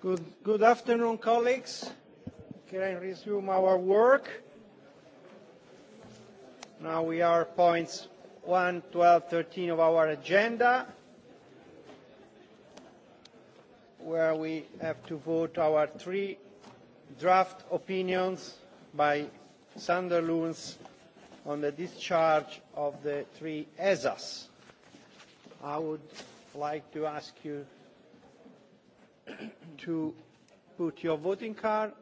Good, good afternoon, colleagues. Can I resume our work? Now we are points 1, 12, 13 of our agenda, where we have to vote our three draft opinions by Sander Loons on the discharge of the three ESAs. I would like to ask you to put your voting card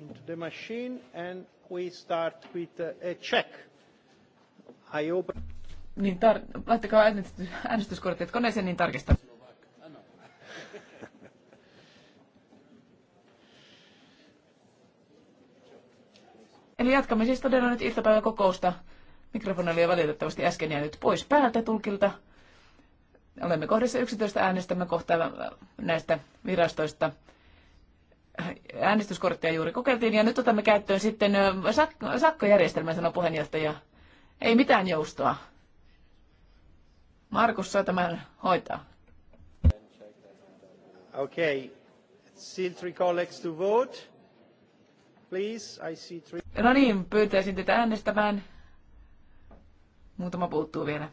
into the machine and we start with a check. I open... Niin, tar- laittakaa äänestyskortit koneeseen, niin tarkistaa. Eli jatkamme siis todella nyt iltapäivän kokousta. Mikrofoni oli valitettavasti äsken jäänyt pois päältä tulkilta. Olemme kohdassa 11 äänestämme kohta näistä virastoista. Äänestyskorttia juuri kokeiltiin ja nyt otamme käyttöön sitten sak- sakkojärjestelmän, sanoi puheenjohtaja. Ei mitään joustoa. Markus saa tämän hoitaa. Okay. three colleagues to vote. Please, I see three. No niin, pyytäisin tätä äänestämään. Muutama puuttuu vielä.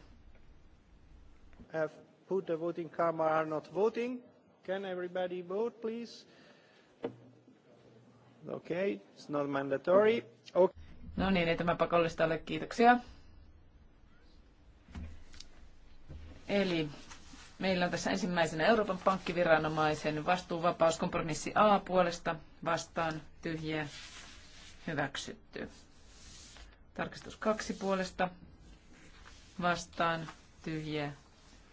Uh, put the voting card are not voting. Can everybody vote, please? Okay, it's not mandatory. Okay. No niin, ei tämä pakollista ole. Kiitoksia. Eli meillä on tässä ensimmäisenä Euroopan pankkiviranomaisen vastuuvapauskompromissi A puolesta vastaan tyhjä hyväksytty. Tarkistus kaksi puolesta vastaan tyhjä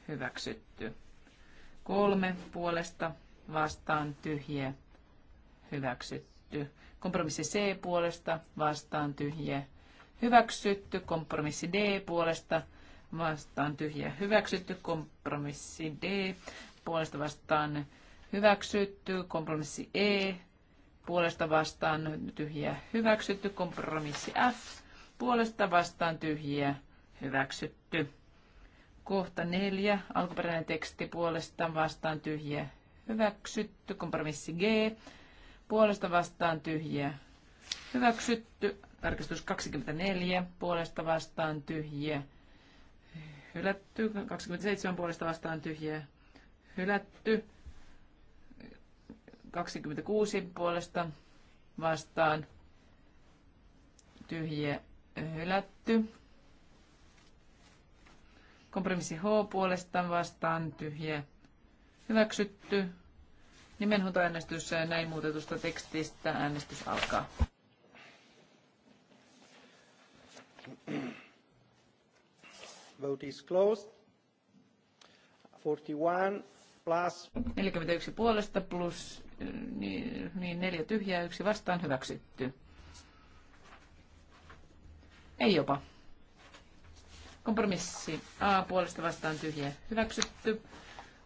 hyväksytty. Kolme puolesta vastaan tyhjä hyväksytty. Kompromissi C puolesta vastaan tyhjä hyväksytty. Kompromissi D puolesta vastaan tyhjä hyväksytty. Kompromissi D puolesta vastaan hyväksytty. Kompromissi E puolesta vastaan tyhjä hyväksytty. Kompromissi F puolesta vastaan tyhjä hyväksytty. Kohta neljä, alkuperäinen teksti puolesta vastaan tyhjä, hyväksytty. Kompromissi G, puolesta vastaan tyhjä, hyväksytty. Tarkistus 24, puolesta vastaan tyhjä, hylätty. 27 puolesta vastaan tyhjä, hylätty. 26 puolesta vastaan tyhjä, hylätty. Kompromissi H puolestaan vastaan tyhjä hyväksytty. Nimenhuutoäänestys näin muutetusta tekstistä. Äänestys alkaa. Vote is closed. 41 plus... 41 puolesta plus niin, niin neljä tyhjää, yksi vastaan hyväksytty. Ei jopa. Kompromissi A puolesta vastaan tyhjä hyväksytty.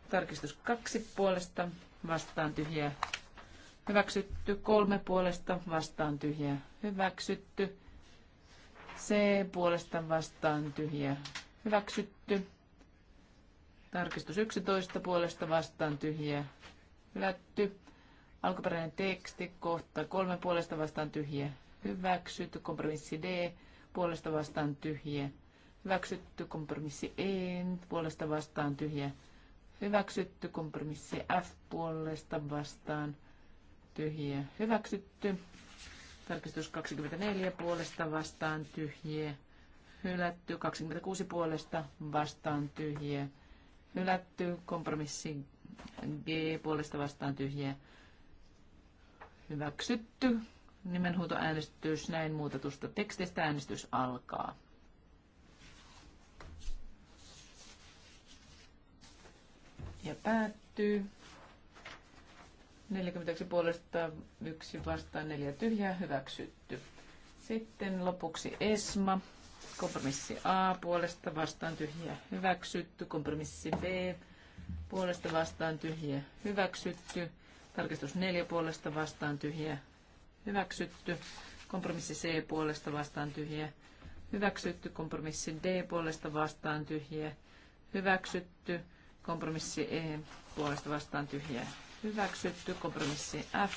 Tarkistus kaksi puolesta vastaan tyhjä hyväksytty. Kolme puolesta vastaan tyhjä hyväksytty. C puolesta vastaan tyhjä hyväksytty. Tarkistus 11 puolesta vastaan tyhjä hylätty. Alkuperäinen teksti kohta 3 puolesta vastaan tyhjä hyväksytty. Kompromissi D puolesta vastaan tyhjä hyväksytty, kompromissi E, puolesta vastaan tyhjä, hyväksytty, kompromissi F, puolesta vastaan tyhjä, hyväksytty, tarkistus 24, puolesta vastaan tyhjä, hylätty, 26 puolesta vastaan tyhjä, hylätty, kompromissi G, puolesta vastaan tyhjä, hyväksytty, nimenhuutoäänestys näin muutetusta tekstistä, äänestys alkaa. ja päättyy. 41 puolesta, yksi vastaan, neljä tyhjää, hyväksytty. Sitten lopuksi ESMA. Kompromissi A puolesta vastaan tyhjä hyväksytty. Kompromissi B puolesta vastaan tyhjä hyväksytty. Tarkistus 4 puolesta vastaan tyhjä hyväksytty. Kompromissi C puolesta vastaan tyhjä hyväksytty. Kompromissi D puolesta vastaan tyhjä hyväksytty. Kompromissi E puolesta vastaan tyhjä hyväksytty. Kompromissi F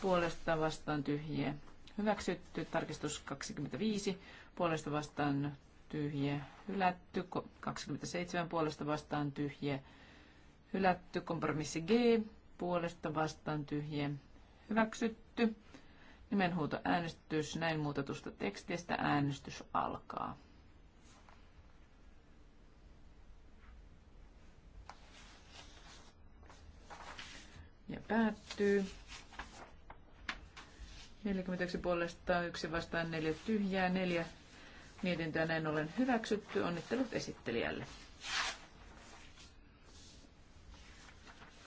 puolesta vastaan tyhjä hyväksytty. Tarkistus 25 puolesta vastaan tyhjä hylätty. 27 puolesta vastaan tyhjä hylätty. Kompromissi G puolesta vastaan tyhjä hyväksytty. Nimenhuuto äänestys näin muutetusta tekstistä. Äänestys alkaa. ja päättyy. 41 puolesta, yksi vastaan, neljä tyhjää, neljä mietintöä näin ollen hyväksytty. Onnittelut esittelijälle.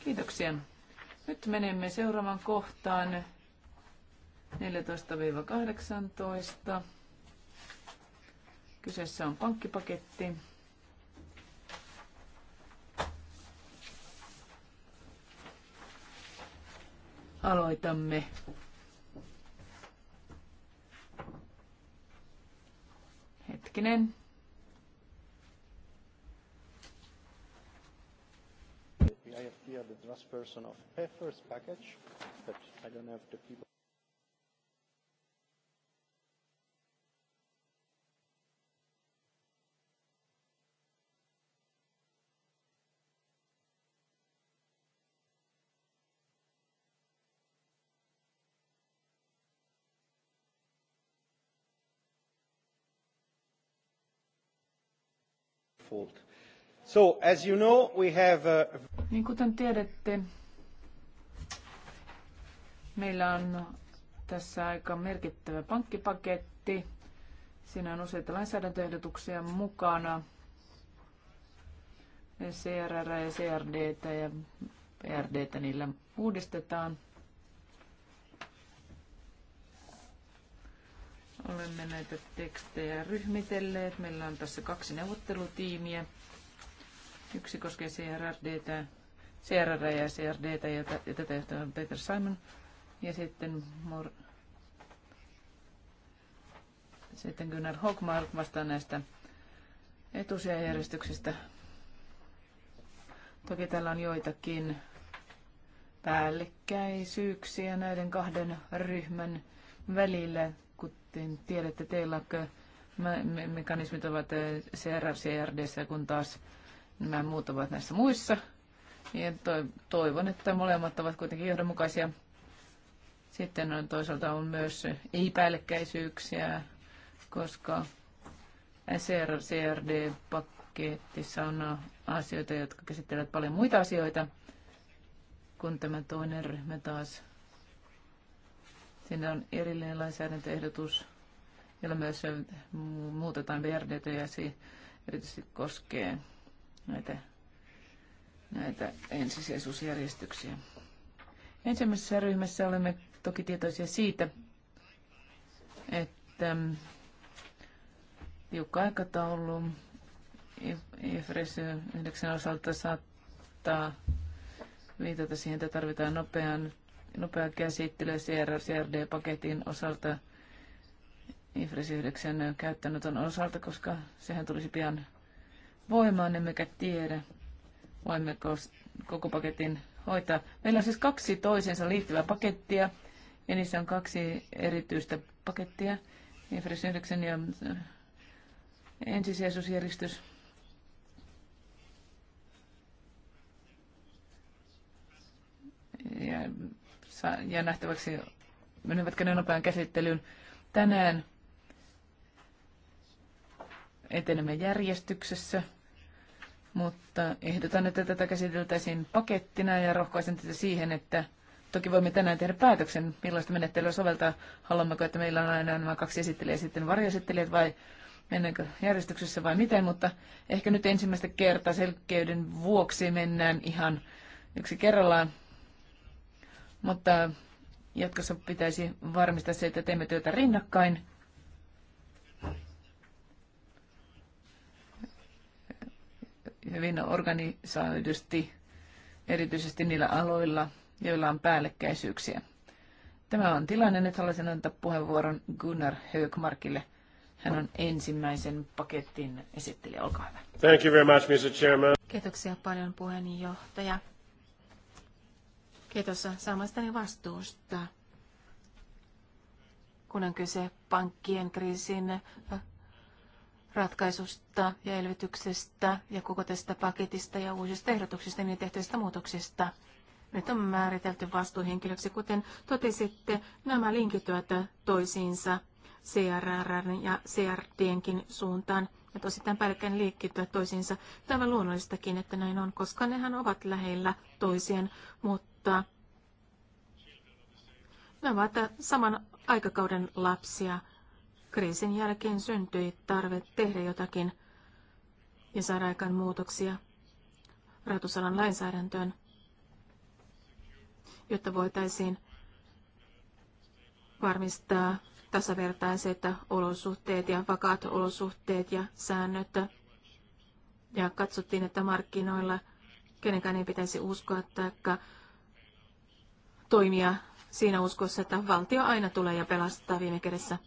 Kiitoksia. Nyt menemme seuraavaan kohtaan 14-18. Kyseessä on pankkipaketti. Aloitamme. Hetkinen. I have here the draft person of Heifer's package, but I don't have the people. fault. So, as you know, we have Niin kuten tiedätte, meillä on tässä aika merkittävä pankkipaketti. Siinä on useita lainsäädäntöehdotuksia mukana. CRR ja CRD ja PRD niillä uudistetaan. Olemme näitä tekstejä ryhmitelleet. Meillä on tässä kaksi neuvottelutiimiä. Yksi koskee CRRDtä, CRR ja CRDtä, ja tätä johtaa on Peter Simon. Ja sitten, Mor- sitten Gunnar Hogmark vastaa näistä etusijajärjestyksistä. Toki täällä on joitakin päällekkäisyyksiä näiden kahden ryhmän välillä. Kuten tiedätte, teillä mekanismit ovat eh, CRR, CRD, e kun taas nämä muut ovat näissä muissa. Ja toivon, että molemmat ovat kuitenkin johdonmukaisia. Sitten on toisaalta on myös ei-päällekkäisyyksiä, koska SR, crd pakettissa on asioita, jotka käsittelevät paljon muita asioita, kun tämä toinen ryhmä taas Siinä on erillinen lainsäädäntöehdotus, jolla myös muutetaan BRDT ja se erityisesti koskee näitä, näitä ensisijaisuusjärjestyksiä. Ensimmäisessä ryhmässä olemme toki tietoisia siitä, että tiukka aikataulu IFRS 9 osalta saattaa viitata siihen, että tarvitaan nopean nopea käsittely CRD-paketin osalta IFRS 9 käyttöönoton osalta, koska sehän tulisi pian voimaan, emmekä tiedä, voimmeko koko paketin hoitaa. Meillä on siis kaksi toisensa liittyvää pakettia, ja niissä on kaksi erityistä pakettia, IFRS 9 ja ensisijaisuusjärjestys. Ja ja nähtäväksi, menevätkö ne nopean käsittelyyn. Tänään etenemme järjestyksessä, mutta ehdotan, että tätä käsiteltäisiin pakettina ja rohkaisen tätä siihen, että toki voimme tänään tehdä päätöksen, millaista menettelyä soveltaa. Haluammeko, että meillä on aina nämä kaksi esittelijää sitten varjoesittelijät vai mennäänkö järjestyksessä vai miten, mutta ehkä nyt ensimmäistä kertaa selkeyden vuoksi mennään ihan yksi kerrallaan mutta jatkossa pitäisi varmistaa se, että teemme työtä rinnakkain. Hyvin organisoidusti, erityisesti niillä aloilla, joilla on päällekkäisyyksiä. Tämä on tilanne. Nyt haluaisin antaa puheenvuoron Gunnar Högmarkille. Hän on ensimmäisen paketin esittelijä. Olkaa hyvä. Thank you very much, Mr. Chairman. Kiitoksia paljon puheenjohtaja. Kiitos saamastani vastuusta. Kun on kyse pankkien kriisin äh, ratkaisusta ja elvytyksestä ja koko tästä paketista ja uusista ehdotuksista ja niin tehtyistä muutoksista. Nyt on määritelty vastuuhenkilöksi, kuten totesitte, nämä linkittyvät toisiinsa CRR ja CRDnkin suuntaan ovat osittain päällekkäin liikkittyä toisiinsa. Tämä luonnollistakin, että näin on, koska nehän ovat lähellä toisiaan, mutta ne ovat saman aikakauden lapsia. Kriisin jälkeen syntyi tarve tehdä jotakin ja saada aikaan muutoksia rahoitusalan lainsäädäntöön, jotta voitaisiin varmistaa tasavertaiset olosuhteet ja vakaat olosuhteet ja säännöt. Ja katsottiin, että markkinoilla kenenkään ei pitäisi uskoa tai toimia siinä uskossa, että valtio aina tulee ja pelastaa viime kädessä.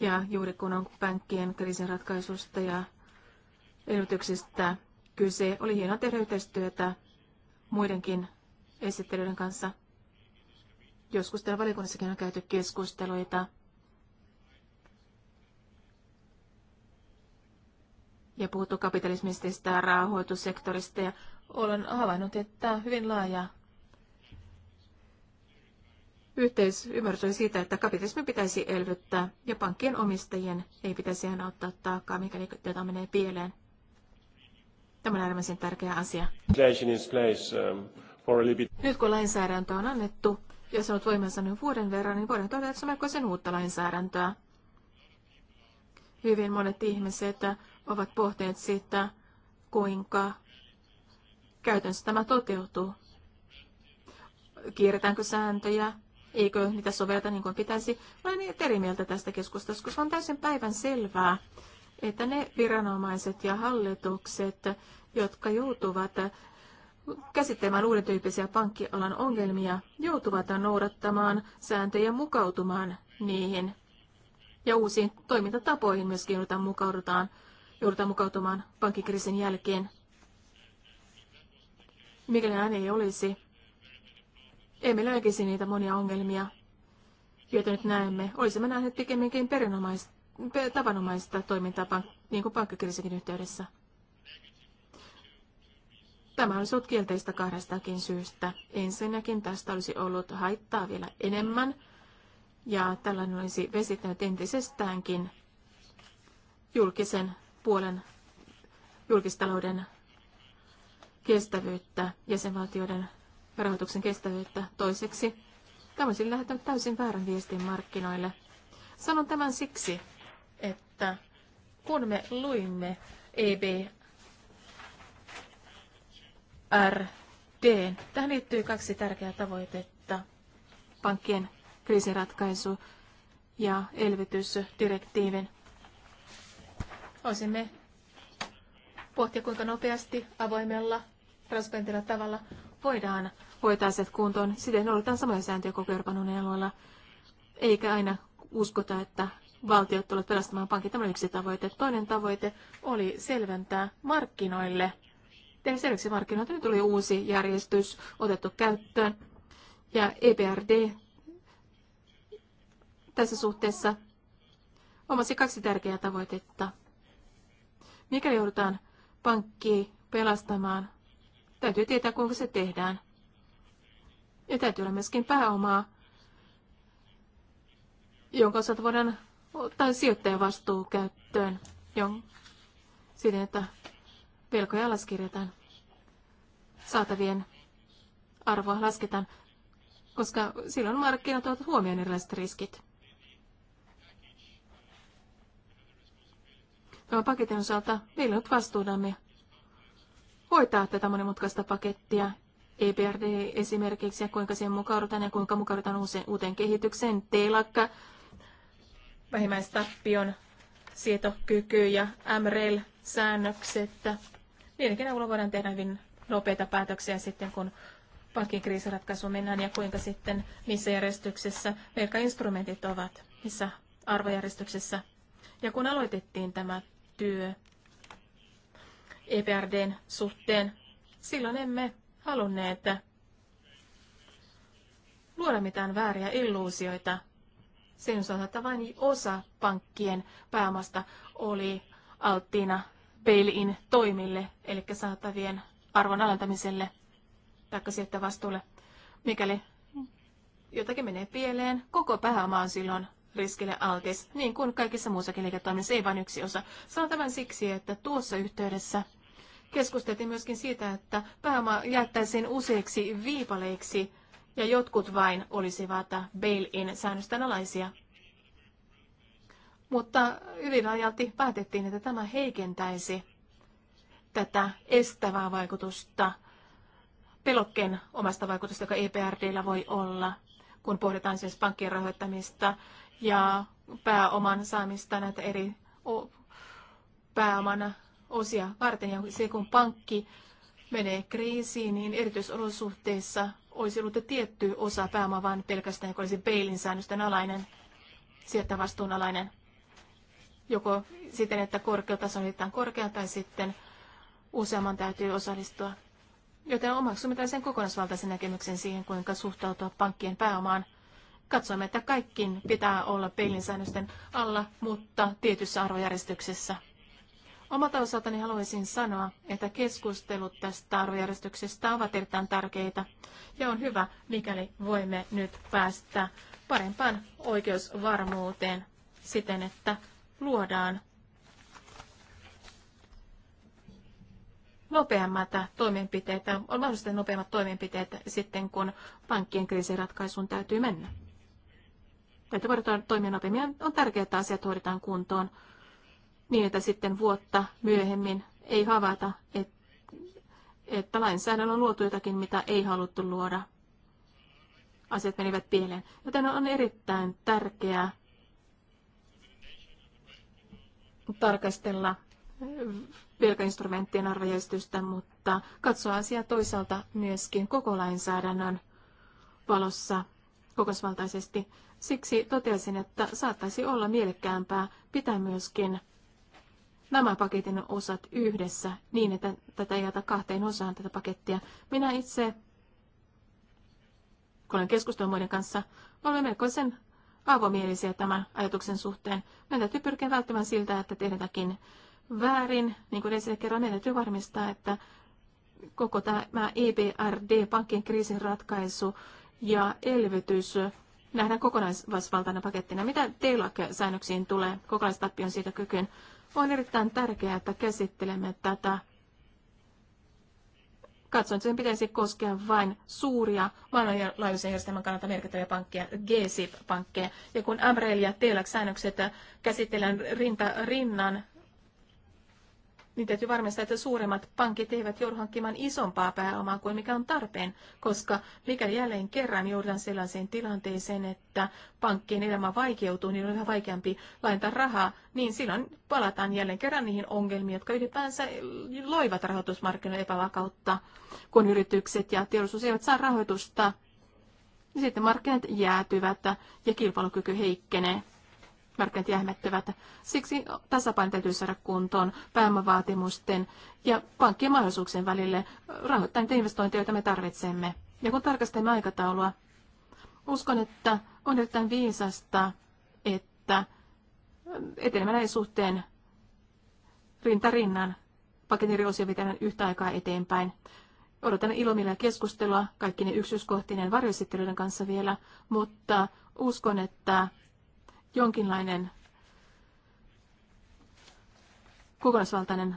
Ja juuri kun on pankkien kriisinratkaisusta ja elvytyksestä kyse, oli hienoa tehdä yhteistyötä muidenkin esittelyiden kanssa. Joskus täällä valiokunnassakin on käyty keskusteluita. Ja puhuttu kapitalismista ja rahoitussektorista ja olen havainnut, että hyvin laaja yhteisymmärrys oli siitä, että kapitalismi pitäisi elvyttää ja pankkien omistajien ei pitäisi aina ottaa taakkaa, mikäli tätä menee pieleen. Tämä on äärimmäisen tärkeä asia. Um, Nyt kun lainsäädäntö on annettu, jos on ollut voimansa nyt vuoden verran, niin voidaan todeta, että se on sen uutta lainsäädäntöä. Hyvin monet ihmiset ovat pohtineet sitä, kuinka käytännössä tämä toteutuu. Kiirretäänkö sääntöjä? Eikö niitä sovelleta niin kuin pitäisi? Olen niin eri mieltä tästä keskustelusta, koska on täysin päivän selvää, että ne viranomaiset ja hallitukset, jotka joutuvat Käsittämään uuden tyyppisiä pankkialan ongelmia, joutuvat noudattamaan sääntöjä mukautumaan niihin. Ja uusiin toimintatapoihin myöskin joudutaan, mukaudutaan, joudutaan mukautumaan pankkikriisin jälkeen. Mikäli näin ei olisi, emme löykisi niitä monia ongelmia, joita nyt näemme. Olisimme nähneet pikemminkin perinomaista, tavanomaista toimintaa, niin kuin pankkikriisikin yhteydessä. Tämä olisi ollut kielteistä kahdestakin syystä. Ensinnäkin tästä olisi ollut haittaa vielä enemmän, ja tällainen olisi vesittänyt entisestäänkin julkisen puolen, julkistalouden kestävyyttä, jäsenvaltioiden rahoituksen kestävyyttä. Toiseksi tämä olisi lähettänyt täysin väärän viestin markkinoille. Sanon tämän siksi, että kun me luimme EB RD. Tähän liittyy kaksi tärkeää tavoitetta. Pankkien kriisiratkaisu ja elvytysdirektiivin. Voisimme pohtia, kuinka nopeasti avoimella transparentilla tavalla voidaan hoitaa se kuntoon. Siten noudatetaan samoja sääntöjä koko Euroopan alueella, eikä aina uskota, että valtiot tulevat pelastamaan pankit. Tämä on yksi tavoite. Toinen tavoite oli selventää markkinoille – Tehdä markkinoita markkinoilta nyt oli uusi järjestys otettu käyttöön ja EBRD tässä suhteessa omasi kaksi tärkeää tavoitetta. Mikäli joudutaan pankki pelastamaan, täytyy tietää, kuinka se tehdään. Ja täytyy olla myöskin pääomaa, jonka osalta voidaan ottaa sijoittajan vastuu käyttöön siten, että velkoja alaskirjataan saatavien arvoa lasketaan, koska silloin markkinat ovat huomioon erilaiset riskit. Tämän paketin osalta meillä on vastuudamme hoitaa tätä monimutkaista pakettia, EBRD esimerkiksi, ja kuinka siihen mukaudutaan ja kuinka mukaudutaan uuteen, uuteen kehitykseen, telakka, vähimmäistappion sietokyky ja MREL-säännökset. Niidenkin avulla voidaan tehdä hyvin nopeita päätöksiä sitten, kun pankin kriisiratkaisu mennään ja kuinka sitten, missä järjestyksessä velkainstrumentit ovat, missä arvojärjestyksessä. Ja kun aloitettiin tämä työ EBRDn suhteen, silloin emme halunneet luoda mitään vääriä illuusioita. Sen osalta vain osa pankkien pääomasta oli alttiina bail-in toimille, eli saatavien arvon alentamiselle tai sieltä vastuulle. Mikäli jotakin menee pieleen, koko pääoma on silloin riskille altis, niin kuin kaikissa muussakin liiketoiminnassa, ei vain yksi osa. Sanon tämän siksi, että tuossa yhteydessä keskusteltiin myöskin siitä, että pääoma jättäisiin useiksi viipaleiksi ja jotkut vain olisivat bail-in säännösten alaisia. Mutta hyvin päätettiin, että tämä heikentäisi tätä estävää vaikutusta, pelokkeen omasta vaikutusta, joka EPRDllä voi olla, kun pohditaan siis pankkien rahoittamista ja pääoman saamista näitä eri pääoman osia varten. Ja se, kun pankki menee kriisiin, niin erityisolosuhteissa olisi ollut tietty osa pääomaa, vaan pelkästään, joka olisi peilin säännösten alainen, sieltä vastuunalainen, joko siten, että korkeataso on korkea, tai sitten useamman täytyy osallistua. Joten omaksumme sen kokonaisvaltaisen näkemyksen siihen, kuinka suhtautua pankkien pääomaan. Katsoimme, että kaikkiin pitää olla peilinsäännösten alla, mutta tietyssä arvojärjestyksessä. Omalta osaltani haluaisin sanoa, että keskustelut tästä arvojärjestyksestä ovat erittäin tärkeitä ja on hyvä, mikäli voimme nyt päästä parempaan oikeusvarmuuteen siten, että luodaan nopeammat toimenpiteet, on mahdollisesti nopeammat toimenpiteet sitten, kun pankkien kriisiratkaisuun täytyy mennä. Täytyy voida toimia nopeammin. On tärkeää, että asiat hoidetaan kuntoon niin, että sitten vuotta myöhemmin ei havaita, että, lainsäädännön on luotu jotakin, mitä ei haluttu luoda. Asiat menivät pieleen. Joten on erittäin tärkeää tarkastella velkainstrumenttien arvojärjestystä, mutta katsoa asiaa toisaalta myöskin koko lainsäädännön valossa kokosvaltaisesti. Siksi totesin, että saattaisi olla mielekkäämpää pitää myöskin nämä paketin osat yhdessä niin, että tätä ei jätä kahteen osaan tätä pakettia. Minä itse, kun olen keskustellut muiden kanssa, olen melkoisen avomielisiä tämän ajatuksen suhteen. Meidän täytyy pyrkiä välttämään siltä, että tehdäänkin väärin. Niin kuin edellisellä kerran, meidän täytyy varmistaa, että koko tämä EBRD, pankin kriisin ratkaisu ja elvytys nähdään kokonaisvaltainen pakettina. Mitä TELAC-säännöksiin tulee kokonaistappion siitä kykyyn? On erittäin tärkeää, että käsittelemme tätä. Katson, että sen pitäisi koskea vain suuria maailmanlaajuisen järjestelmän kannalta merkittäviä pankkeja, GSIP-pankkeja. Ja kun MREL ja TELAC-säännökset käsitellään rinta rinnan, niin täytyy varmistaa, että suuremmat pankit eivät joudu hankkimaan isompaa pääomaa kuin mikä on tarpeen, koska mikäli jälleen kerran joudutaan sellaiseen tilanteeseen, että pankkien elämä vaikeutuu, niin on yhä vaikeampi lainata rahaa, niin silloin palataan jälleen kerran niihin ongelmiin, jotka ylipäänsä loivat rahoitusmarkkinoiden epävakautta, kun yritykset ja teollisuus eivät saa rahoitusta, niin sitten markkinat jäätyvät ja kilpailukyky heikkenee märkät jähmettyvät. Siksi tasapaino täytyy saada kuntoon pääomavaatimusten ja pankkien mahdollisuuksien välille rahoittaa niitä investointeja, joita me tarvitsemme. Ja kun tarkastamme aikataulua, uskon, että on erittäin viisasta, että etenemällä suhteen rinta rinnan paketin eri osia viedään yhtä aikaa eteenpäin. Odotan ilomilla keskustelua kaikkien yksityiskohtien yksityiskohtinen varjoesittelyiden kanssa vielä, mutta uskon, että jonkinlainen kokonaisvaltainen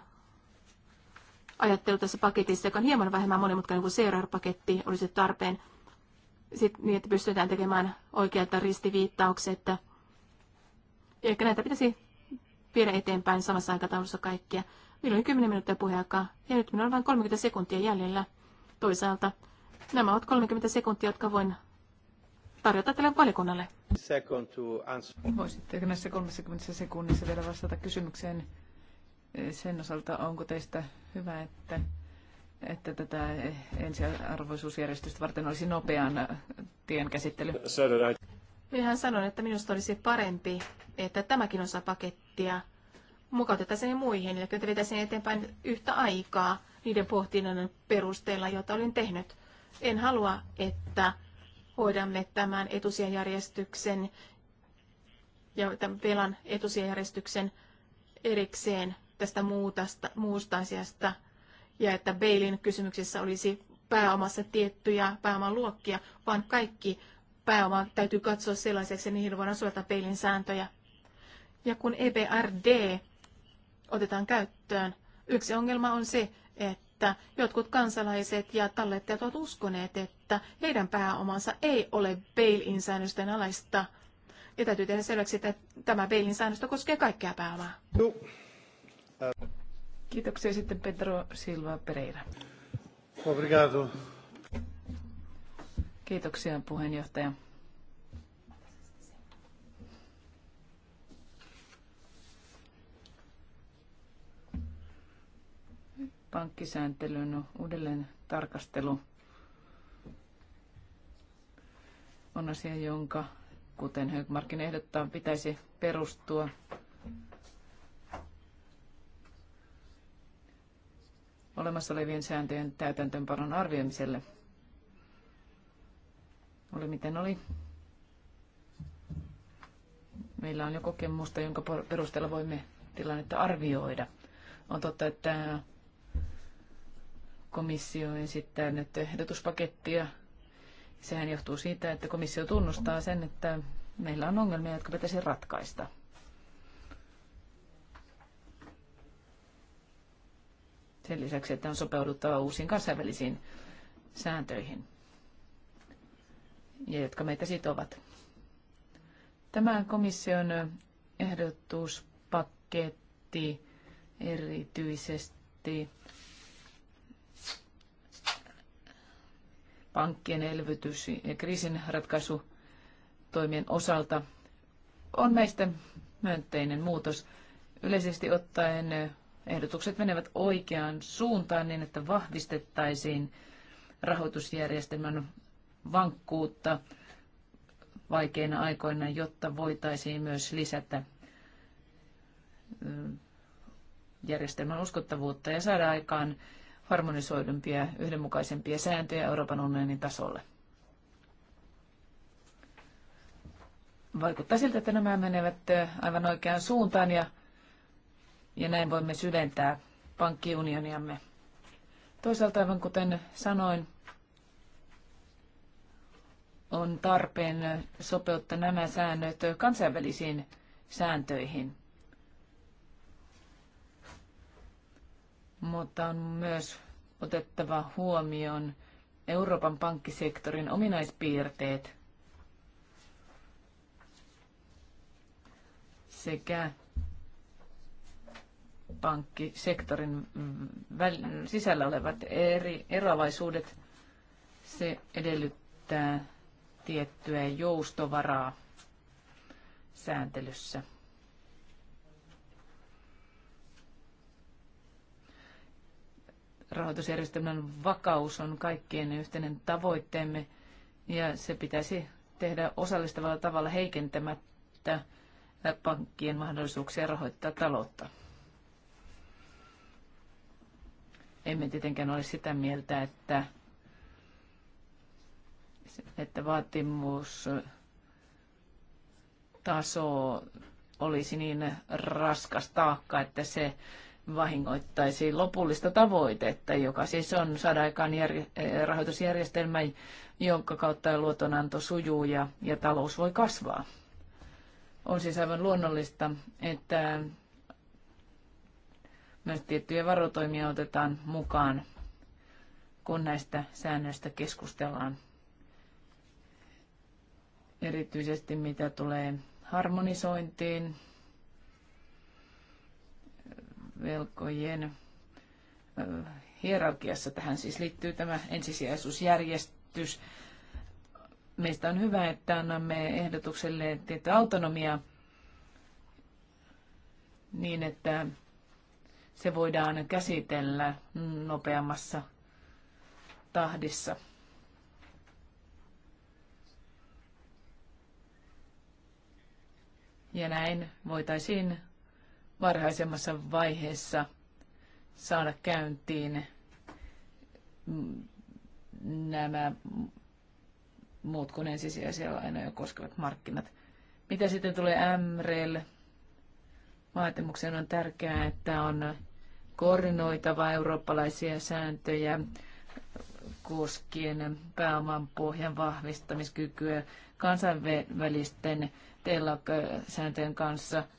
ajattelu tässä paketissa, joka on hieman vähemmän monimutkainen kuin CRR-paketti, olisi tarpeen Sitten, niin, että pystytään tekemään oikeat ristiviittaukset. Ehkä näitä pitäisi viedä eteenpäin samassa aikataulussa kaikkia. Minulla oli 10 minuuttia puheaikaa ja nyt minulla on vain 30 sekuntia jäljellä. Toisaalta nämä ovat 30 sekuntia, jotka voin tarjota tälle valikunnalle. Voisitteko näissä 30 sekunnissa vielä vastata kysymykseen sen osalta, onko teistä hyvä, että, että tätä ensiarvoisuusjärjestystä varten olisi nopean tien käsittely? Minähän sanon, että minusta olisi parempi, että tämäkin osa pakettia mukautettaisiin muihin, eli että vetäisiin eteenpäin yhtä aikaa niiden pohtinnan perusteella, jota olin tehnyt. En halua, että hoidamme tämän etusijajärjestyksen ja tämän velan etusijajärjestyksen erikseen tästä muutasta, muusta asiasta ja että Beilin kysymyksessä olisi pääomassa tiettyjä pääoman luokkia, vaan kaikki pääoma täytyy katsoa sellaiseksi, että niihin voidaan suojata Beilin sääntöjä. Ja kun EBRD otetaan käyttöön, yksi ongelma on se, että että jotkut kansalaiset ja tallettajat ovat uskoneet, että heidän pääomansa ei ole bail-in säännösten alaista. Ja täytyy tehdä selväksi, että tämä bail-in säännöstö koskee kaikkea pääomaa. No. Kiitoksia sitten Pedro Silva Pereira. Obrigado. Kiitoksia puheenjohtaja. pankkisääntelyn uudelleen tarkastelu on asia, jonka, kuten Högmarkin ehdottaa, pitäisi perustua olemassa olevien sääntöjen täytäntöönpanon arvioimiselle. Oli miten oli. Meillä on jo kokemusta, jonka perusteella voimme tilannetta arvioida. On totta, että komissio esittää nyt ehdotuspakettia. Sehän johtuu siitä, että komissio tunnustaa sen, että meillä on ongelmia, jotka pitäisi ratkaista. Sen lisäksi, että on sopeuduttava uusiin kansainvälisiin sääntöihin, ja jotka meitä sitovat. Tämä komission ehdotuspaketti erityisesti pankkien elvytys- ja kriisinratkaisutoimien osalta on meistä myönteinen muutos. Yleisesti ottaen eh, ehdotukset menevät oikeaan suuntaan niin, että vahvistettaisiin rahoitusjärjestelmän vankkuutta vaikeina aikoina, jotta voitaisiin myös lisätä eh, järjestelmän uskottavuutta ja saada aikaan harmonisoidumpia, yhdenmukaisempia sääntöjä Euroopan unionin tasolle. Vaikuttaa siltä, että nämä menevät aivan oikeaan suuntaan ja, ja näin voimme syventää pankkiunioniamme. Toisaalta, aivan kuten sanoin, on tarpeen sopeuttaa nämä säännöt kansainvälisiin sääntöihin. mutta on myös otettava huomioon Euroopan pankkisektorin ominaispiirteet sekä pankkisektorin väl- sisällä olevat eri eroavaisuudet. Se edellyttää tiettyä joustovaraa sääntelyssä. rahoitusjärjestelmän vakaus on kaikkien yhteinen tavoitteemme ja se pitäisi tehdä osallistavalla tavalla heikentämättä pankkien mahdollisuuksia rahoittaa taloutta. Emme tietenkään ole sitä mieltä, että, että vaatimus taso olisi niin raskas taakka, että se vahingoittaisi lopullista tavoitetta, joka siis on saada aikaan jär- eh, rahoitusjärjestelmä, jonka kautta luotonanto sujuu ja, ja talous voi kasvaa. On siis aivan luonnollista, että myös tiettyjä varotoimia otetaan mukaan, kun näistä säännöistä keskustellaan. Erityisesti mitä tulee harmonisointiin, velkojen hierarkiassa. Tähän siis liittyy tämä ensisijaisuusjärjestys. Meistä on hyvä, että annamme ehdotukselle tiettyä autonomiaa niin, että se voidaan käsitellä nopeammassa tahdissa. Ja näin voitaisiin varhaisemmassa vaiheessa saada käyntiin nämä muut kuin ensisijaisia lainoja koskevat markkinat. Mitä sitten tulee MREL? Vaatimuksen on tärkeää, että on koordinoitava eurooppalaisia sääntöjä koskien pääoman pohjan vahvistamiskykyä kansainvälisten TELAK-sääntöjen kanssa –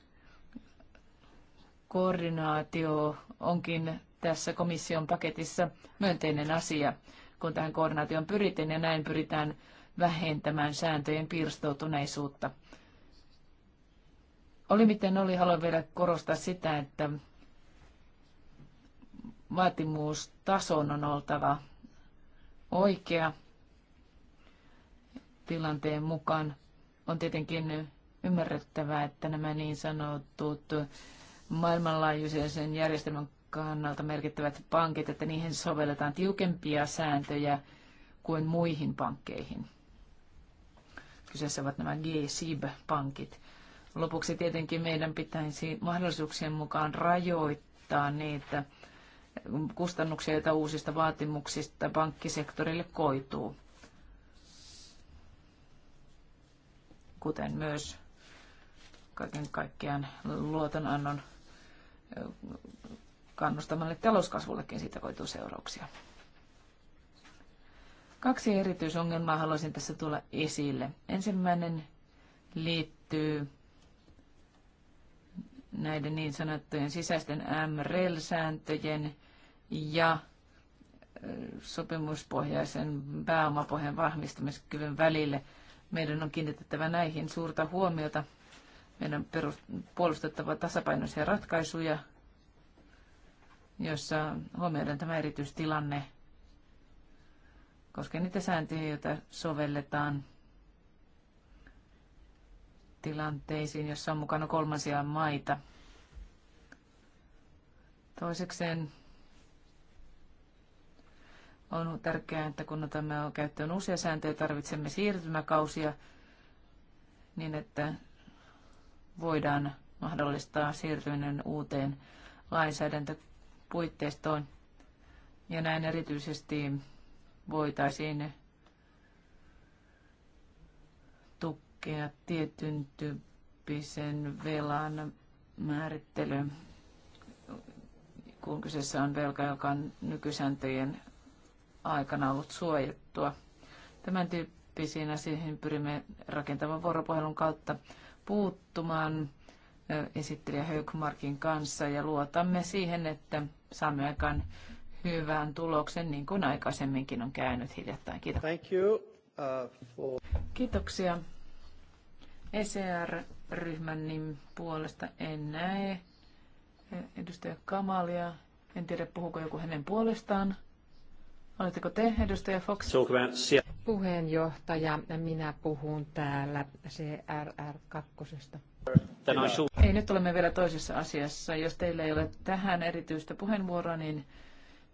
koordinaatio onkin tässä komission paketissa myönteinen asia, kun tähän koordinaatioon pyritään ja näin pyritään vähentämään sääntöjen pirstoutuneisuutta. Oli miten oli, haluan vielä korostaa sitä, että vaatimustason on oltava oikea tilanteen mukaan. On tietenkin ymmärrettävää, että nämä niin sanotut maailmanlaajuisen järjestelmän kannalta merkittävät pankit, että niihin sovelletaan tiukempia sääntöjä kuin muihin pankkeihin. Kyseessä ovat nämä G-SIB-pankit. Lopuksi tietenkin meidän pitäisi mahdollisuuksien mukaan rajoittaa niitä kustannuksia, joita uusista vaatimuksista pankkisektorille koituu. Kuten myös kaiken kaikkiaan luotonannon kannustamalle talouskasvullekin siitä koituu seurauksia. Kaksi erityisongelmaa haluaisin tässä tulla esille. Ensimmäinen liittyy näiden niin sanottujen sisäisten MREL-sääntöjen ja sopimuspohjaisen pääomapohjan vahvistamiskyvyn välille. Meidän on kiinnitettävä näihin suurta huomiota meidän perus, puolustettava tasapainoisia ratkaisuja, joissa huomioidaan tämä erityistilanne koskee niitä sääntöjä, joita sovelletaan tilanteisiin, jossa on mukana kolmansia maita. Toisekseen on tärkeää, että kun otamme käyttöön uusia sääntöjä, tarvitsemme siirtymäkausia niin, että voidaan mahdollistaa siirtyminen uuteen lainsäädäntöpuitteistoon. Ja näin erityisesti voitaisiin tukea tietyn tyyppisen velan määrittely, kun kyseessä on velka, joka on nykysääntöjen aikana ollut suojattua. Tämän tyyppisiin asioihin pyrimme rakentavan vuoropuhelun kautta puuttumaan esittelijä Höykmarkin kanssa ja luotamme siihen, että saamme aikaan hyvän tuloksen, niin kuin aikaisemminkin on käynyt hiljattain. Kiitos. Thank you, uh, for... Kiitoksia. ECR-ryhmän niin puolesta en näe edustaja Kamalia. En tiedä, puhuko joku hänen puolestaan. Oletteko te, edustaja Fox? Puheenjohtaja, minä puhun täällä CRR2. Ei, nyt olemme vielä toisessa asiassa. Jos teillä ei ole tähän erityistä puheenvuoroa, niin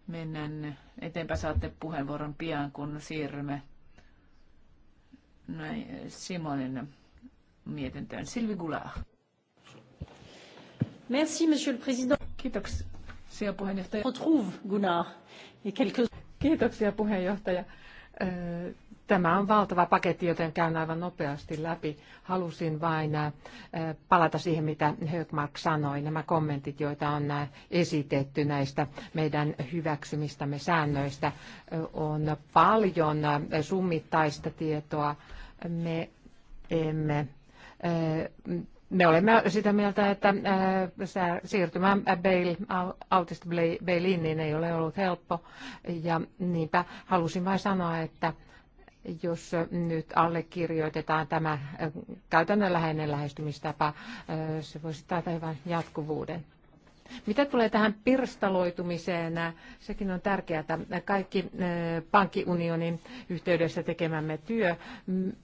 mennään eteenpäin. Saatte puheenvuoron pian, kun siirrymme näin, Simonin mietintöön. Silvi Goulard. Merci, monsieur le président. Kiitoksia, puheenjohtaja. On trouve Gunnar. Et quelques... Kiitoksia puheenjohtaja. Tämä on valtava paketti, joten käyn aivan nopeasti läpi. Halusin vain palata siihen, mitä Högmark sanoi, nämä kommentit, joita on esitetty näistä meidän hyväksymistämme säännöistä. On paljon summittaista tietoa. Me emme me olemme sitä mieltä, että äh, siirtymä bail, autist Bailin niin ei ole ollut helppo. Ja niinpä halusin vain sanoa, että jos nyt allekirjoitetaan tämä äh, käytännönläheinen lähestymistapa, äh, se voisi taata hyvän jatkuvuuden. Mitä tulee tähän pirstaloitumiseen, sekin on tärkeää. että Kaikki eh, pankkiunionin yhteydessä tekemämme työ,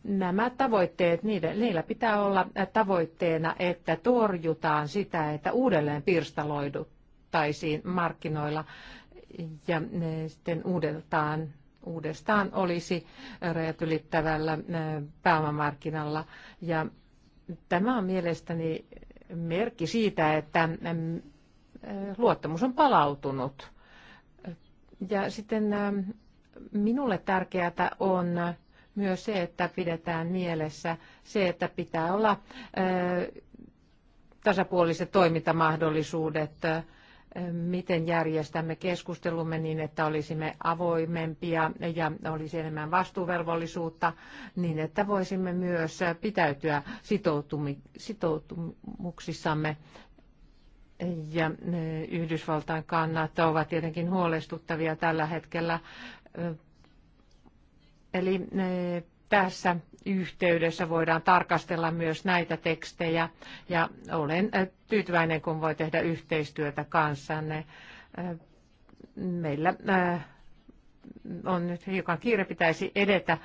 nämä tavoitteet, niillä pitää olla tavoitteena, että torjutaan sitä, että uudelleen pirstaloiduttaisiin markkinoilla ja eh, sitten uudeltaan uudestaan olisi rajat ylittävällä eh, pääomamarkkinalla. Ja tämä on mielestäni merkki siitä, että mm, luottamus on palautunut. Ja sitten minulle tärkeää on myös se, että pidetään mielessä se, että pitää olla tasapuoliset toimintamahdollisuudet, miten järjestämme keskustelumme niin, että olisimme avoimempia ja olisi enemmän vastuuvelvollisuutta, niin että voisimme myös pitäytyä sitoutumuksissamme ja e, Yhdysvaltain kannat ovat tietenkin huolestuttavia tällä hetkellä. E, eli e, tässä yhteydessä voidaan tarkastella myös näitä tekstejä ja olen tyytyväinen, kun voi tehdä yhteistyötä kanssanne. Meillä on nyt hiukan kiire, pitäisi edetä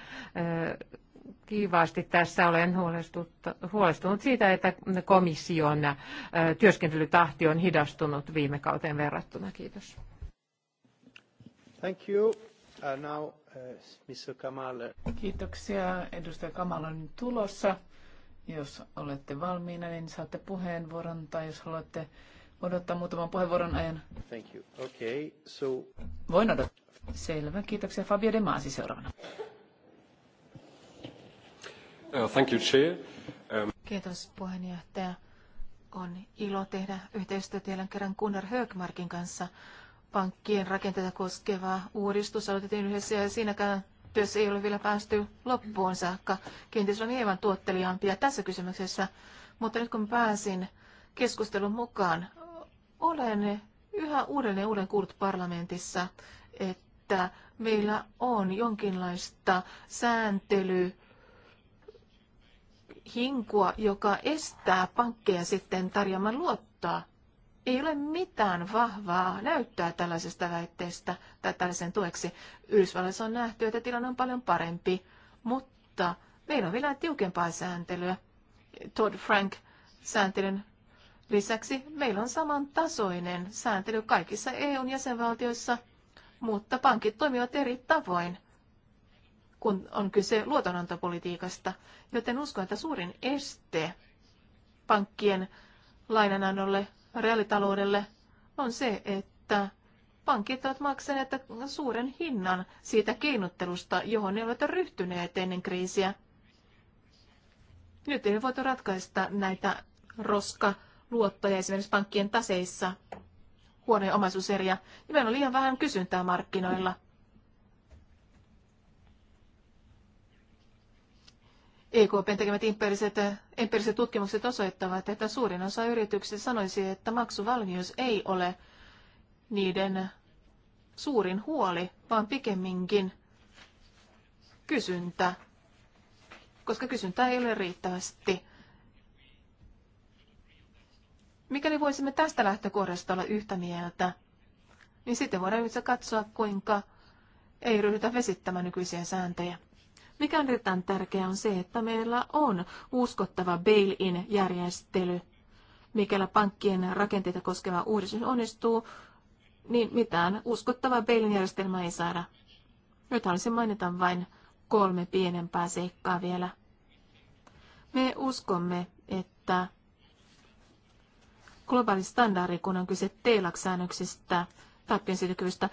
kiivaasti tässä. Olen huolestunut siitä, että komission työskentelytahti on hidastunut viime kauteen verrattuna. Kiitos. Thank you. Uh, now, uh, Mr. Kamal. Kiitoksia. Edustaja Kamal on tulossa. Jos olette valmiina, niin saatte puheenvuoron, tai jos haluatte odottaa muutaman puheenvuoron ajan. Thank you. Okay, so... Voin odottaa. Selvä, kiitoksia. Fabio De Masi seuraavana. Uh, um, Kiitos puheenjohtaja. On ilo tehdä yhteistyötä jälleen kerran Gunnar Högmarkin kanssa. Pankkien rakenteita koskeva uudistus aloitettiin yhdessä ja siinäkään työssä ei ole vielä päästy loppuun saakka. Kenties on hieman tuotteliaampia tässä kysymyksessä, mutta nyt kun pääsin keskustelun mukaan, olen yhä uudelleen uuden kuullut parlamentissa, että meillä on jonkinlaista sääntely hinkua, joka estää pankkeja sitten tarjoamaan luottoa. Ei ole mitään vahvaa näyttää tällaisesta väitteestä tai tällaisen tueksi. Yhdysvalloissa on nähty, että tilanne on paljon parempi, mutta meillä on vielä tiukempaa sääntelyä. Todd Frank sääntelyn lisäksi meillä on samantasoinen sääntely kaikissa eu jäsenvaltioissa, mutta pankit toimivat eri tavoin – kun on kyse luotonantopolitiikasta, joten uskon, että suurin este pankkien lainanannolle, reaalitaloudelle on se, että pankit ovat maksaneet suuren hinnan siitä keinottelusta, johon ne ovat ryhtyneet ennen kriisiä. Nyt ei voitu ratkaista näitä roskaluottoja esimerkiksi pankkien taseissa, huoneen omaisuuseriä. Ja meillä on liian vähän kysyntää markkinoilla. EKPn tekemät empiiriset, empiiriset tutkimukset osoittavat, että suurin osa yrityksistä sanoisi, että maksuvalmius ei ole niiden suurin huoli, vaan pikemminkin kysyntä, koska kysyntää ei ole riittävästi. Mikäli voisimme tästä lähtökohdasta olla yhtä mieltä, niin sitten voidaan yhdessä katsoa, kuinka ei ryhdytä vesittämään nykyisiä sääntöjä. Mikä on erittäin tärkeää on se, että meillä on uskottava bail-in-järjestely. Mikäli pankkien rakenteita koskeva uudistus onnistuu, niin mitään uskottavaa bail-in järjestelmää ei saada. Nyt haluaisin mainita vain kolme pienempää seikkaa vielä. Me uskomme, että globaali standardi, kun on kyse TELAK-säännöksistä, tappion siirtykyvystä,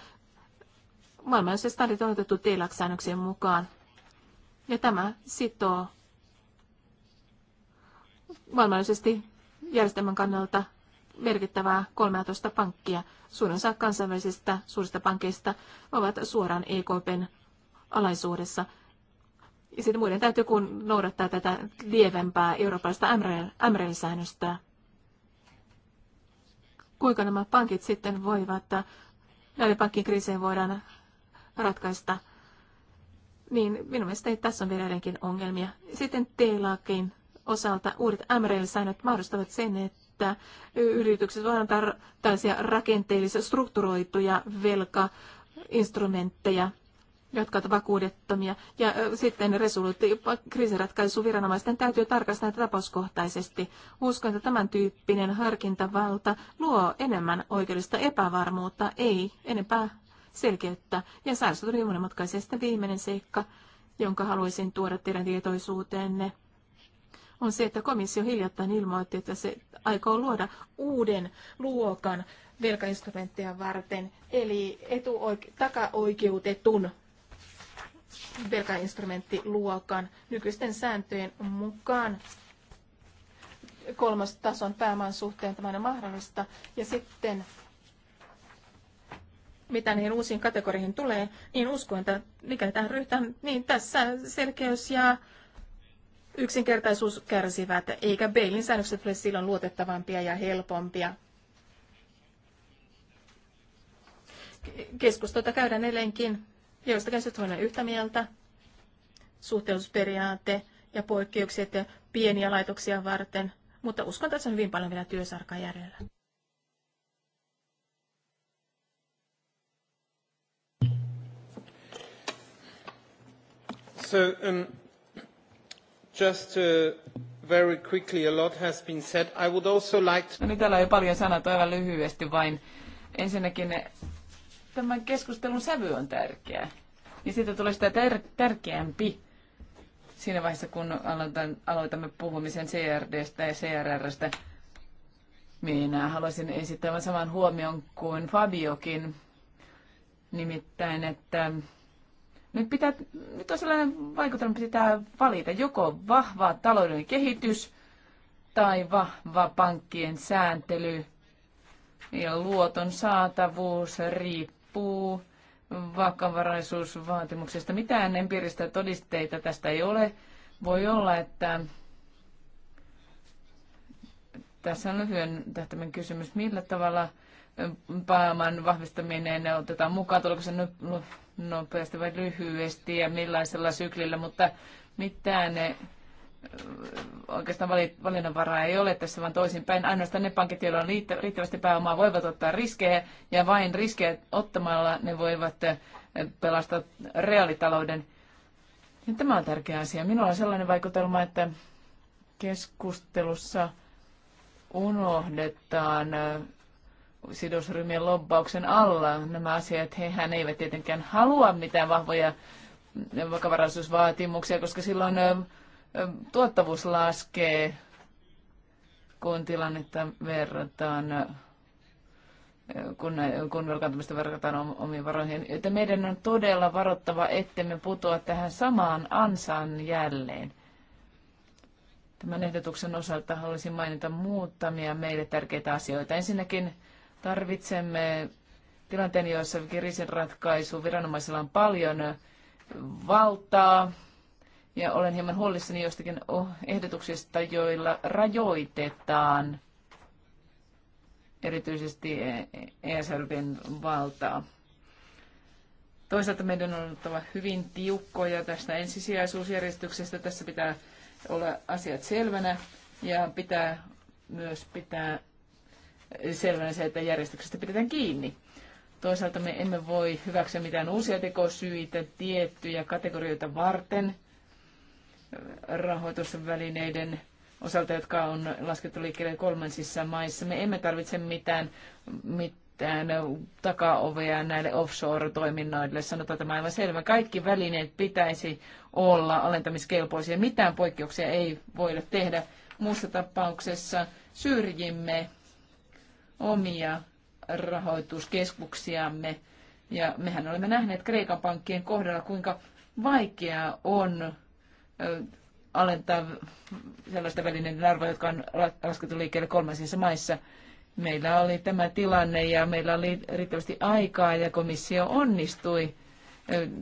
maailmanlaajuiset standardit on otettu TELAK-säännöksien mukaan. Ja tämä sitoo maailmallisesti järjestelmän kannalta merkittävää 13 pankkia. Suurin osa kansainvälisistä suurista pankeista ovat suoraan EKPn alaisuudessa. Ja sitten muiden täytyy kun noudattaa tätä lievempää eurooppalaista mrel säännöstä Kuinka nämä pankit sitten voivat, näiden pankkien kriisejä voidaan ratkaista – niin minun mielestäni tässä on vielä edelleenkin ongelmia. Sitten t osalta uudet MRL-säännöt mahdollistavat sen, että yritykset voivat antaa tällaisia rakenteellisia strukturoituja velkainstrumentteja, jotka ovat vakuudettomia. Ja sitten resoluutti kriisiratkaisuviranomaisten täytyy tarkastaa tapauskohtaisesti. Uskon, että tämän tyyppinen harkintavalta luo enemmän oikeudellista epävarmuutta, ei enempää selkeyttä ja sairastuturi monimutkaisia. Sitten viimeinen seikka, jonka haluaisin tuoda teidän tietoisuuteenne, on se, että komissio hiljattain ilmoitti, että se aikoo luoda uuden luokan velkainstrumentteja varten, eli etuoike- takaoikeutetun velkainstrumenttiluokan nykyisten sääntöjen mukaan kolmas tason pääoman suhteen tämä on mahdollista. Ja sitten mitä niihin uusiin kategorioihin tulee, niin uskon, että mikä tähän ryhtään, niin tässä selkeys ja yksinkertaisuus kärsivät, eikä Beilin säännökset ole silloin luotettavampia ja helpompia. Keskustelua käydään edelleenkin, joista käsit on yhtä mieltä. Suhteellisuusperiaate ja poikkeukset pieniä laitoksia varten, mutta uskon tässä on hyvin paljon vielä työsarkaa jäljellä. So, um, just uh, very quickly, a lot has been said. I would also like to... No niin, täällä on jo paljon sanaa, aivan lyhyesti vain. Ensinnäkin eh, tämän keskustelun sävy on tärkeä. Ja siitä tulee sitä ter- tärkeämpi siinä vaiheessa, kun aloitan, aloitamme puhumisen CRDstä ja CRRstä. Minä haluaisin esittää saman huomion kuin Fabiokin, nimittäin, että nyt, pitää, nyt on sellainen vaikutelma, että pitää valita joko vahva taloudellinen kehitys tai vahva pankkien sääntely. Ja luoton saatavuus riippuu vakavaraisuusvaatimuksesta. Mitään empiiristä todisteita tästä ei ole. Voi olla, että tässä on lyhyen tähtäimen kysymys, millä tavalla – pääoman vahvistaminen otetaan mukaan, tuleeko se no, nopeasti vai lyhyesti ja millaisella syklillä, mutta mitään ne eh, oikeastaan valinnanvaraa ei ole tässä, vaan toisinpäin. Ainoastaan ne pankit, joilla on riittävästi pääomaa, voivat ottaa riskejä, ja vain riskejä ottamalla ne voivat eh, pelastaa reaalitalouden. Ja tämä on tärkeä asia. Minulla on sellainen vaikutelma, että keskustelussa unohdetaan eh, sidosryhmien lobbauksen alla nämä asiat. Hehän eivät tietenkään halua mitään vahvoja vakavaraisuusvaatimuksia, koska silloin tuottavuus laskee, kun tilannetta verrataan kun, kun velkaantumista verrataan omiin varoihin. Että meidän on todella varottava, ettemme putoa tähän samaan ansaan jälleen. Tämän ehdotuksen osalta haluaisin mainita muutamia meille tärkeitä asioita. Ensinnäkin Tarvitsemme tilanteen, jossa kriisin ratkaisu viranomaisilla on paljon valtaa. Ja olen hieman huolissani jostakin oh, ehdotuksista, joilla rajoitetaan erityisesti ESRBn e- e valtaa. Toisaalta meidän on oltava hyvin tiukkoja tästä ensisijaisuusjärjestyksestä. Tässä pitää olla asiat selvänä ja pitää myös pitää selvänä se, että järjestyksestä pidetään kiinni. Toisaalta me emme voi hyväksyä mitään uusia tekosyitä tiettyjä kategorioita varten rahoitusvälineiden osalta, jotka on laskettu liikkeelle kolmansissa maissa. Me emme tarvitse mitään, mitään takaovea näille offshore-toiminnoille. Sanotaan tämä aivan selvä. Kaikki välineet pitäisi olla alentamiskelpoisia. Mitään poikkeuksia ei voida tehdä. Muussa tapauksessa syrjimme omia rahoituskeskuksiamme. Ja mehän olemme nähneet Kreikan pankkien kohdalla, kuinka vaikeaa on alentaa sellaista välineiden arvoa, jotka on laskettu liikkeelle kolmansissa maissa. Meillä oli tämä tilanne ja meillä oli riittävästi aikaa ja komissio onnistui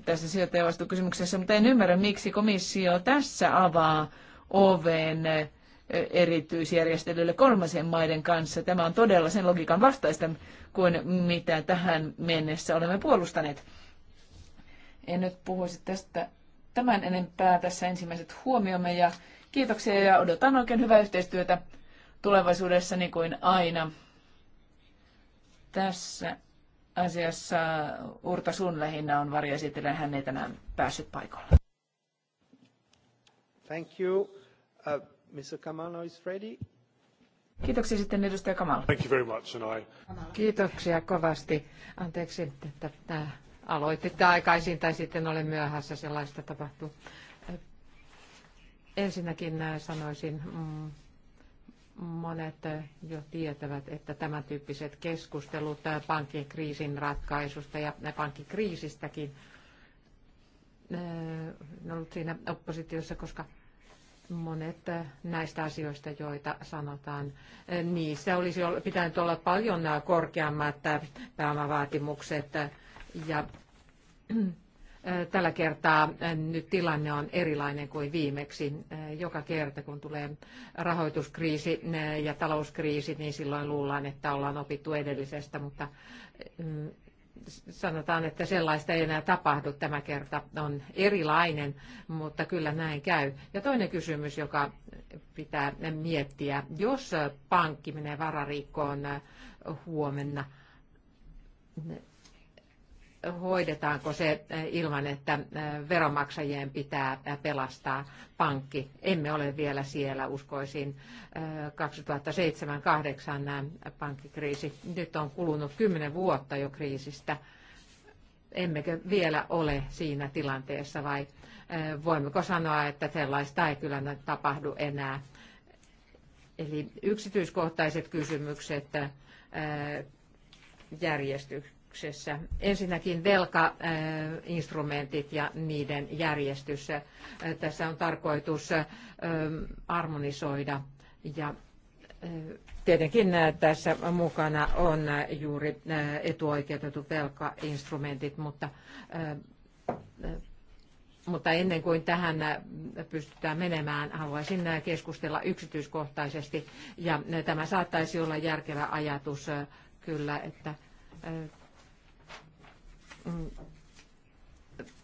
tässä sijoittajavastuukysymyksessä, mutta en ymmärrä, miksi komissio tässä avaa oven erityisjärjestelyille kolmansien maiden kanssa. Tämä on todella sen logiikan vastaista kuin mitä tähän mennessä olemme puolustaneet. En nyt puhuisi tästä tämän enempää tässä ensimmäiset huomiomme ja kiitoksia ja odotan oikein hyvää yhteistyötä tulevaisuudessa niin kuin aina. Tässä asiassa Urta sun lähinnä on varjoesitellä, hän ei tänään päässyt paikalle. Thank you. Uh... Mr. is ready. Kiitoksia sitten edustaja Thank you very much, and I... Kiitoksia kovasti. Anteeksi, että tämä aloititte aikaisin tai sitten olen myöhässä, sellaista tapahtuu. Ensinnäkin äh, sanoisin, mm, monet äh, jo tietävät, että tämän tyyppiset keskustelut äh, pankkikriisin kriisin ratkaisusta ja pankkikriisistäkin on ollut siinä oppositiossa, koska monet näistä asioista, joita sanotaan, niissä olisi pitänyt olla paljon korkeammat pääomavaatimukset ja äh, tällä kertaa nyt tilanne on erilainen kuin viimeksi. Äh, joka kerta, kun tulee rahoituskriisi äh, ja talouskriisi, niin silloin luullaan, että ollaan opittu edellisestä, mutta sanotaan, että sellaista ei enää tapahdu tämä kerta, on erilainen, mutta kyllä näin käy. Ja toinen kysymys, joka pitää miettiä, jos pankki menee vararikkoon äh, huomenna, hoidetaanko se ilman, että äh, veronmaksajien pitää äh, pelastaa pankki. Emme ole vielä siellä, uskoisin, 2007-2008 äh, pankkikriisi. Nyt on kulunut kymmenen vuotta jo kriisistä. Emmekö vielä ole siinä tilanteessa vai voimmeko sanoa, että sellaista ei kyllä tapahdu enää? Eli yksityiskohtaiset kysymykset järjestyksessä kysymyksessä. Ensinnäkin velkainstrumentit ja niiden järjestys. Tässä on tarkoitus harmonisoida ja Tietenkin tässä mukana on juuri etuoikeutetut velkainstrumentit, mutta, mutta ennen kuin tähän pystytään menemään, haluaisin keskustella yksityiskohtaisesti. Ja tämä saattaisi olla järkevä ajatus kyllä, että Mm.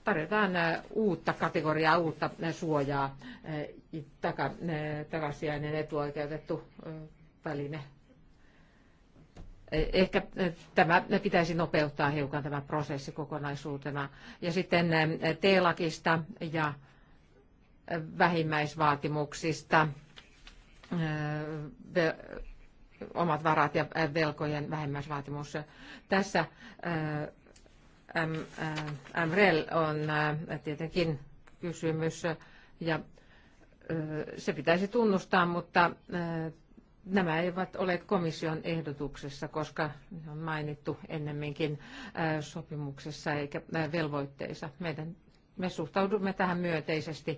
tarjotaan äh, uutta kategoriaa, uutta äh, suojaa, äh, taka, takasijainen etuoikeutettu väline. Eh, ehkä tämä pitäisi nopeuttaa hiukan tämä prosessi kokonaisuutena. Ja sitten T-lakista ja vähimmäisvaatimuksista omat varat ja velkojen vähimmäisvaatimus. Tässä Äh, MREL on äh, tietenkin kysymys äh, ja se pitäisi tunnustaa, mutta nämä eivät ole komission ehdotuksessa, koska ne on mainittu ennemminkin sopimuksessa eikä velvoitteissa. Meidän me suhtaudumme tähän myönteisesti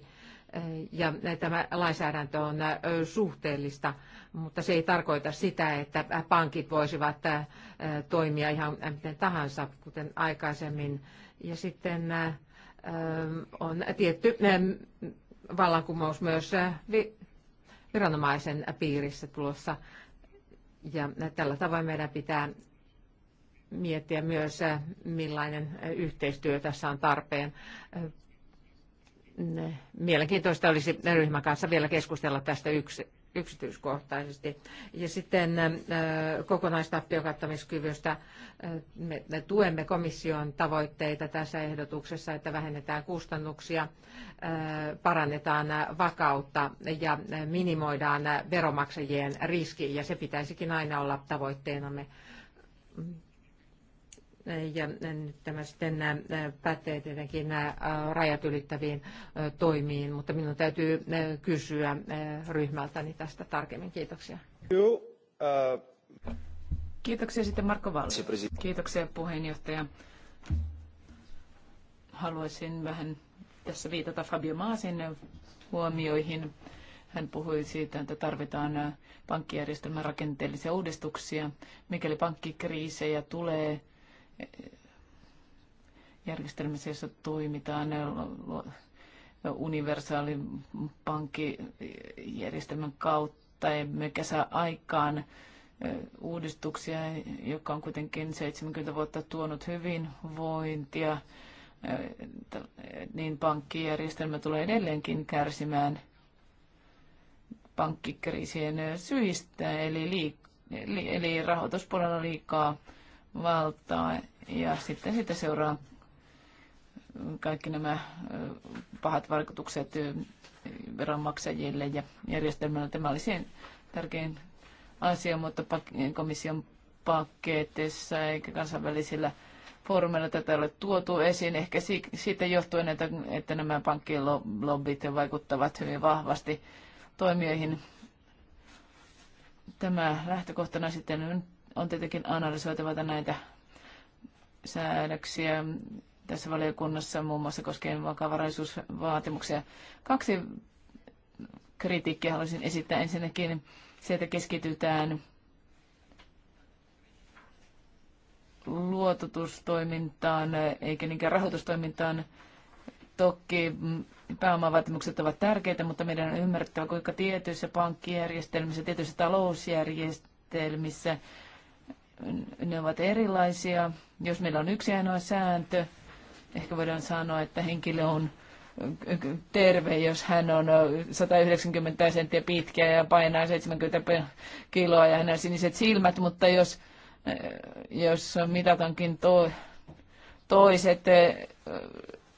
eh, ja tämä lainsäädäntö on eh, suhteellista, mutta se ei tarkoita sitä, että eh, pankit voisivat toimia ihan miten tahansa, kuten aikaisemmin. Ja sitten on tietty vallankumous myös viranomaisen piirissä tulossa. Ja tällä tavoin meidän pitää miettiä myös, äh, millainen äh, yhteistyö tässä on tarpeen. Äh, mielenkiintoista olisi ryhmän kanssa vielä keskustella tästä yksi, yksityiskohtaisesti. Ja sitten kokonaistappiokattamiskyvystä me, me tuemme komission tavoitteita tässä ehdotuksessa, että vähennetään kustannuksia, parannetaan vakautta ja minimoidaan veromaksajien riski, ja se pitäisikin aina olla tavoitteenamme. Ja nyt tämä sitten pätee tietenkin rajat ylittäviin toimiin, mutta minun täytyy kysyä ryhmältäni tästä tarkemmin. Kiitoksia. Kiitoksia sitten Marko Valli. Kiitoksia puheenjohtaja. Haluaisin vähän tässä viitata Fabio Maasin huomioihin. Hän puhui siitä, että tarvitaan pankkijärjestelmän rakenteellisia uudistuksia. Mikäli pankkikriisejä tulee, järjestelmissä, jossa toimitaan universaalin pankkijärjestelmän kautta, emmekä saa aikaan uudistuksia, joka on kuitenkin 70 vuotta tuonut hyvinvointia, niin pankkijärjestelmä tulee edelleenkin kärsimään pankkikriisien syistä, eli, liik- eli rahoituspuolella liikaa valtaa ja sitten siitä seuraa kaikki nämä pahat vaikutukset veronmaksajille ja järjestelmällä. Tämä oli sen tärkein asia, mutta komission paketissa eikä kansainvälisillä foorumeilla tätä ole tuotu esiin. Ehkä siitä johtuen, että, että nämä pankkien lobbit vaikuttavat hyvin vahvasti toimijoihin. Tämä lähtökohtana sitten on tietenkin analysoitava näitä säädöksiä tässä valiokunnassa muun muassa koskien vakavaraisuusvaatimuksia. Kaksi kritiikkiä haluaisin esittää. Ensinnäkin se, että keskitytään luototustoimintaan eikä niinkään rahoitustoimintaan. Toki pääomavaatimukset ovat tärkeitä, mutta meidän on ymmärrettävä, kuinka tietyissä pankkijärjestelmissä, tietyissä talousjärjestelmissä ne ovat erilaisia. Jos meillä on yksi ainoa sääntö, ehkä voidaan sanoa, että henkilö on terve, jos hän on 190 senttiä pitkä ja painaa 70 kiloa ja hänellä on siniset silmät, mutta jos, jos mitatankin to, toiset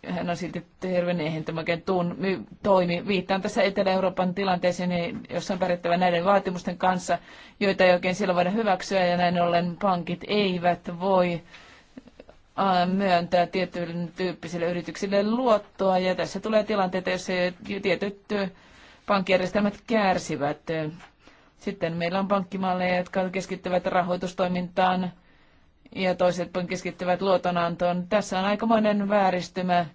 hän on silti terveen, eihän tämä oikein my toimi. Viittaan tässä Etelä-Euroopan tilanteeseen, niin jossa on pärjättävä näiden vaatimusten kanssa, joita ei oikein silloin voida hyväksyä, ja näin ollen pankit eivät voi myöntää tietyille tyyppisille yrityksille luottoa, ja tässä tulee tilanteita, joissa tietyt pankkijärjestelmät kärsivät. Sitten meillä on pankkimalleja, jotka keskittyvät rahoitustoimintaan, ja toiset keskittyvät luotonantoon. Tässä on aikamoinen vääristymä,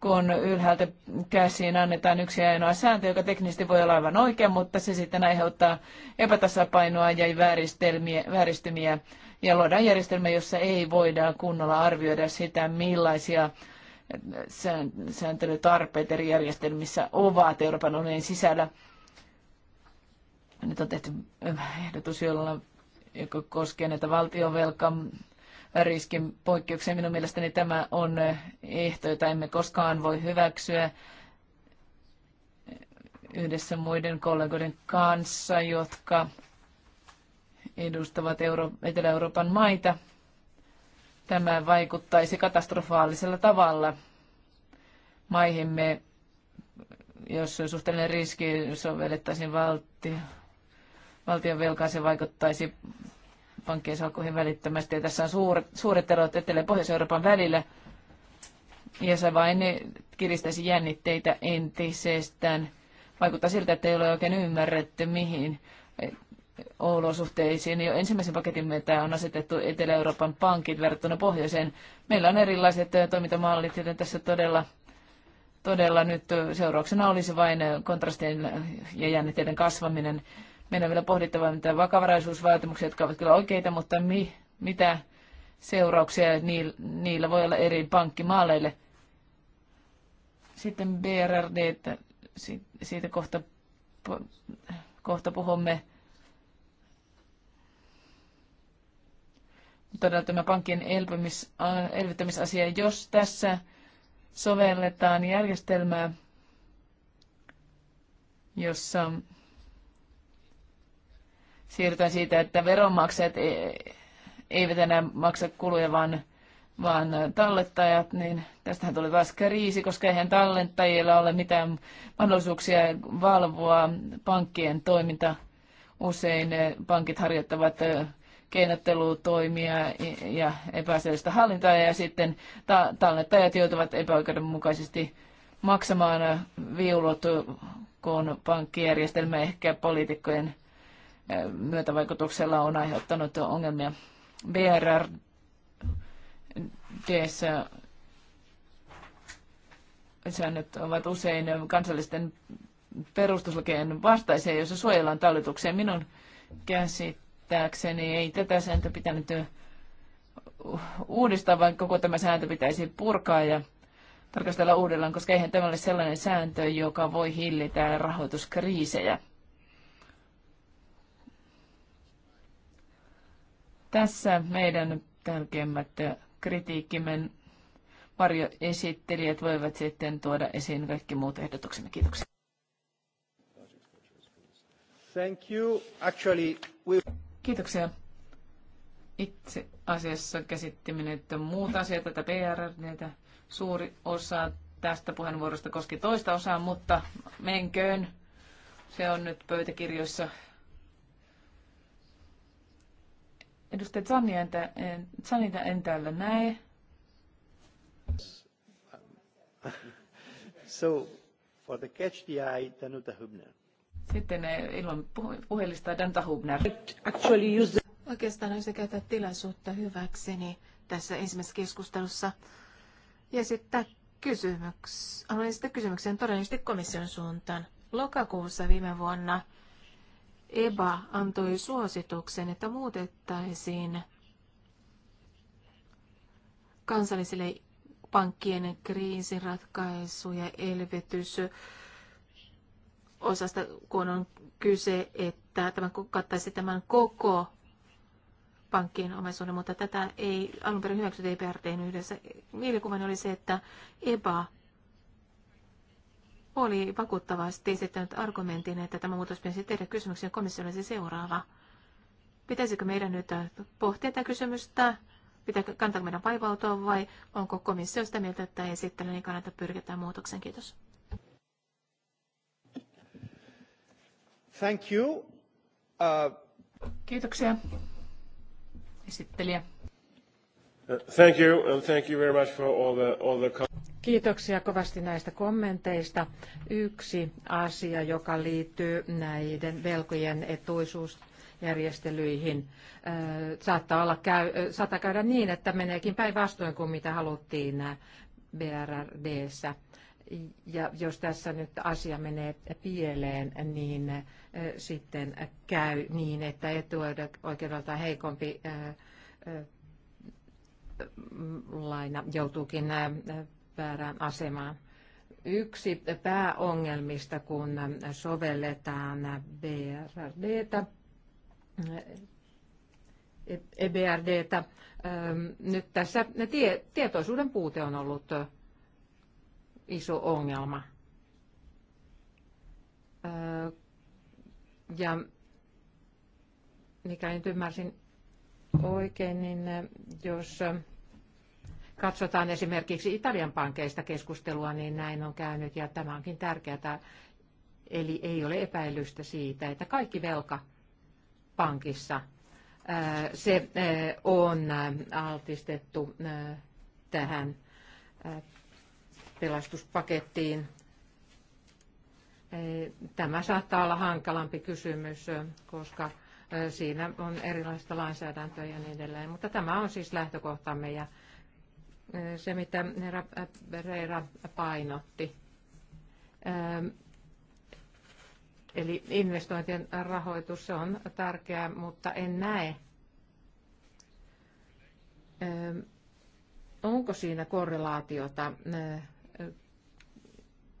kun ylhäältä käsiin annetaan yksi ainoa sääntö, joka teknisesti voi olla aivan oikea, mutta se sitten aiheuttaa epätasapainoa ja vääristymiä ja luodaan järjestelmä, jossa ei voida kunnolla arvioida sitä, millaisia sääntelytarpeet eri järjestelmissä ovat Euroopan unionin sisällä. Nyt on tehty ehdotus, jolla, joka koskee näitä valtionvelkamaksuja riskin poikkeuksia. Minun mielestäni tämä on ehto, jota emme koskaan voi hyväksyä yhdessä muiden kollegoiden kanssa, jotka edustavat Euro- Etelä-Euroopan maita. Tämä vaikuttaisi katastrofaalisella tavalla maihimme, jos suhteellinen riski sovellettaisiin valtio, valtion se vaikuttaisi pankkisalkkuihin välittömästi. Ja tässä on suuret, suuret erot Etelä- ja Pohjois-Euroopan välillä. Ja se vain kiristäisi jännitteitä entisestään. Vaikuttaa siltä, että ei ole oikein ymmärretty, mihin olosuhteisiin. Jo ensimmäisen paketin myötä on asetettu Etelä-Euroopan pankit verrattuna pohjoiseen. Meillä on erilaiset toimintamallit, joten tässä todella, todella nyt seurauksena olisi vain kontrastien ja jännitteiden kasvaminen meidän on vielä pohdittava mitä vakavaraisuusvaatimuksia, jotka ovat kyllä oikeita, mutta mi, mitä seurauksia niillä, niillä voi olla eri pankkimaaleille. Sitten BRRD, että siitä kohta, kohta puhumme. Todella tämä pankkien elpymis, elvyttämisasia, jos tässä sovelletaan järjestelmää, jossa siirrytään siitä, että veronmaksajat e- eivät enää maksa kuluja, vaan, vaan tallettajat, niin tästähän tuli taas kriisi, koska eihän tallettajilla ole mitään mahdollisuuksia valvoa pankkien toimintaa. Usein pankit harjoittavat keinottelutoimia ja epäselvistä hallintaa ja sitten ta- tallettajat joutuvat epäoikeudenmukaisesti maksamaan viulot, kun pankkijärjestelmä ehkä poliitikkojen myötävaikutuksella on aiheuttanut ongelmia. BRR säännöt ovat usein kansallisten perustuslakien vastaisia, joissa suojellaan talletukseen. Minun käsittääkseni ei tätä sääntö pitänyt uudistaa, vaan koko tämä sääntö pitäisi purkaa ja tarkastella uudelleen, koska eihän tämä ole sellainen sääntö, joka voi hillitä rahoituskriisejä. Tässä meidän tärkeimmät kritiikkimme varjoesittelijät voivat sitten tuoda esiin kaikki muut ehdotuksemme. Kiitoksia. Thank you. Actually, we... Kiitoksia. Itse asiassa käsittimme nyt muuta asiat tätä PR, näitä suuri osa tästä puheenvuorosta koski toista osaa, mutta menköön. Se on nyt pöytäkirjoissa Edustaja Zanita en täällä näe. So, for the catch the eye, Danuta Hubner. Sitten eh, ilman puhelista Danuta hubner. the... Oikeastaan olisi käyttää tilaisuutta hyväkseni tässä ensimmäisessä keskustelussa. Ja sitten kysymyks... haluan esittää kysymyksen todennäköisesti komission suuntaan. Lokakuussa viime vuonna EBA antoi suosituksen, että muutettaisiin kansallisille pankkien kriisiratkaisu ja osasta, kun on kyse, että tämä kattaisi tämän koko pankkien omaisuuden, mutta tätä ei alun perin hyväksytty EBRDn yhdessä. Mielikuvani oli se, että EBA oli vakuuttavasti esittänyt argumentin, että tämä muutos pitäisi tehdä kysymyksen komissiolle se seuraava. Pitäisikö meidän nyt pohtia tätä kysymystä? Pitääkö kantaa meidän vaivautua vai onko komissio sitä mieltä, että sitten niin kannata pyrkiä muutoksen? Kiitos. Thank you. Uh... Kiitoksia, esittelijä. Thank you, and thank you very much for all the, all the... Kiitoksia kovasti näistä kommenteista. Yksi asia, joka liittyy näiden velkojen etuisuusjärjestelyihin, äh, saattaa, olla käy, äh, saattaa käydä niin, että meneekin päinvastoin kuin mitä haluttiin BRRDssä. Ja jos tässä nyt asia menee pieleen, niin äh, sitten käy niin, että etuoikeudelta heikompi laina joutuukin äh, väärään asemaan. Yksi pääongelmista, kun äh, sovelletaan BRDtä, äh, EBRDtä, ähm, nyt tässä tietoisuuden puute on ollut iso ongelma. Ja mikä nyt ymmärsin, oikein, niin eh, jos eh, katsotaan esimerkiksi Italian pankeista keskustelua, niin näin on käynyt ja tämä onkin tärkeää. Eli ei ole epäilystä siitä, että kaikki velka pankissa eh, se on altistettu tähän pelastuspakettiin. Tämä saattaa olla hankalampi kysymys, koska Siinä on erilaista lainsäädäntöä ja niin edelleen. Mutta tämä on siis lähtökohtamme ja se, mitä Reira painotti. Eli investointien rahoitus se on tärkeää, mutta en näe, onko siinä korrelaatiota.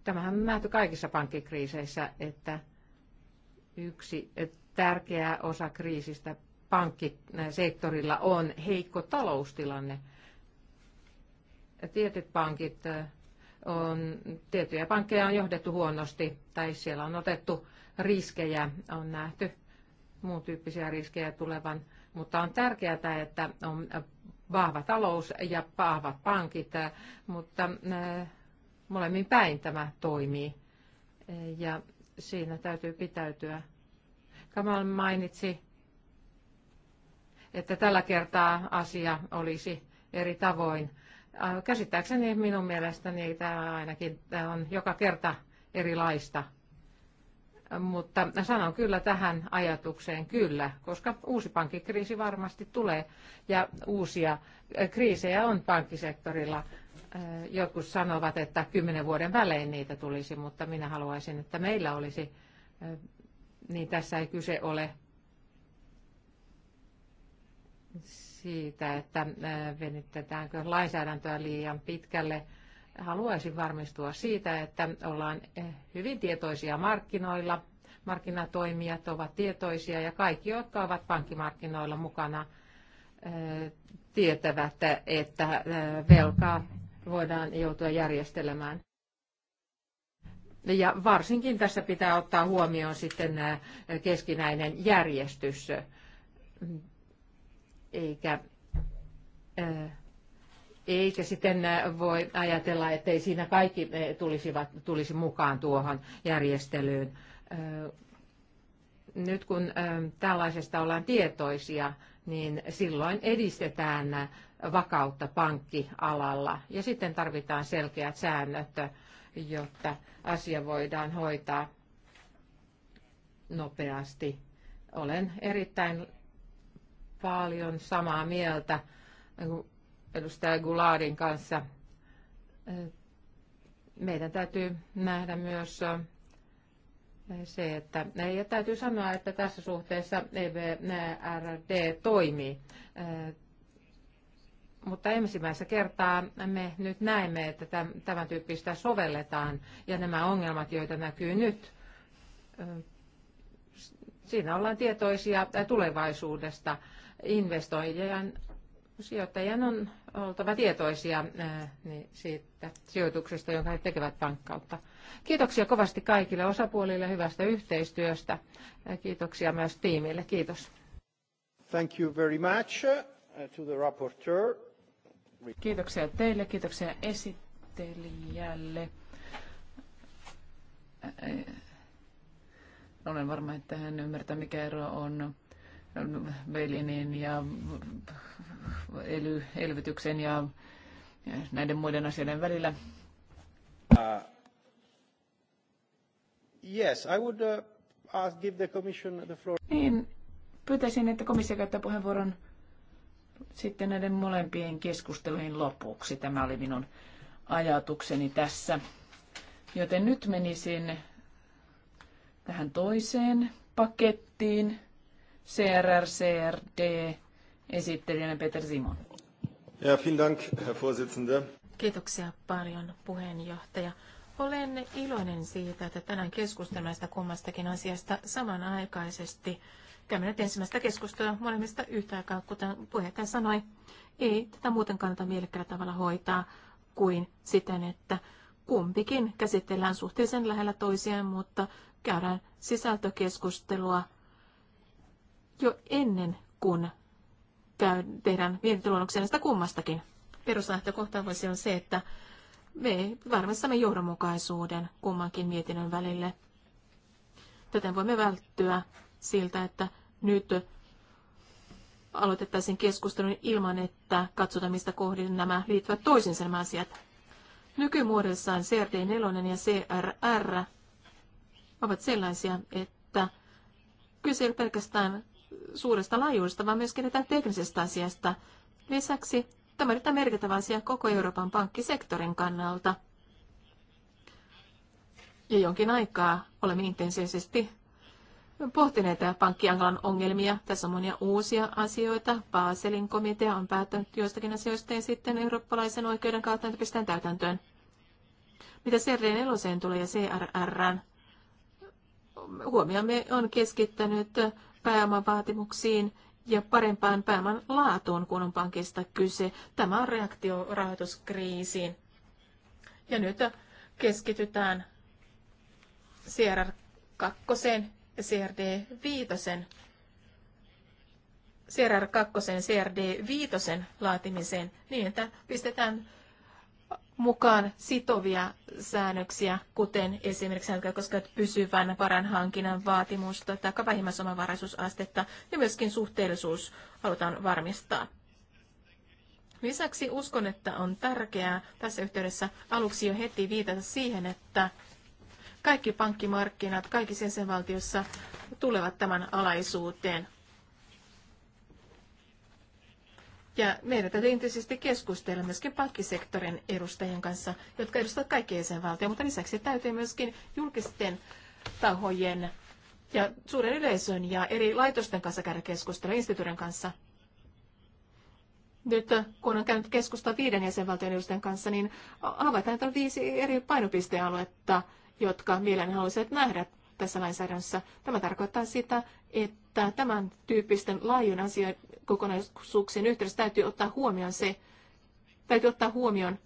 Tämähän on nähty kaikissa pankkikriiseissä, että yksi tärkeä osa kriisistä pankkisektorilla on heikko taloustilanne. Tietyt pankit on, tiettyjä pankkeja on johdettu huonosti tai siellä on otettu riskejä, on nähty muun tyyppisiä riskejä tulevan, mutta on tärkeää, että on vahva talous ja vahvat pankit, mutta molemmin päin tämä toimii ja siinä täytyy pitäytyä Kamal mainitsi, että tällä kertaa asia olisi eri tavoin. Käsittääkseni minun mielestäni tämä ainakin tämä on joka kerta erilaista. Mutta sanon kyllä tähän ajatukseen kyllä, koska uusi pankkikriisi varmasti tulee ja uusia kriisejä on pankkisektorilla. Jotkut sanovat, että kymmenen vuoden välein niitä tulisi, mutta minä haluaisin, että meillä olisi niin tässä ei kyse ole siitä, että venytetäänkö lainsäädäntöä liian pitkälle. Haluaisin varmistua siitä, että ollaan hyvin tietoisia markkinoilla. Markkinatoimijat ovat tietoisia ja kaikki, jotka ovat pankkimarkkinoilla mukana, tietävät, että velkaa voidaan joutua järjestelemään. Ja varsinkin tässä pitää ottaa huomioon sitten keskinäinen järjestys, eikä, eikä sitten voi ajatella, ettei siinä kaikki tulisivat, tulisi mukaan tuohon järjestelyyn. Nyt kun tällaisesta ollaan tietoisia, niin silloin edistetään vakautta pankkialalla. Ja sitten tarvitaan selkeät säännöt jotta asia voidaan hoitaa nopeasti. Olen erittäin paljon samaa mieltä edustaja Gulaadin kanssa. Meidän täytyy nähdä myös äh, se, että äh, ja täytyy sanoa, että tässä suhteessa EBRD toimii. Äh, mutta ensimmäistä kertaa me nyt näemme, että tämän tyyppistä sovelletaan ja nämä ongelmat, joita näkyy nyt, siinä ollaan tietoisia tulevaisuudesta. Investoijan, sijoittajan on oltava tietoisia siitä sijoituksesta, jonka he tekevät pankkautta. Kiitoksia kovasti kaikille osapuolille hyvästä yhteistyöstä. Kiitoksia myös tiimille. Kiitos. Thank you very much uh, to the rapporteur. Kiitoksia teille, kiitoksia esittelijälle. Olen varma, että hän ymmärtää, mikä ero on velinin ja elvytyksen ja näiden muiden asioiden välillä. Uh, yes, I would uh, ask, give the commission the floor. Niin, pyytäisin, että komissio käyttää puheenvuoron sitten näiden molempien keskustelujen lopuksi. Tämä oli minun ajatukseni tässä. Joten nyt menisin tähän toiseen pakettiin. CRR, CRD, esittelijänä Peter Simon. Ja, vielen Dank, Herr Vorsitzender. Kiitoksia paljon, puheenjohtaja. Olen iloinen siitä, että tänään keskustelemme näistä kummastakin asiasta samanaikaisesti. Käymme nyt ensimmäistä keskustelua molemmista yhtä aikaa, kuten puheenjohtaja sanoi. Ei tätä muuten kannata mielekkäällä tavalla hoitaa kuin siten, että kumpikin käsitellään suhteellisen lähellä toisiaan, mutta käydään sisältökeskustelua jo ennen kuin käy, tehdään mietintöluonnoksia näistä kummastakin. Peruslähtökohta voisi on se, että me varmistamme johdonmukaisuuden kummankin mietinnön välille. Täten voimme välttyä siltä, että nyt aloitettaisiin keskustelun ilman, että katsotaan, mistä kohdin nämä liittyvät toisiinsa nämä asiat. Nykymuodossaan CRD4 ja CRR ovat sellaisia, että kyse ei pelkästään suuresta laajuudesta, vaan myöskin tätä teknisestä asiasta. Lisäksi Tämä on merkittävä asia koko Euroopan pankkisektorin kannalta. Ja jonkin aikaa olemme intensiivisesti pohtineet pankkiangalan ongelmia. Tässä on monia uusia asioita. Baselin komitea on päättänyt joistakin asioista ja sitten eurooppalaisen oikeuden kautta että pistetään täytäntöön. Mitä CRD4 tulee ja CRR, huomiomme on keskittänyt pääomavaatimuksiin ja parempaan pääoman laatuun, kun on pankista kyse. Tämä on reaktio rahoituskriisiin. Ja nyt keskitytään CRR2 ja CRD5. CRR2 ja CRD5 laatimiseen niin, että pistetään mukaan sitovia säännöksiä, kuten esimerkiksi jotka koskevat pysyvän hankinnan vaatimusta tai vähimmäisomavaraisuusastetta ja myöskin suhteellisuus halutaan varmistaa. Lisäksi uskon, että on tärkeää tässä yhteydessä aluksi jo heti viitata siihen, että kaikki pankkimarkkinat kaikissa jäsenvaltioissa tulevat tämän alaisuuteen. Ja meidän täytyy intensiivisesti keskustella myöskin pankkisektorin edustajien kanssa, jotka edustavat kaikkia jäsenvaltioita, mutta lisäksi täytyy myöskin julkisten tahojen ja suuren yleisön ja eri laitosten kanssa käydä keskustelua instituutin kanssa. Nyt äh, kun on käynyt keskustelua viiden jäsenvaltion edustajien kanssa, niin havaitaan, että on viisi eri painopistealuetta, jotka mielelläni haluaisivat nähdä tässä lainsäädännössä. Tämä tarkoittaa sitä, että Tämän tämän tyyppisten laajojen asiakokonaisuuksien yhteydessä täytyy ottaa huomioon se, täytyy ottaa huomioon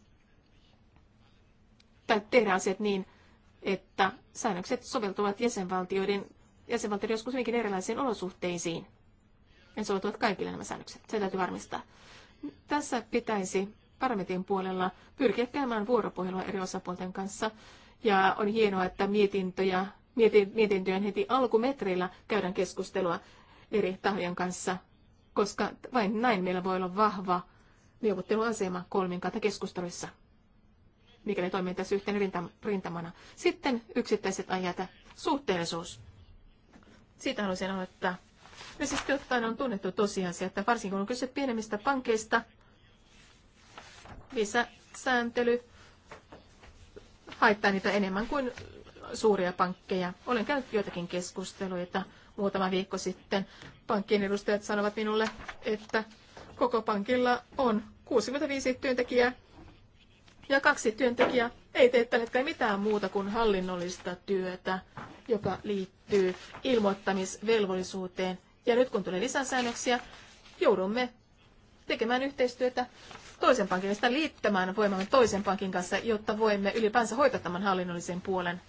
tai tehdä asiat niin, että säännökset soveltuvat jäsenvaltioiden, jäsenvaltioiden joskus hyvinkin erilaisiin olosuhteisiin. Ne soveltuvat kaikille nämä säännökset. Se täytyy varmistaa. Tässä pitäisi parametin puolella pyrkiä käymään vuoropuhelua eri osapuolten kanssa. Ja on hienoa, että mietintöjä Mietintöjen heti alkumetreillä käydään keskustelua eri tahojen kanssa, koska vain näin meillä voi olla vahva neuvotteluasema kolminkanta keskusteluissa, mikäli toimii tässä yhteen rintamana. Sitten yksittäiset ajat, suhteellisuus. Siitä haluaisin aloittaa. siis ottaen on tunnettu tosiasia, että varsinkin kun on kyse pienemmistä pankeista, lisäsääntely haittaa niitä enemmän kuin suuria pankkeja. Olen käynyt joitakin keskusteluita muutama viikko sitten. Pankkien edustajat sanovat minulle, että koko pankilla on 65 työntekijää ja kaksi työntekijää ei tee tällä mitään muuta kuin hallinnollista työtä, joka liittyy ilmoittamisvelvollisuuteen. Ja nyt kun tulee lisäsäännöksiä, joudumme tekemään yhteistyötä toisen pankin, sitä liittämään voimamme toisen pankin kanssa, jotta voimme ylipäänsä hoitaa tämän hallinnollisen puolen.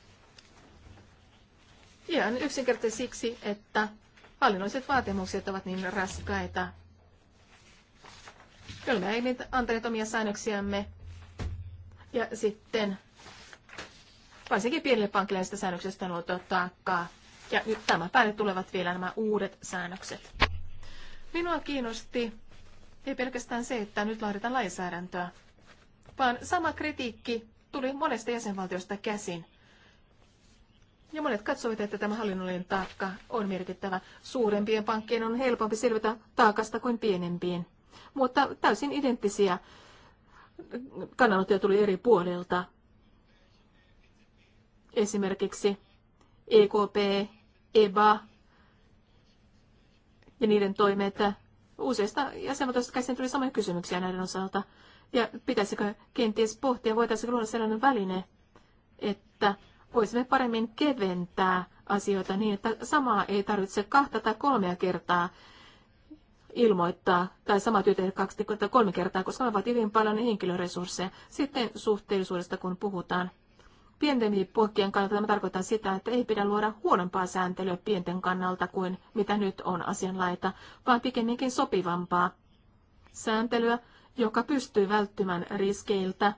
Ihan yksinkertaisesti siksi, että hallinnolliset vaatimukset ovat niin raskaita. Kyllä me ei antaneet omia säännöksiämme. Ja sitten varsinkin pienille pankille sitä säännöksestä on ollut taakkaa. Ja nyt tämän päälle tulevat vielä nämä uudet säännökset. Minua kiinnosti ei pelkästään se, että nyt laaditaan lainsäädäntöä, vaan sama kritiikki tuli monesta jäsenvaltiosta käsin. Ja monet katsovat, että tämä hallinnollinen taakka on merkittävä. Suurempien pankkien on helpompi selvitä taakasta kuin pienempien. Mutta täysin identtisiä kannanottoja tuli eri puolilta. Esimerkiksi EKP, EBA ja niiden toimet. Useista jäsenvaltioista käsin tuli samoja kysymyksiä näiden osalta. Ja pitäisikö kenties pohtia, voitaisiinko luoda sellainen väline, että voisimme paremmin keventää asioita niin, että samaa ei tarvitse kahta tai kolmea kertaa ilmoittaa, tai sama työ tehdä kolme kertaa, koska ne ovat hyvin paljon henkilöresursseja. Sitten suhteellisuudesta, kun puhutaan. Pienten poikien kannalta tämä tarkoittaa sitä, että ei pidä luoda huonompaa sääntelyä pienten kannalta kuin mitä nyt on asianlaita, vaan pikemminkin sopivampaa sääntelyä, joka pystyy välttymään riskeiltä,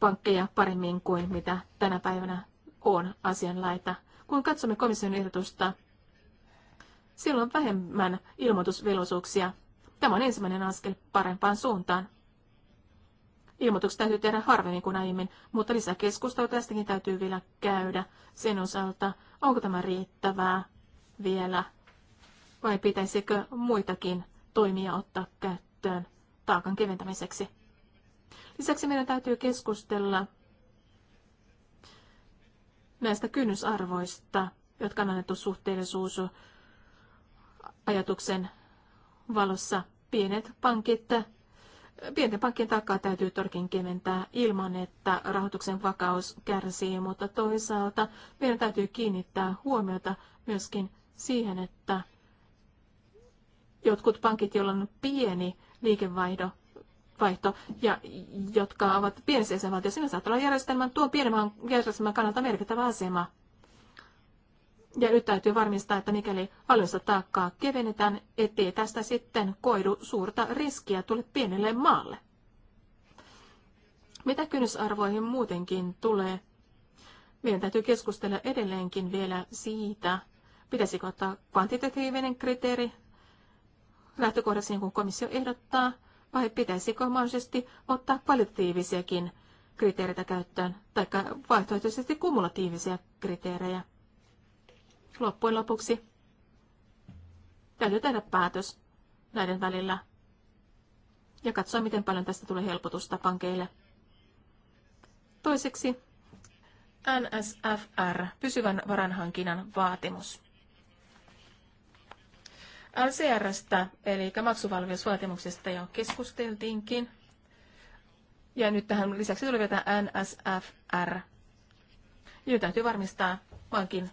pankkeja paremmin kuin mitä tänä päivänä on asianlaita. Kun katsomme komission ehdotusta, silloin vähemmän ilmoitusvelvollisuuksia. Tämä on ensimmäinen askel parempaan suuntaan. Ilmoitukset täytyy tehdä harvemmin kuin aiemmin, mutta lisäkeskustelu tästäkin täytyy vielä käydä sen osalta, onko tämä riittävää vielä vai pitäisikö muitakin toimia ottaa käyttöön taakan keventämiseksi. Lisäksi meidän täytyy keskustella näistä kynnysarvoista, jotka on annettu suhteellisuus ajatuksen valossa. Pienet pankit, pienten pankkien takaa täytyy torkin keventää ilman, että rahoituksen vakaus kärsii, mutta toisaalta meidän täytyy kiinnittää huomiota myöskin siihen, että jotkut pankit, joilla on pieni liikevaihdo, vaihto, ja jotka ovat pienessä jäsenvaltiossa, sinä saattaa olla järjestelmän, tuo pienemmän järjestelmän kannalta merkittävä asema. Ja nyt täytyy varmistaa, että mikäli hallinnosta taakkaa kevennetään, ettei tästä sitten koidu suurta riskiä tule pienelle maalle. Mitä kynnysarvoihin muutenkin tulee? Meidän täytyy keskustella edelleenkin vielä siitä, pitäisikö ottaa kvantitatiivinen kriteeri lähtökohdassa, niin kuin komissio ehdottaa, vai pitäisikö mahdollisesti ottaa kvalitatiivisiakin kriteereitä käyttöön, tai vaihtoehtoisesti kumulatiivisia kriteerejä. Loppujen lopuksi täytyy tehdä päätös näiden välillä ja katsoa, miten paljon tästä tulee helpotusta pankeille. Toiseksi NSFR, pysyvän varanhankinnan vaatimus. LCRstä, eli maksuvalmiusvaatimuksesta jo keskusteltiinkin. Ja nyt tähän lisäksi tuli vielä NSFR. Nyt täytyy varmistaa pankin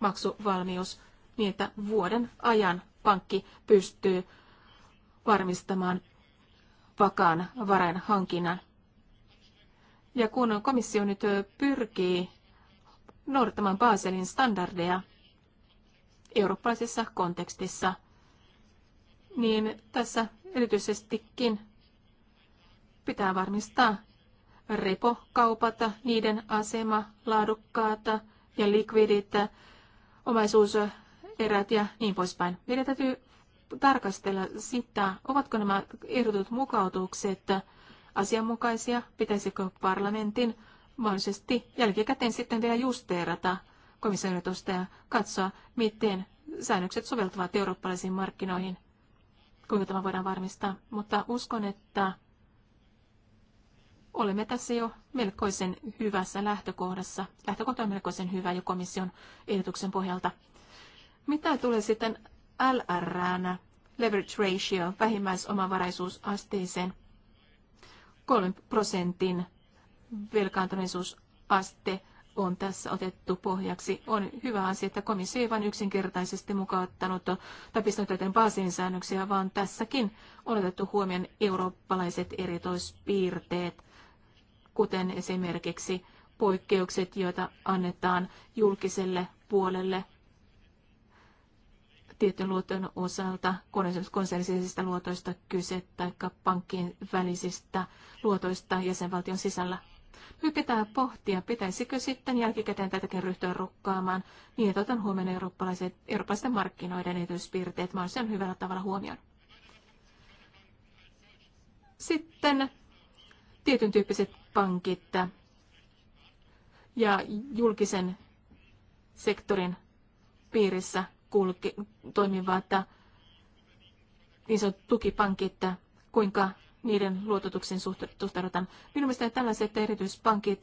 maksuvalmius niin, että vuoden ajan pankki pystyy varmistamaan vakaan varain hankinnan. Ja kun komissio nyt pyrkii noudattamaan Baselin standardeja eurooppalaisessa kontekstissa, niin tässä erityisestikin pitää varmistaa repokaupata, niiden asema, laadukkaata ja likvidit, omaisuuserät ja niin poispäin. Meidän täytyy tarkastella sitä, ovatko nämä ehdotut mukautukset asianmukaisia, pitäisikö parlamentin mahdollisesti jälkikäteen sitten vielä justeerata komission ja katsoa, miten säännökset soveltuvat eurooppalaisiin markkinoihin kuinka tämä voidaan varmistaa. Mutta uskon, että olemme tässä jo melkoisen hyvässä lähtökohdassa. Lähtökohta on melkoisen hyvä jo komission ehdotuksen pohjalta. Mitä tulee sitten LR, leverage ratio, vähimmäisomavaraisuusasteeseen, 3 prosentin velkaantuneisuusaste on tässä otettu pohjaksi. On hyvä asia, että komissio ei vain yksinkertaisesti mukauttanut tai pistänyt joten säännöksiä, vaan tässäkin on otettu huomioon eurooppalaiset erityispiirteet, kuten esimerkiksi poikkeukset, joita annetaan julkiselle puolelle tietyn luoton osalta, konsernisisistä luotoista kyse tai pankkien välisistä luotoista jäsenvaltion sisällä. Nyt pitää pohtia, pitäisikö sitten jälkikäteen tätäkin ryhtyä rukkaamaan niin, että otan huomioon eurooppalaiset, eurooppalaisten markkinoiden erityispiirteet mahdollisimman hyvällä tavalla huomioon. Sitten tietyn tyyppiset pankit ja julkisen sektorin piirissä kulki, toimivat äh, niin sanotut tukipankit, kuinka niiden luototuksen suhtaudutaan. Minun mielestäni tällaiset erityispankit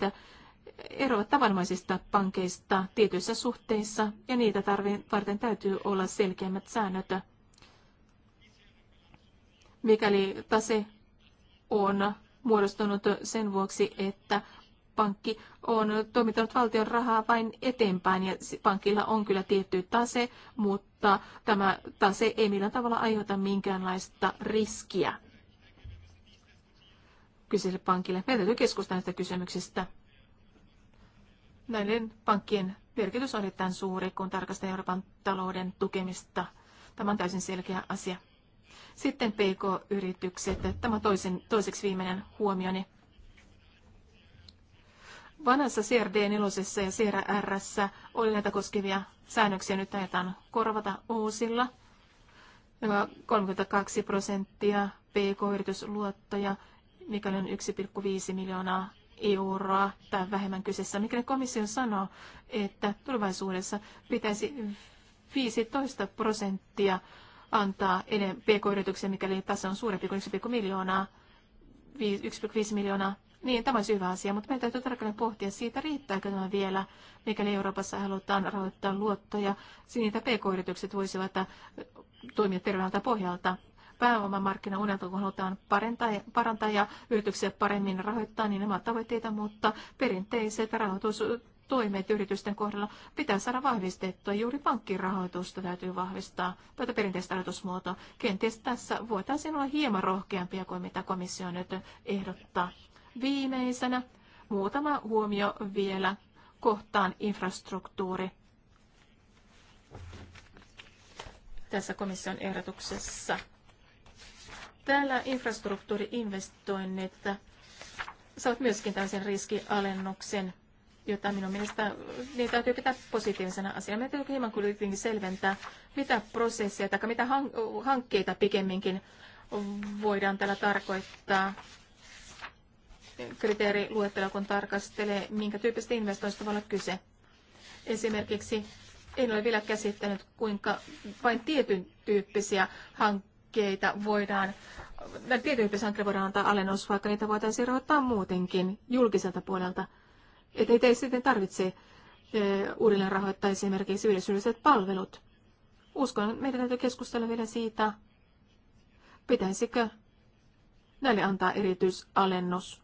eroavat tavanomaisista pankeista tietyissä suhteissa, ja niitä varten täytyy olla selkeämmät säännöt. Mikäli tase on muodostunut sen vuoksi, että pankki on toimittanut valtion rahaa vain eteenpäin ja pankilla on kyllä tietty tase, mutta tämä tase ei millään tavalla aiheuta minkäänlaista riskiä kyseiselle pankille. Meidän täytyy keskustella näistä kysymyksistä. Näiden pankkien merkitys on erittäin suuri, kun tarkastellaan Euroopan talouden tukemista. Tämä on täysin selkeä asia. Sitten PK-yritykset. Tämä on toisen, toiseksi viimeinen huomioni. Vanhassa CRD 4 ja CRR oli näitä koskevia säännöksiä. Nyt ajetaan korvata uusilla. 32 prosenttia PK-yritysluottoja mikäli on 1,5 miljoonaa euroa tai vähemmän kyseessä. Mikäli komissio sanoo, että tulevaisuudessa pitäisi 15 prosenttia antaa enemmän pk-yrityksiä, mikäli tässä on suurempi kuin 1,5 miljoonaa, 1,5 miljoonaa, niin tämä on hyvä asia, mutta meidän täytyy tarkalleen pohtia siitä, riittääkö tämä vielä, mikäli Euroopassa halutaan rahoittaa luottoja, niitä pk-yritykset voisivat toimia terveeltä pohjalta pääomamarkkinaunelta, kun halutaan parantaa, ja yrityksiä paremmin rahoittaa, niin nämä tavoitteita, mutta perinteiset rahoitus toimet yritysten kohdalla pitää saada vahvistettua. Juuri pankkirahoitusta täytyy vahvistaa, tätä perinteistä rahoitusmuotoa. Kenties tässä voitaisiin olla hieman rohkeampia kuin mitä komissio nyt ehdottaa. Viimeisenä muutama huomio vielä kohtaan infrastruktuuri. Tässä komission ehdotuksessa Täällä infrastruktuuriinvestoinnit saavat myöskin tällaisen riskialennuksen, jota minun mielestä niin täytyy pitää positiivisena asiana. Me täytyy hieman kuitenkin selventää, mitä prosesseja tai mitä hankkeita pikemminkin voidaan tällä tarkoittaa kriteeriluettelo, kun tarkastelee, minkä tyyppistä investoinnista voi olla kyse. Esimerkiksi en ole vielä käsittänyt, kuinka vain tietyn tyyppisiä hankkeita sankkeita voidaan, no, tietyn hankkeita voidaan antaa alennus, vaikka niitä voitaisiin rahoittaa muutenkin julkiselta puolelta. Että ei sitten tarvitse eh, uudelleen rahoittaa esimerkiksi yhdessä palvelut. Uskon, että meidän täytyy keskustella vielä siitä, pitäisikö näille antaa erityisalennus.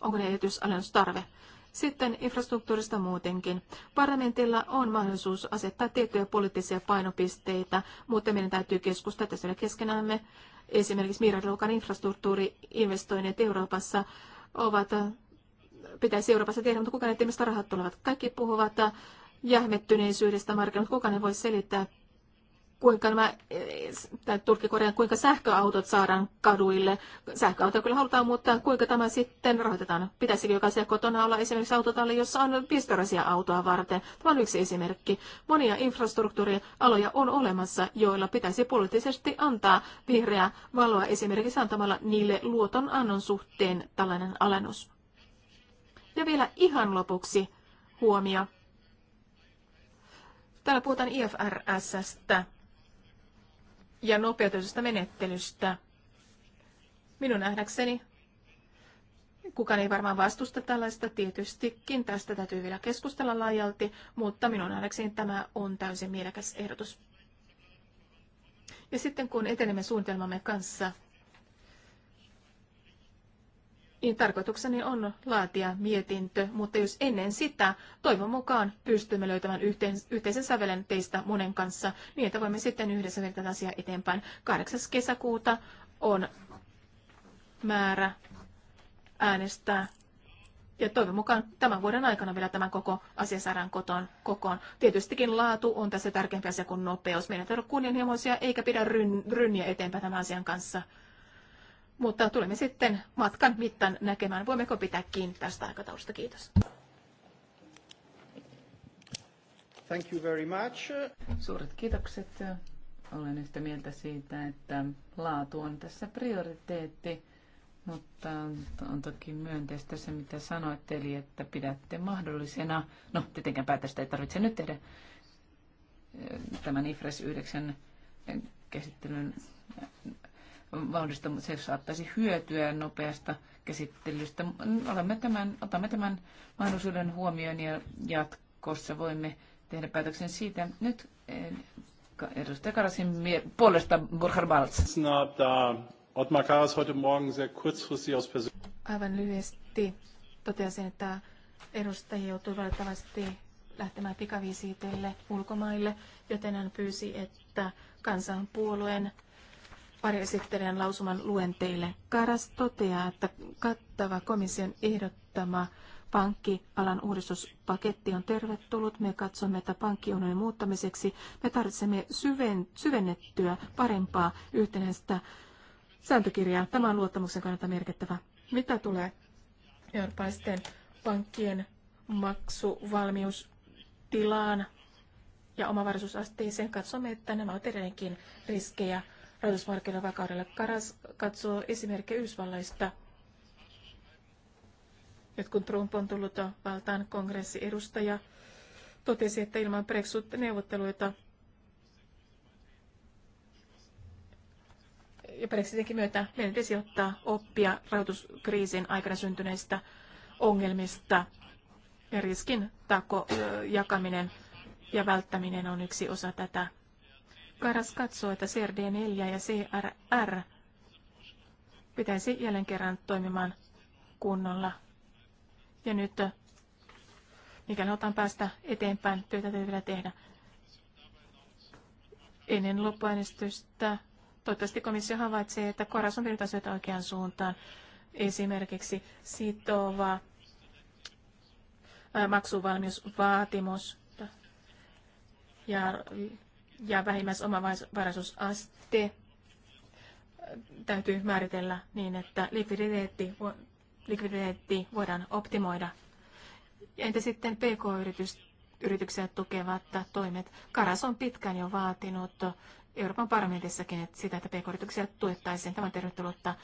Onko ne erityisalennustarve? Sitten infrastruktuurista muutenkin. Parlamentilla on mahdollisuus asettaa tiettyjä poliittisia painopisteitä, mutta meidän täytyy keskustella tässä keskenämme. Esimerkiksi Miraluokan infrastruktuuriinvestoinnit Euroopassa ovat, pitäisi Euroopassa tehdä, mutta kuka ne tiedä, mistä rahat tulevat. Kaikki puhuvat jähmettyneisyydestä markkinoilla, kuka ne voi selittää kuinka nämä, tai Turkki-Korean, kuinka sähköautot saadaan kaduille. Sähköautoja kyllä halutaan, mutta kuinka tämä sitten rahoitetaan? Pitäisikö jokaisella kotona olla esimerkiksi autotalli, jossa on pistorasia autoa varten? Tämä on yksi esimerkki. Monia infrastruktuurialoja on olemassa, joilla pitäisi poliittisesti antaa vihreää valoa esimerkiksi antamalla niille luoton annon suhteen tällainen alennus. Ja vielä ihan lopuksi huomio. Täällä puhutaan IFRSstä ja nopeutetusta menettelystä. Minun nähdäkseni kukaan ei varmaan vastusta tällaista tietystikin. Tästä täytyy vielä keskustella laajalti, mutta minun nähdäkseni tämä on täysin mielekäs ehdotus. Ja sitten kun etenemme suunnitelmamme kanssa, niin tarkoitukseni on laatia mietintö, mutta jos ennen sitä, toivon mukaan pystymme löytämään yhteen, yhteisen sävelen teistä monen kanssa, niin että voimme sitten yhdessä viedä asiaa eteenpäin. 8. kesäkuuta on määrä äänestää. Ja toivon mukaan tämän vuoden aikana vielä tämän koko asia saadaan koton, kokoon. Tietystikin laatu on tässä tärkeämpi asia kuin nopeus. Meidän ei ole kunnianhimoisia eikä pidä rynniä eteenpäin tämän asian kanssa. Mutta tulemme sitten matkan mittaan näkemään, voimmeko pitää kiinni tästä aikataulusta. Kiitos. Thank you very much. Suuret kiitokset. Olen yhtä mieltä siitä, että laatu on tässä prioriteetti, mutta on toki myönteistä se, mitä sanoitte, eli että pidätte mahdollisena, no tietenkään päätöstä ei tarvitse nyt tehdä, tämän IFRES 9 käsittelyn vauhdista, se saattaisi hyötyä nopeasta käsittelystä. Olemme tämän, otamme tämän mahdollisuuden huomioon ja jatkossa voimme tehdä päätöksen siitä. Nyt eh, edustaja Karasin puolesta Burkhard Balz. Uh, Aivan lyhyesti toteaisin, että edustaja joutui valitettavasti lähtemään pikaviisiiteille ulkomaille, joten hän pyysi, että kansanpuolueen esittelijän lausuman luen teille. Karas toteaa, että kattava komission ehdottama pankkialan uudistuspaketti on tervetullut. Me katsomme, että pankkiunionin muuttamiseksi me tarvitsemme syven, syvennettyä, parempaa yhtenäistä sääntökirjaa. Tämä on luottamuksen kannalta merkittävä. Mitä tulee eurooppalaisten pankkien maksuvalmiustilaan ja omavaraisuusasteeseen, katsomme, että nämä ovat edelleenkin riskejä rahoitusmarkkinoiden Karas katsoo esimerkkejä Yhdysvalloista. Nyt kun Trump on tullut valtaan kongressiedustaja, totesi, että ilman Brexit-neuvotteluita ja Brexitinkin myötä meidän pitäisi ottaa oppia rahoituskriisin aikana syntyneistä ongelmista. Ja riskin tako, jakaminen ja välttäminen on yksi osa tätä Karas katsoo, että CRD4 ja CRR pitäisi jälleen kerran toimimaan kunnolla. Ja nyt, mikäli halutaan päästä eteenpäin, työtä täytyy vielä tehdä. Ennen loppuäänestystä toivottavasti komissio havaitsee, että Koras on vienyt asioita oikeaan suuntaan. Esimerkiksi sitova maksuvalmiusvaatimus ja ja vähimmäisomavaraisuusaste täytyy määritellä niin, että likviditeetti, likviditeetti voidaan optimoida. Entä sitten PK-yrityksiä tukevat toimet? Karas on pitkään jo vaatinut Euroopan parlamentissakin että sitä, että PK-yrityksiä tuettaisiin. Tämä on tervetullutta.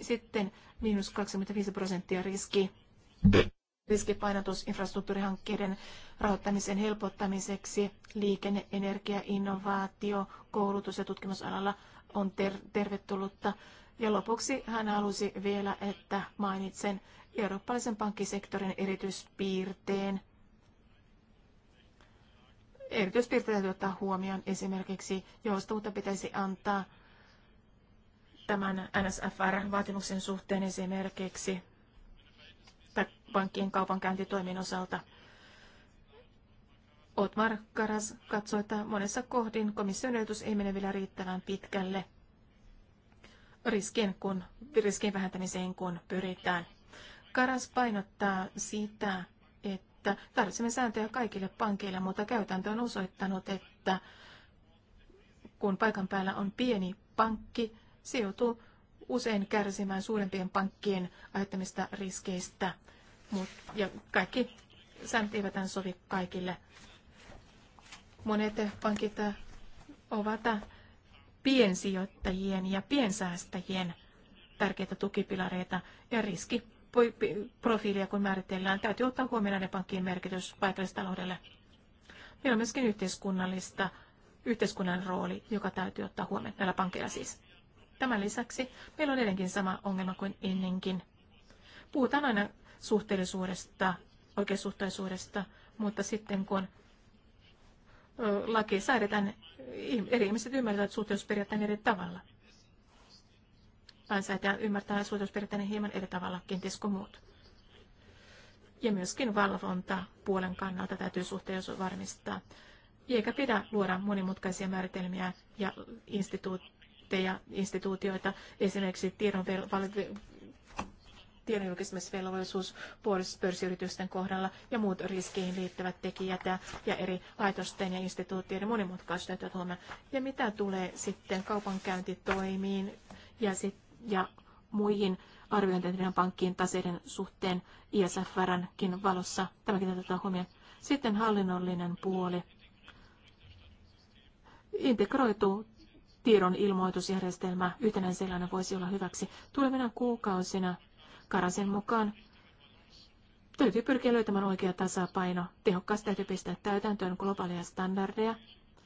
Sitten miinus 25 prosenttia riski riskipainotus infrastruktuurihankkeiden rahoittamisen helpottamiseksi, liikenne, energia, innovaatio, koulutus- ja tutkimusalalla on ter- tervetullutta. Ja lopuksi hän halusi vielä, että mainitsen eurooppalaisen pankkisektorin erityispiirteen. Erityispiirteet täytyy ottaa huomioon esimerkiksi, joustavuutta pitäisi antaa tämän NSFR-vaatimuksen suhteen esimerkiksi pankkien kaupankäyntitoimin osalta. Otmar Karas katsoi, että monessa kohdin komission ehdotus ei mene vielä riittävän pitkälle riskien, kun, riskien vähentämiseen, kun pyritään. Karas painottaa sitä, että tarvitsemme sääntöjä kaikille pankeille, mutta käytäntö on osoittanut, että kun paikan päällä on pieni pankki, se joutuu usein kärsimään suurempien pankkien aiheuttamista riskeistä. Mut, ja kaikki säännöt eivät sovi kaikille. Monet pankit ovat piensijoittajien ja piensäästäjien tärkeitä tukipilareita ja riski profiilia, kun määritellään, täytyy ottaa huomioon ne pankkien merkitys paikallistaloudelle. Meillä on myöskin yhteiskunnallista, yhteiskunnan rooli, joka täytyy ottaa huomioon näillä pankeilla siis. Tämän lisäksi meillä on edelleenkin sama ongelma kuin ennenkin. Puhutaan aina suhteellisuudesta, oikeasuhtaisuudesta, mutta sitten kun laki säädetään, eri ihmiset ymmärtävät suhteellisuusperiaatteen eri tavalla. Lainsäätäjä ymmärtää suhteellisuusperiaatteen hieman eri tavalla, kenties kuin muut. Ja myöskin valvonta puolen kannalta täytyy suhteellisuus varmistaa. Eikä pidä luoda monimutkaisia määritelmiä ja instituutioita instrumentteja, instituutioita, esimerkiksi tiedon tiedon pörssiyritysten kohdalla ja muut riskeihin liittyvät tekijät ja eri laitosten ja instituutioiden monimutkaisuudet täytyy huomioon. Ja mitä tulee sitten kaupankäyntitoimiin ja, sit, ja muihin arviointityön pankkien taseiden suhteen ISFRnkin valossa. Tämäkin täytyy ottaa huomioon. Sitten hallinnollinen puoli. integroituu tiedon ilmoitusjärjestelmä yhtenä sellainen voisi olla hyväksi. Tulevina kuukausina Karasen mukaan täytyy pyrkiä löytämään oikea tasapaino. Tehokkaasti täytyy pistää täytäntöön globaaleja standardeja,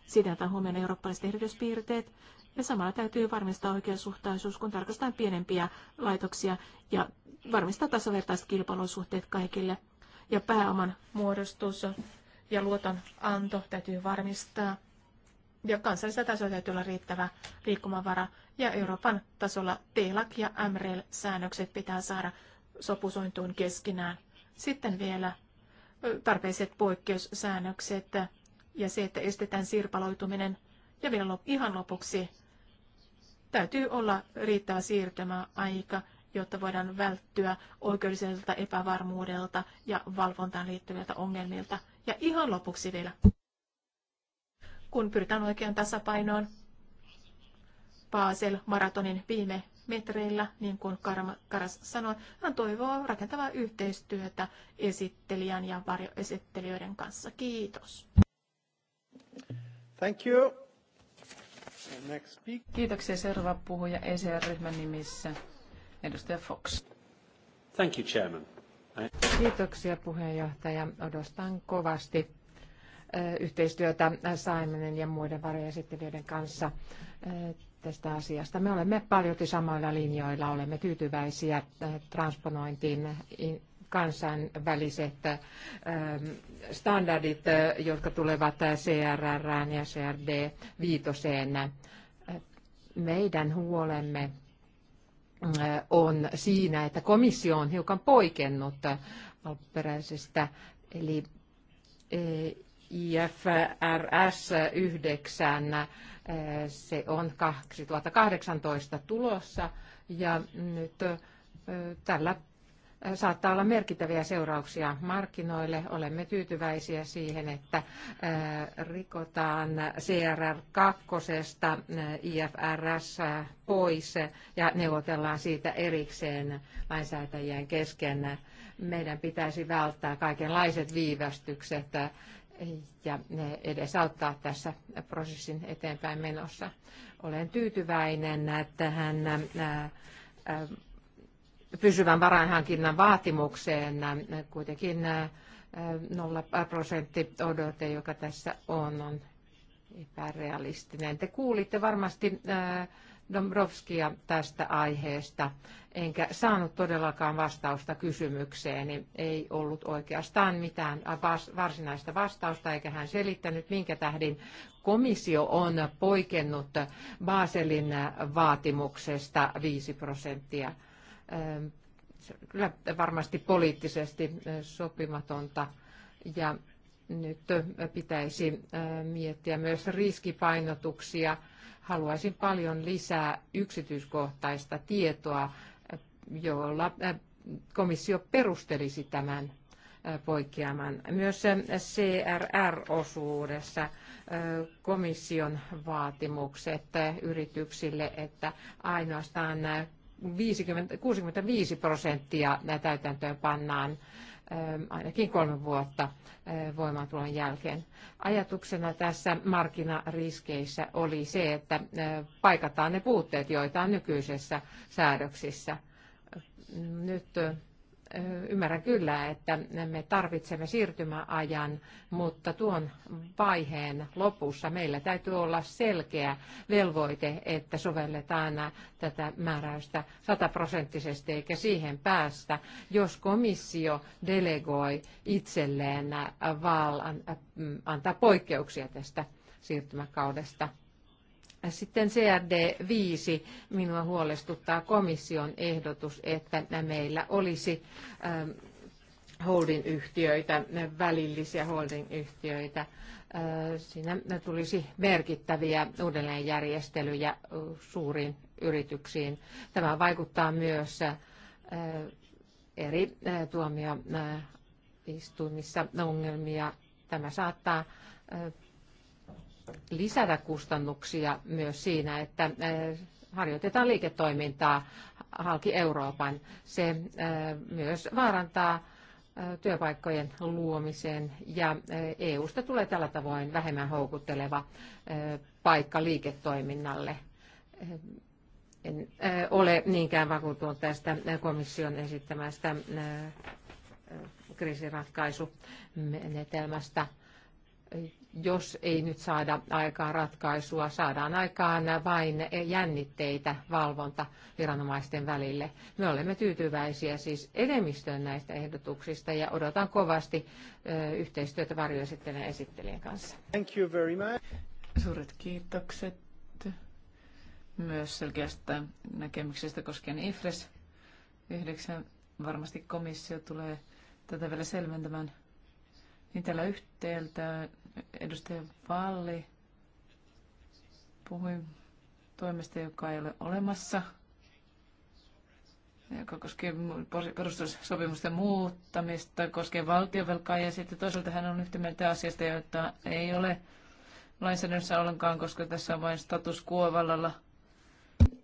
Siitä otetaan huomioon eurooppalaiset erityispiirteet, ja samalla täytyy varmistaa oikeasuhtaisuus, kun tarkastetaan pienempiä laitoksia ja varmistaa tasavertaiset kilpailusuhteet kaikille. Ja pääoman muodostus ja luoton anto täytyy varmistaa ja kansallisella tasolla täytyy olla riittävä liikkumavara. Ja Euroopan tasolla TELAC ja MREL-säännökset pitää saada sopusointuun keskenään. Sitten vielä tarpeiset poikkeussäännökset ja se, että estetään sirpaloituminen. Ja vielä ihan lopuksi täytyy olla riittävä siirtymäaika, jotta voidaan välttyä oikeudelliselta epävarmuudelta ja valvontaan liittyviltä ongelmilta. Ja ihan lopuksi vielä kun pyritään oikeaan tasapainoon paasel maratonin viime metreillä, niin kuin Karas sanoi, hän toivoo rakentavaa yhteistyötä esittelijän ja varjoesittelijöiden kanssa. Kiitos. Thank you. Next speak. Kiitoksia. Seuraava puhuja ECR-ryhmän nimissä, edustaja Fox. Thank you, Chairman. Kiitoksia puheenjohtaja. Odostan kovasti yhteistyötä Simonin ja muiden varjoesittelijöiden kanssa tästä asiasta. Me olemme paljon samoilla linjoilla, olemme tyytyväisiä transponointiin kansainväliset standardit, jotka tulevat CRR ja CRD viitoseen. Meidän huolemme on siinä, että komissio on hiukan poikennut alkuperäisestä, eli e, IFRS 9, eh, se on 2018 tulossa ja nyt eh, tällä eh, saattaa olla merkittäviä seurauksia markkinoille. Olemme tyytyväisiä siihen, että rikotaan CRR2 IFRS pois ja neuvotellaan siitä erikseen lainsäätäjien kesken. Meidän pitäisi välttää kaikenlaiset viivästykset ja edesauttaa tässä prosessin eteenpäin menossa. Olen tyytyväinen tähän pysyvän varainhankinnan vaatimukseen kuitenkin nolla prosentti odote, joka tässä on, on epärealistinen. Te kuulitte varmasti Dombrovskia tästä aiheesta, enkä saanut todellakaan vastausta kysymykseeni. Ei ollut oikeastaan mitään varsinaista vastausta, eikä hän selittänyt, minkä tähden komissio on poikennut Baselin vaatimuksesta 5 prosenttia. Kyllä varmasti poliittisesti sopimatonta. Ja nyt pitäisi miettiä myös riskipainotuksia – Haluaisin paljon lisää yksityiskohtaista tietoa, jolla komissio perustelisi tämän poikkeaman. Myös CRR-osuudessa komission vaatimukset yrityksille, että ainoastaan 50, 65 prosenttia täytäntöön pannaan ainakin kolme vuotta voimaantulon jälkeen. Ajatuksena tässä markkinariskeissä oli se, että paikataan ne puutteet, joita on nykyisessä säädöksissä. Nyt ymmärrän kyllä, että me tarvitsemme siirtymäajan, mutta tuon vaiheen lopussa meillä täytyy olla selkeä velvoite, että sovelletaan tätä määräystä sataprosenttisesti eikä siihen päästä, jos komissio delegoi itselleen val, antaa poikkeuksia tästä siirtymäkaudesta. Sitten CRD 5, minua huolestuttaa komission ehdotus, että meillä olisi ähm, holdingyhtiöitä, välillisiä holdingyhtiöitä. Äh, siinä tulisi merkittäviä uudelleenjärjestelyjä äh, suuriin yrityksiin. Tämä vaikuttaa myös äh, eri tuomioistuimissa ongelmia. Tämä saattaa lisätä kustannuksia myös siinä, että äh, harjoitetaan liiketoimintaa halki Euroopan. Se äh, myös vaarantaa äh, työpaikkojen luomisen ja EUsta tulee tällä tavoin vähemmän houkutteleva paikka liiketoiminnalle. En ole niinkään vakuuttunut tästä komission esittämästä kriisiratkaisumenetelmästä jos ei nyt saada aikaa ratkaisua, saadaan aikaan vain jännitteitä valvonta viranomaisten välille. Me olemme tyytyväisiä siis enemmistöön näistä ehdotuksista ja odotan kovasti yhteistyötä varjoesittelijän esittelijän kanssa. Thank you very much. Suuret kiitokset myös selkeästä näkemyksestä koskien IFRES 9. Varmasti komissio tulee tätä vielä selventämään. Niin tällä yhtäältä Edustaja Valli puhui toimesta, joka ei ole olemassa, joka koskee perustussopimusten muuttamista, koskee valtionvelkaa ja sitten toisaalta hän on yhtä mieltä asiasta, jota ei ole lainsäädännössä ollenkaan, koska tässä on vain status quo vallalla.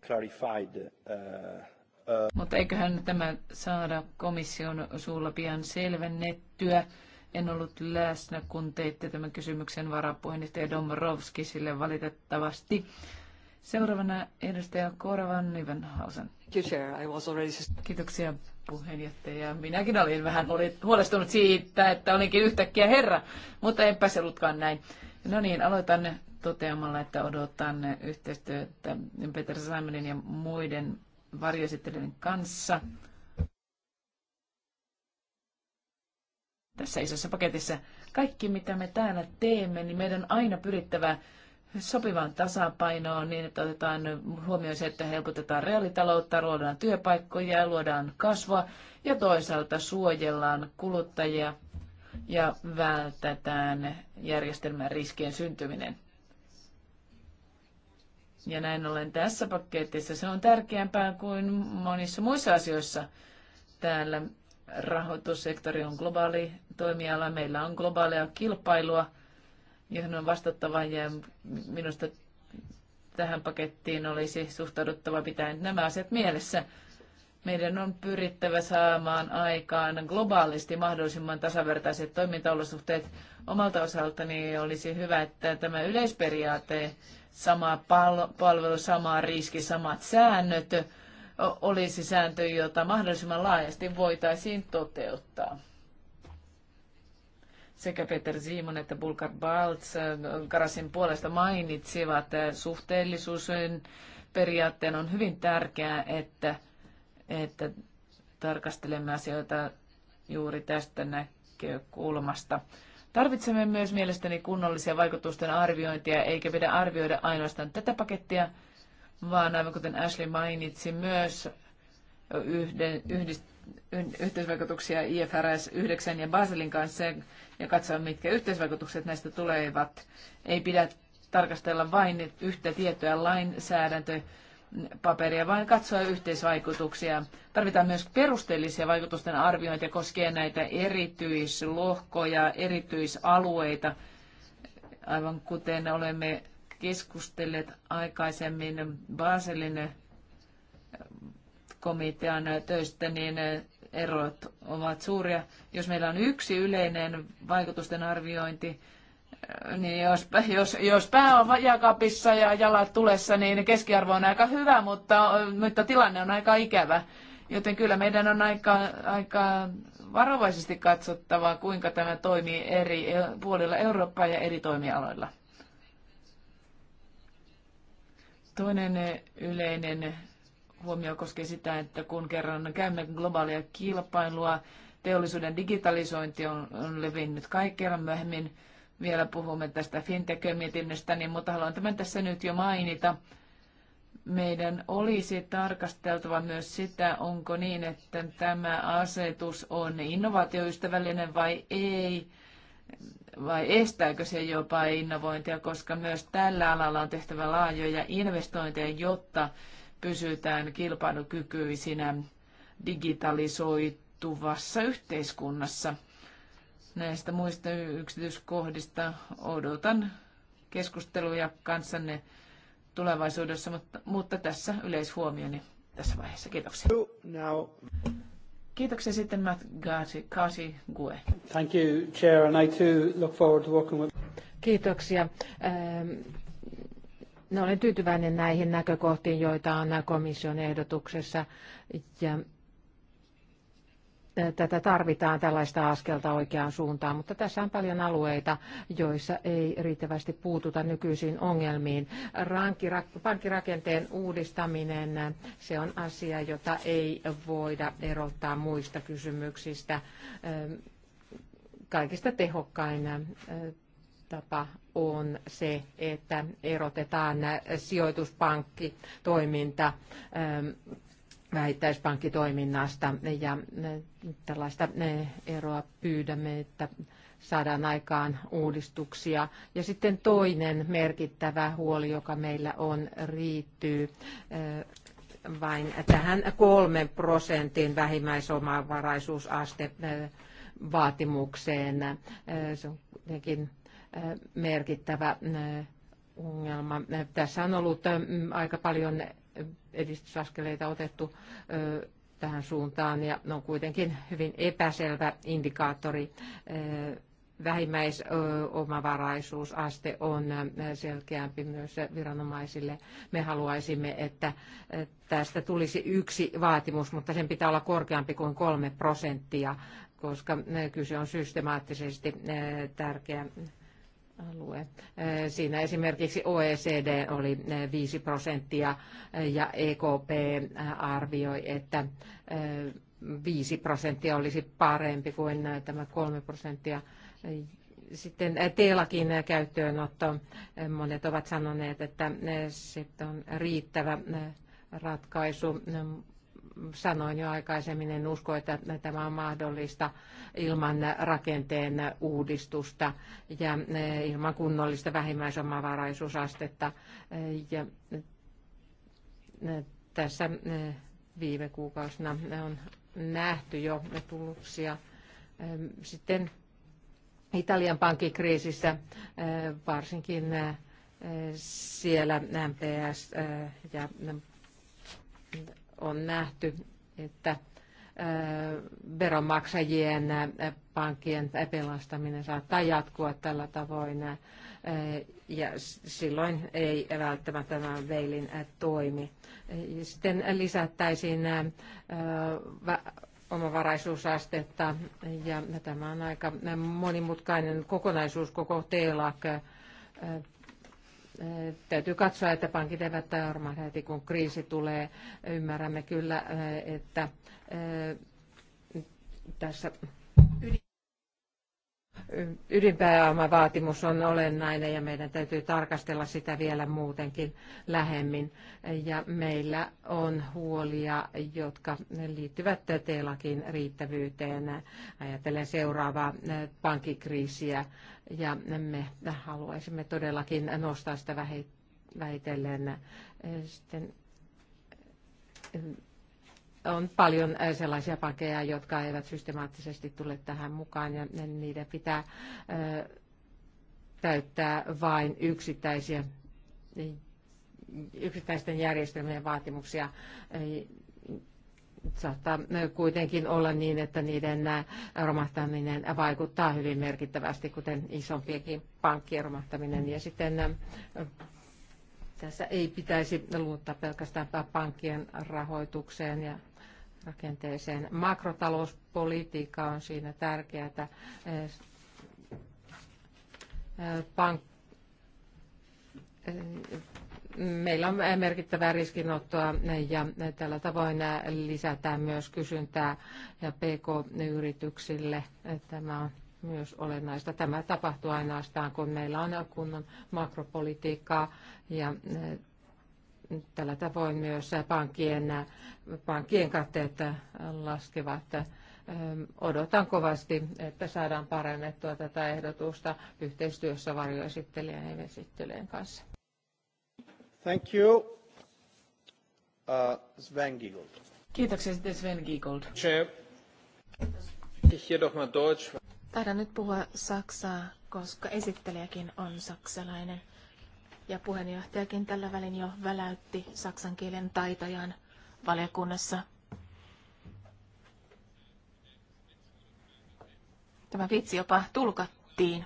Clarified, uh, uh. Mutta eiköhän tämä saada komission suulla pian selvennettyä. En ollut läsnä, kun teitte tämän kysymyksen varapuheenjohtaja Domrovski sille valitettavasti. Seuraavana edustaja Korvan Nivenhausen. Kiitoksia puheenjohtaja. Minäkin olin vähän huolestunut siitä, että olinkin yhtäkkiä herra, mutta enpä se ollutkaan näin. No niin, aloitan toteamalla, että odotan yhteistyötä Peter Simonin ja muiden varjoesittelijöiden kanssa. Mm tässä isossa paketissa. Kaikki, mitä me täällä teemme, niin meidän on aina pyrittävä sopivaan tasapainoon niin, että otetaan huomioon se, että helpotetaan reaalitaloutta, luodaan työpaikkoja, luodaan kasvua ja toisaalta suojellaan kuluttajia ja vältetään järjestelmän riskien syntyminen. Ja näin ollen tässä paketissa se on tärkeämpää kuin monissa muissa asioissa täällä Rahoitussektori on globaali toimiala, meillä on globaalia kilpailua, johon on vastattava ja minusta tähän pakettiin olisi suhtauduttava pitäen nämä asiat mielessä. Meidän on pyrittävä saamaan aikaan globaalisti mahdollisimman tasavertaiset toimintaolosuhteet. Omalta osaltani olisi hyvä, että tämä yleisperiaate, sama palvelu, sama riski, samat säännöt, olisi sääntö, jota mahdollisimman laajasti voitaisiin toteuttaa. Sekä Peter Simon että Bulgar Balts Karasin puolesta mainitsivat suhteellisuuden periaatteen. On hyvin tärkeää, että, että tarkastelemme asioita juuri tästä näkökulmasta. Tarvitsemme myös mielestäni kunnollisia vaikutusten arviointia, eikä pidä arvioida ainoastaan tätä pakettia, vaan aivan kuten Ashley mainitsi, myös yhden, yhdist, yhteisvaikutuksia IFRS 9 ja Baselin kanssa ja katsoa, mitkä yhteisvaikutukset näistä tulevat. Ei pidä tarkastella vain yhtä tiettyä lainsäädäntöpaperia, vaan katsoa yhteisvaikutuksia. Tarvitaan myös perusteellisia vaikutusten arviointia koskien näitä erityislohkoja, erityisalueita, aivan kuten olemme keskustelleet aikaisemmin Baselin äh, komitean töistä, niin äh, erot ovat suuria. Jos meillä on yksi yleinen vaikutusten arviointi, äh, niin jos, jos, jos pää on jakapissa ja jalat tulessa, niin keskiarvo on aika hyvä, mutta, mutta tilanne on aika ikävä. Joten kyllä meidän on aika, aika varovaisesti katsottava, kuinka tämä toimii eri puolilla Eurooppaa ja eri toimialoilla. Toinen yleinen huomio koskee sitä, että kun kerran käymme globaalia kilpailua, teollisuuden digitalisointi on, on levinnyt kaikkialla. Myöhemmin vielä puhumme tästä fintech-mietinnöstä, niin, mutta haluan tämän tässä nyt jo mainita. Meidän olisi tarkasteltava myös sitä, onko niin, että tämä asetus on innovaatioystävällinen vai ei vai estääkö se jopa innovointia, koska myös tällä alalla on tehtävä laajoja investointeja, jotta pysytään kilpailukykyisinä digitalisoituvassa yhteiskunnassa. Näistä muista yksityiskohdista odotan keskusteluja kanssanne tulevaisuudessa, mutta, mutta tässä yleishuomioni tässä vaiheessa. Kiitoksia. Kiitoksia sitten Matt Gazi, Kasi Gue. Thank you, Chair, and I too look forward to working with... Kiitoksia. Ähm, no, olen tyytyväinen näihin näkökohtiin, joita on komission ehdotuksessa. Ja tätä tarvitaan tällaista askelta oikeaan suuntaan, mutta tässä on paljon alueita, joissa ei riittävästi puututa nykyisiin ongelmiin. Pankkirakenteen uudistaminen, se on asia, jota ei voida erottaa muista kysymyksistä. Kaikista tehokkain tapa on se, että erotetaan sijoituspankkitoiminta vähittäispankkitoiminnasta ja tällaista eroa pyydämme, että saadaan aikaan uudistuksia. Ja sitten toinen merkittävä huoli, joka meillä on, riittyy eh, vain tähän kolmen prosentin vähimmäisomavaraisuusaste eh, vaatimukseen. Eh, se on kuitenkin merkittävä ongelma. Tässä on ollut aika paljon edistysaskeleita otettu tähän suuntaan ja on kuitenkin hyvin epäselvä indikaattori. Vähimmäisomavaraisuusaste on selkeämpi myös viranomaisille. Me haluaisimme, että tästä tulisi yksi vaatimus, mutta sen pitää olla korkeampi kuin kolme prosenttia, koska kyse on systemaattisesti tärkeä alue. Eh, siinä esimerkiksi OECD oli 5 eh, prosenttia eh, ja EKP arvioi, että 5 prosenttia olisi parempi kuin tämä 3 prosenttia. Sitten teelakin käyttöönotto. Monet ovat sanoneet, että se on riittävä ratkaisu, sanoin jo aikaisemmin, en usko, että tämä on mahdollista ilman rakenteen uudistusta ja e, ilman kunnollista vähimmäisomavaraisuusastetta. Ja e, tässä e, viime kuukausina on nähty jo tuloksia. Sitten Italian pankkikriisissä varsinkin siellä MPS ja on nähty, että äh, veronmaksajien äh, pankkien pelastaminen saattaa jatkua tällä tavoin äh, ja silloin ei välttämättä tämä veilin toimi. Sitten lisättäisiin omavaraisuusastetta ja tämä on aika monimutkainen kokonaisuus koko TELAK Eh, täytyy katsoa, että pankit eivät romahda heti, kun kriisi tulee. Ymmärrämme kyllä, eh, että eh, tässä ydinpääomavaatimus on olennainen ja meidän täytyy tarkastella sitä vielä muutenkin lähemmin. Ja meillä on huolia, jotka liittyvät TELAKin riittävyyteen. Ajatellen seuraavaa pankkikriisiä ja me haluaisimme todellakin nostaa sitä vähitellen sitten on paljon äh, sellaisia pankkeja, jotka eivät systemaattisesti tule tähän mukaan ja niiden pitää äh, täyttää vain yksittäisiä, yksittäisten järjestelmien vaatimuksia. Äh, saattaa kuitenkin olla niin, että niiden romahtaminen vaikuttaa hyvin merkittävästi, kuten isompienkin pankkien romahtaminen. Ja sitten tässä ei pitäisi luottaa pelkästään pankkien rahoitukseen ja rakenteeseen. Makrotalouspolitiikka on siinä tärkeää. Pank- meillä on merkittävää riskinottoa ja tällä tavoin lisätään myös kysyntää ja pk-yrityksille. Tämä on myös olennaista. Tämä tapahtuu ainoastaan, kun meillä on kunnon makropolitiikkaa ja eh, tällä tavoin myös pankkien, pankkien katteet laskevat. Eh, odotan kovasti, että saadaan parannettua tätä ehdotusta yhteistyössä varjoesittelijän ja esittelijän kanssa. Thank you. Uh, Sven Giegold. Kiitoksia sitten Sven Giegold. Chair. Ich hier doch mal Deutsch. Taidan nyt puhua Saksaa, koska esittelijäkin on saksalainen. Ja puheenjohtajakin tällä välin jo väläytti saksan kielen taitajan valiokunnassa. Tämä vitsi jopa tulkattiin.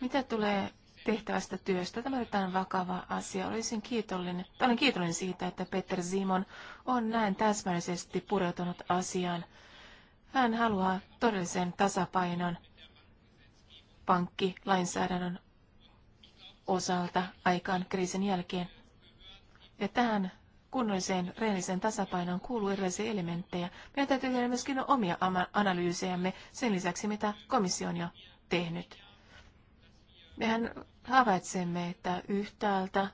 Mitä tulee tehtävästä työstä? Tämä on erittäin vakava asia. Olisin kiitollinen, olen kiitollinen siitä, että Peter Simon on näin täsmällisesti pureutunut asiaan hän haluaa todellisen tasapainon pankkilainsäädännön osalta aikaan kriisin jälkeen. Ja tähän kunnolliseen rehelliseen tasapainoon kuuluu erilaisia elementtejä. Meidän täytyy tehdä myöskin omia analyysejämme sen lisäksi, mitä komissio on jo tehnyt. Mehän havaitsemme, että yhtäältä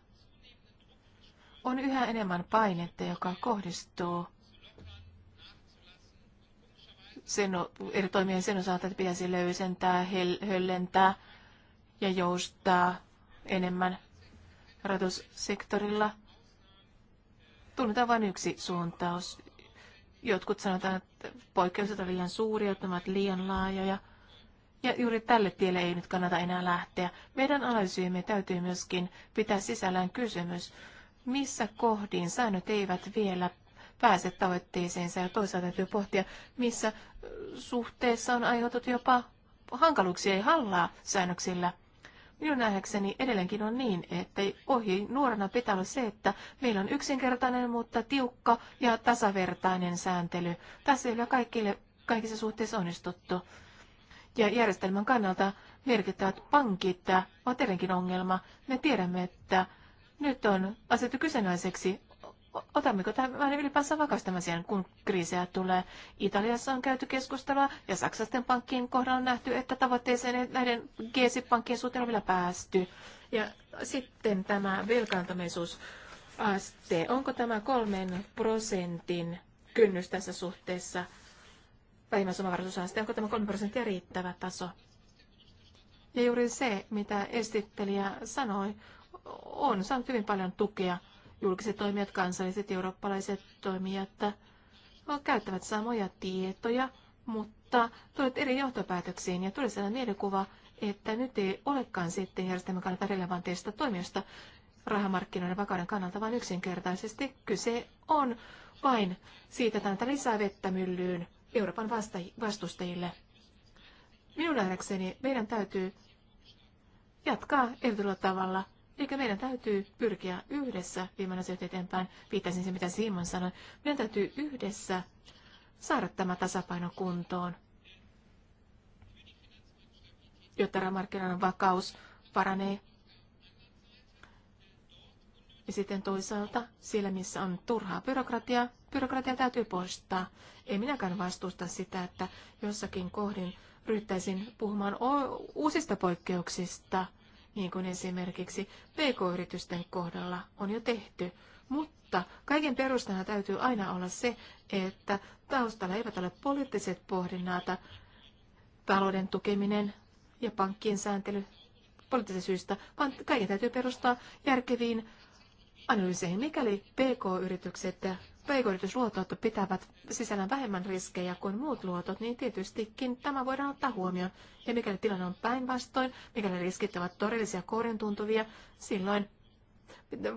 on yhä enemmän painetta, joka kohdistuu sen, eri toimien sen osalta, että pitäisi löysentää, höllentää ja joustaa enemmän rahoitussektorilla. Tunnetaan vain yksi suuntaus. Jotkut sanotaan, että poikkeukset ovat liian suuria, että ovat liian laajoja. Ja juuri tälle tielle ei nyt kannata enää lähteä. Meidän analyysiimme täytyy myöskin pitää sisällään kysymys, missä kohdin säännöt eivät vielä pääse tavoitteeseensa. Ja toisaalta täytyy pohtia, missä suhteessa on aiheutettu jopa hankaluuksia ja hallaa säännöksillä. Minun nähdäkseni edelleenkin on niin, että ohi nuorena pitää olla se, että meillä on yksinkertainen, mutta tiukka ja tasavertainen sääntely. Tässä ei ole kaikille, kaikissa suhteissa onnistuttu. Ja järjestelmän kannalta merkittävät pankit ovat edelleenkin ongelma. Me tiedämme, että nyt on asetettu kyseenalaiseksi otammeko tämän ylipäänsä vakavasti tämän kun kriisejä tulee. Italiassa on käyty keskustelua ja Saksasten pankkien kohdalla on nähty, että tavoitteeseen näiden G-pankkien suhteen on vielä päästy. Ja sitten tämä velkaantuneisuusaste, onko tämä kolmen prosentin kynnys tässä suhteessa vähimmäisomavaraisuusaste, onko tämä kolmen prosenttia riittävä taso? Ja juuri se, mitä esittelijä sanoi, on saanut hyvin paljon tukea julkiset toimijat, kansalliset, eurooppalaiset toimijat käyttävät samoja tietoja, mutta tulet eri johtopäätöksiin ja tulee sellainen mielikuva, että nyt ei olekaan sitten järjestelmän kannalta relevanteista toimijoista rahamarkkinoiden vakauden kannalta, vaan yksinkertaisesti kyse on vain siitä, että antaa lisää vettä myllyyn Euroopan vastustajille. Minun nähdäkseni meidän täytyy jatkaa erityisellä tavalla – Eli meidän täytyy pyrkiä yhdessä viimeinen asia eteenpäin. Viittaisin se, mitä Simon sanoi. Meidän täytyy yhdessä saada tämä tasapaino kuntoon, jotta rahamarkkinoiden vakaus paranee. Ja sitten toisaalta siellä, missä on turhaa byrokratiaa, byrokratia täytyy poistaa. Ei minäkään vastusta sitä, että jossakin kohdin ryhtäisin puhumaan uusista poikkeuksista – niin kuin esimerkiksi pk-yritysten kohdalla on jo tehty. Mutta kaiken perustana täytyy aina olla se, että taustalla eivät ole poliittiset pohdinnat, talouden tukeminen ja pankkien sääntely poliittisista syistä, vaan kaiken täytyy perustaa järkeviin analyyseihin. Mikäli PK-yritykset pk-yritysluotot pitävät sisällä vähemmän riskejä kuin muut luotot, niin tietystikin tämä voidaan ottaa huomioon. Ja mikäli tilanne on päinvastoin, mikäli riskit ovat todellisia kourin tuntuvia, silloin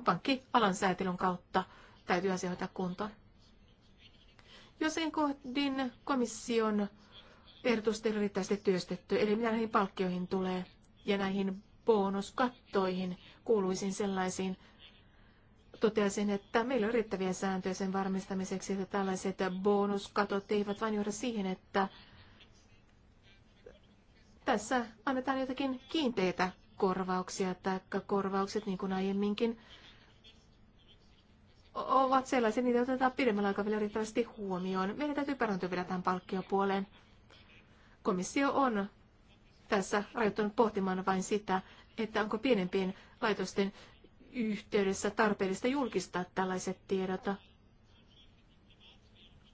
pankkialan säätelyn kautta täytyy asioita kuntoon. Jos en kohdin komission ehdotusta ei riittävästi työstetty, eli mitä näihin palkkioihin tulee ja näihin bonuskattoihin kuuluisiin sellaisiin, toteaisin, että meillä on riittäviä sääntöjä sen varmistamiseksi, että tällaiset bonuskatot eivät vain johda siihen, että tässä annetaan jotakin kiinteitä korvauksia tai korvaukset, niin kuin aiemminkin, ovat sellaisia, niitä otetaan pidemmällä aikavälillä riittävästi huomioon. Meidän täytyy parantua vielä tämän palkkiopuoleen. Komissio on tässä rajoittunut pohtimaan vain sitä, että onko pienempien laitosten yhteydessä tarpeellista julkistaa tällaiset tiedot?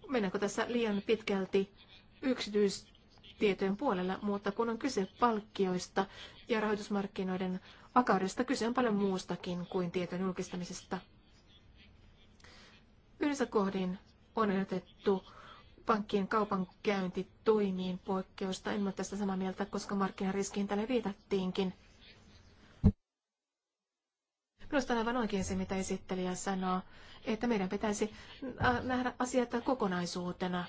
Mennäänkö tässä liian pitkälti yksityistietojen puolelle, mutta kun on kyse palkkioista ja rahoitusmarkkinoiden vakaudesta, kyse on paljon muustakin kuin tietojen julkistamisesta. Yhdessä kohdin on ehdotettu pankkien kaupankäyntitoimiin poikkeusta. En ole tästä samaa mieltä, koska markkinariskiin tälle viitattiinkin. Minusta on aivan oikein se, mitä esittelijä sanoo, että meidän pitäisi äh, nähdä asiat kokonaisuutena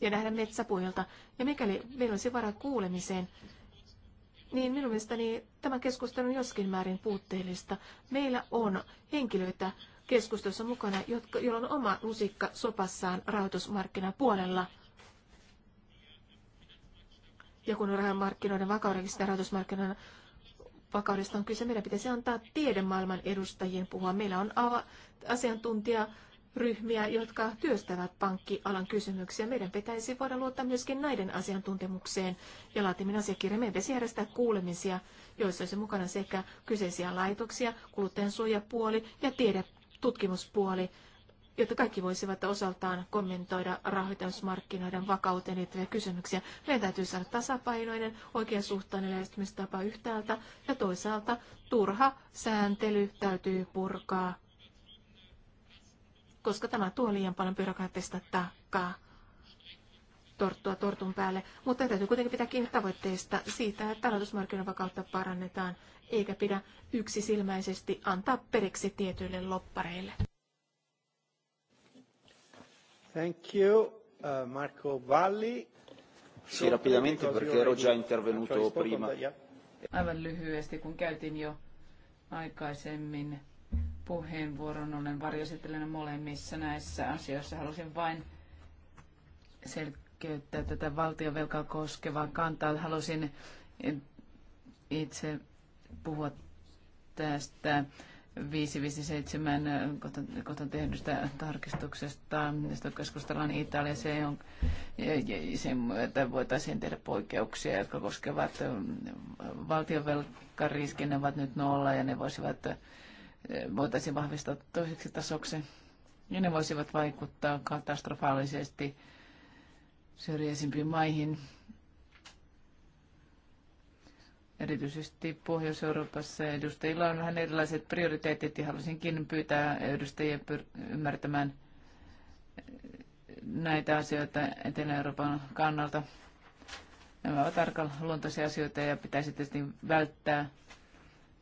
ja nähdä metsäpuilta. Ja mikäli meillä olisi varaa kuulemiseen, niin minun mielestäni tämä keskustelu on joskin määrin puutteellista. Meillä on henkilöitä keskustelussa mukana, jotka, joilla on oma lusikka sopassaan rahoitusmarkkinapuolella. Ja kun rahamarkkinoiden vakauden ja rahoitusmarkkinoiden vakaudesta on kyse. Meidän pitäisi antaa tiedemaailman edustajien puhua. Meillä on ava- ryhmiä, jotka työstävät pankkialan kysymyksiä. Meidän pitäisi voida luottaa myöskin näiden asiantuntemukseen ja laatimin asiakirja. Meidän pitäisi järjestää kuulemisia, joissa olisi mukana sekä kyseisiä laitoksia, kuluttajansuojapuoli ja tiedetutkimuspuoli. tutkimuspuoli jotta kaikki voisivat osaltaan kommentoida rahoitusmarkkinoiden vakauteen liittyviä kysymyksiä. Meidän täytyy saada tasapainoinen, oikeasuhtainen lähestymistapa yhtäältä ja toisaalta turha sääntely täytyy purkaa, koska tämä tuo liian paljon byrokraattista taakkaa torttua tortun päälle, mutta täytyy kuitenkin pitää kiinni tavoitteista siitä, että rahoitusmarkkinoiden vakautta parannetaan, eikä pidä yksisilmäisesti antaa periksi tietyille loppareille. Thank you. Uh, Marco Valli. Sì, rapidamente perché ero già intervenuto prima. Aivan lyhyesti, kun käytin jo aikaisemmin puheenvuoron, olen varjoesittelijänä molemmissa näissä asioissa. Halusin vain selkeyttää tätä valtionvelkaa koskevaa kantaa. Halusin itse puhua tästä 557 kohta tehdystä tarkistuksesta, josta keskustellaan Italiassa, on, ja sen myötä voitaisiin tehdä poikkeuksia, jotka koskevat mm, valtionvelkariskin, ne ovat nyt nolla ja ne voisivat, eh, voitaisiin vahvistaa toiseksi tasoksi. Ja ne voisivat vaikuttaa katastrofaalisesti syrjäisimpiin maihin, Erityisesti Pohjois-Euroopassa edustajilla on vähän erilaiset prioriteetit ja haluaisinkin pyytää edustajia ymmärtämään näitä asioita Etelä-Euroopan kannalta. Nämä ovat luontaisia asioita ja pitäisi tietysti välttää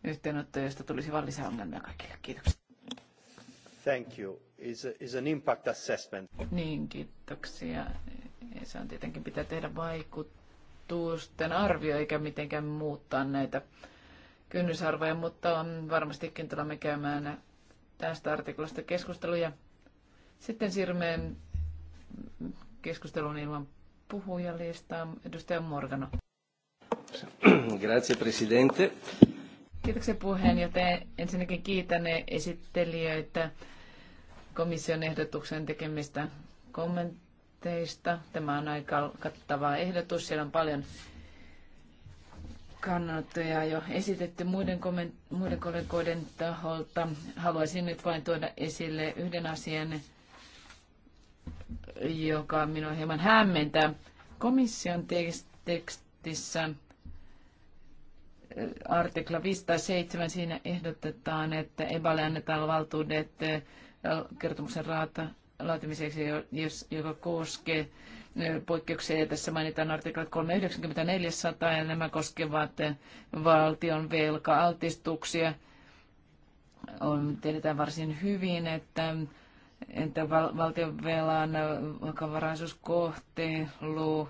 yhteenottoja, josta tulisi vain lisää ongelmia kaikille. Kiitoksia. Thank you. Is, is an impact assessment. Niin, kiitoksia. Se on tietenkin pitää tehdä vaikutus vaikutusten arvio eikä mitenkään muuttaa näitä kynnysarvoja, mutta varmastikin tulemme käymään tästä artiklasta keskusteluja. Sitten siirrymme keskusteluun ilman puhujalistaa. Edustaja Morgano. Grazie, presidente. Kiitoksia puheenjohtaja. Ensinnäkin kiitän esittelijöitä komission ehdotuksen tekemistä kommentteja aloitteista. Tämä on aika kattava ehdotus. Siellä on paljon kannanottoja jo esitetty muiden, komment- muiden kollegoiden taholta. Haluaisin nyt vain tuoda esille yhden asian, joka minua hieman hämmentää. Komission tekstissä artikla 507, siinä ehdotetaan, että EBAlle annetaan valtuudet kertomuksen raata laatimiseksi, jos, joka koskee poikkeuksia. Tässä mainitaan artiklat 394 ja nämä koskevat valtion velka-altistuksia. On, tiedetään varsin hyvin, että entä val- velan vakavaraisuuskohtelu,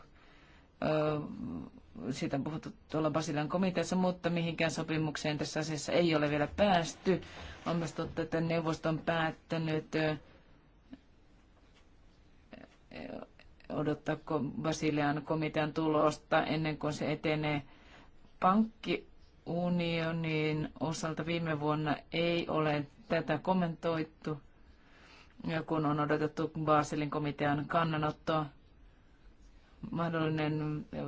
siitä on puhuttu tuolla Basilian komiteassa, mutta mihinkään sopimukseen tässä asiassa ei ole vielä päästy. On myös totta, että neuvosto on päättänyt odottaa Basilean komitean tulosta ennen kuin se etenee. Pankkiunionin osalta viime vuonna ei ole tätä kommentoitu, kun on odotettu Basilin komitean kannanottoa. Mahdollinen äh,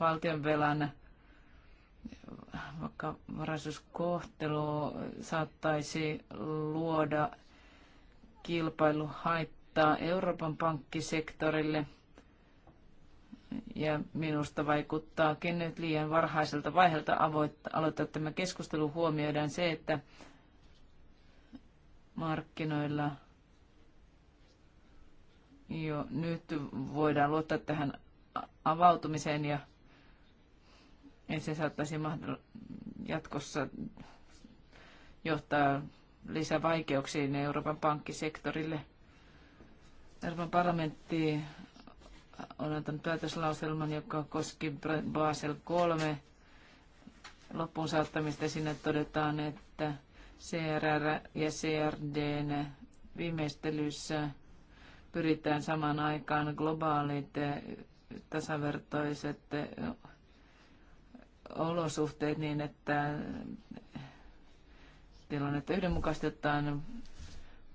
valtionvelan äh, vaikka varaisuuskohtelu saattaisi luoda kilpailuhaittaa vaikuttaa Euroopan pankkisektorille. Ja minusta vaikuttaakin nyt liian varhaiselta vaiheelta aloittaa tämä keskustelu. Huomioidaan se, että markkinoilla jo nyt voidaan luottaa tähän avautumiseen ja se saattaisi jatkossa johtaa lisävaikeuksiin Euroopan pankkisektorille. Euroopan parlamentti on antanut päätöslauselman, joka koski Basel 3 loppuun saattamista. Siinä todetaan, että CRR ja CRDn viimeistelyssä pyritään samaan aikaan globaalit tasavertoiset olosuhteet niin, että tilannetta yhdenmukaistetaan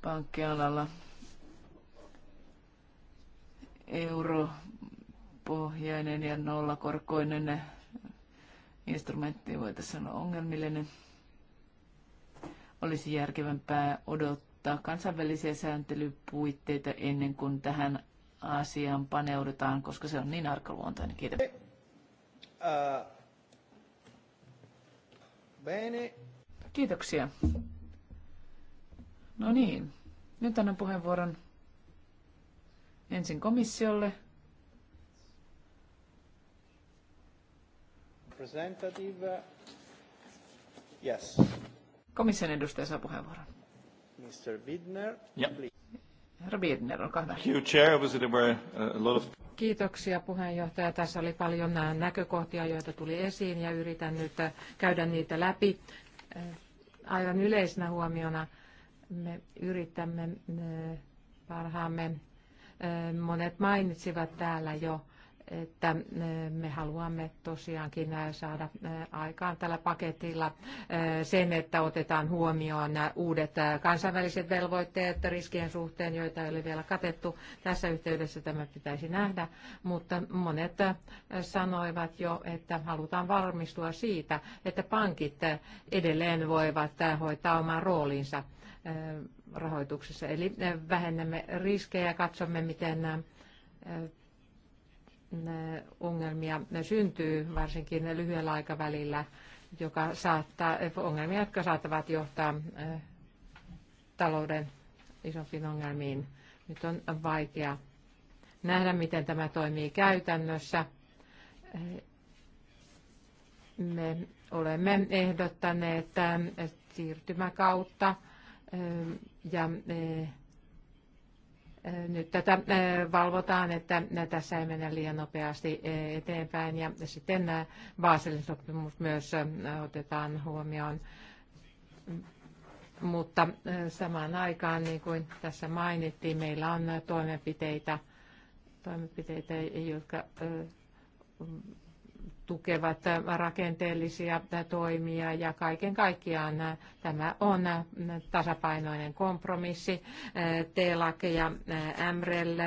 pankkialalla europohjainen ja nollakorkoinen instrumentti voi tässä olla ongelmillinen. Olisi järkevämpää odottaa kansainvälisiä sääntelypuitteita ennen kuin tähän asiaan paneudutaan, koska se on niin arkaluontainen. Kiitos. Kiitoksia. No niin, nyt annan puheenvuoron Ensin komissiolle. Representative. Yes. Komission edustaja saa puheenvuoron. Mr. Bidner. Yep. Herra Bidner, olkaa hyvä. chair, were uh, a lot of... Kiitoksia puheenjohtaja. Tässä oli paljon uh, näkökohtia, joita tuli esiin ja yritän nyt uh, käydä niitä läpi. Aivan yleisenä huomiona me yritämme parhaamme Monet mainitsivat täällä jo, että me haluamme tosiaankin saada aikaan tällä paketilla sen, että otetaan huomioon uudet kansainväliset velvoitteet riskien suhteen, joita ei ole vielä katettu. Tässä yhteydessä tämä pitäisi nähdä, mutta monet sanoivat jo, että halutaan varmistua siitä, että pankit edelleen voivat hoitaa oman roolinsa rahoituksessa. Eli eh, vähennämme riskejä ja katsomme, miten nämä eh, eh, ongelmia syntyy, varsinkin lyhyellä aikavälillä, joka saattaa, ongelmia, jotka saattavat johtaa talouden isompiin ongelmiin. Nyt on vaikea nähdä, miten tämä toimii käytännössä. Me olemme ehdottaneet siirtymäkautta kautta ja nyt tätä valvotaan, että tässä ei mennä liian nopeasti eteenpäin. Ja sitten nämä Baselin sopimus myös otetaan huomioon. Mutta samaan aikaan, niin kuin tässä mainittiin, meillä on toimenpiteitä, toimenpiteitä jotka tukevat rakenteellisia toimia ja kaiken kaikkiaan tämä on tasapainoinen kompromissi. TELAC ja MREL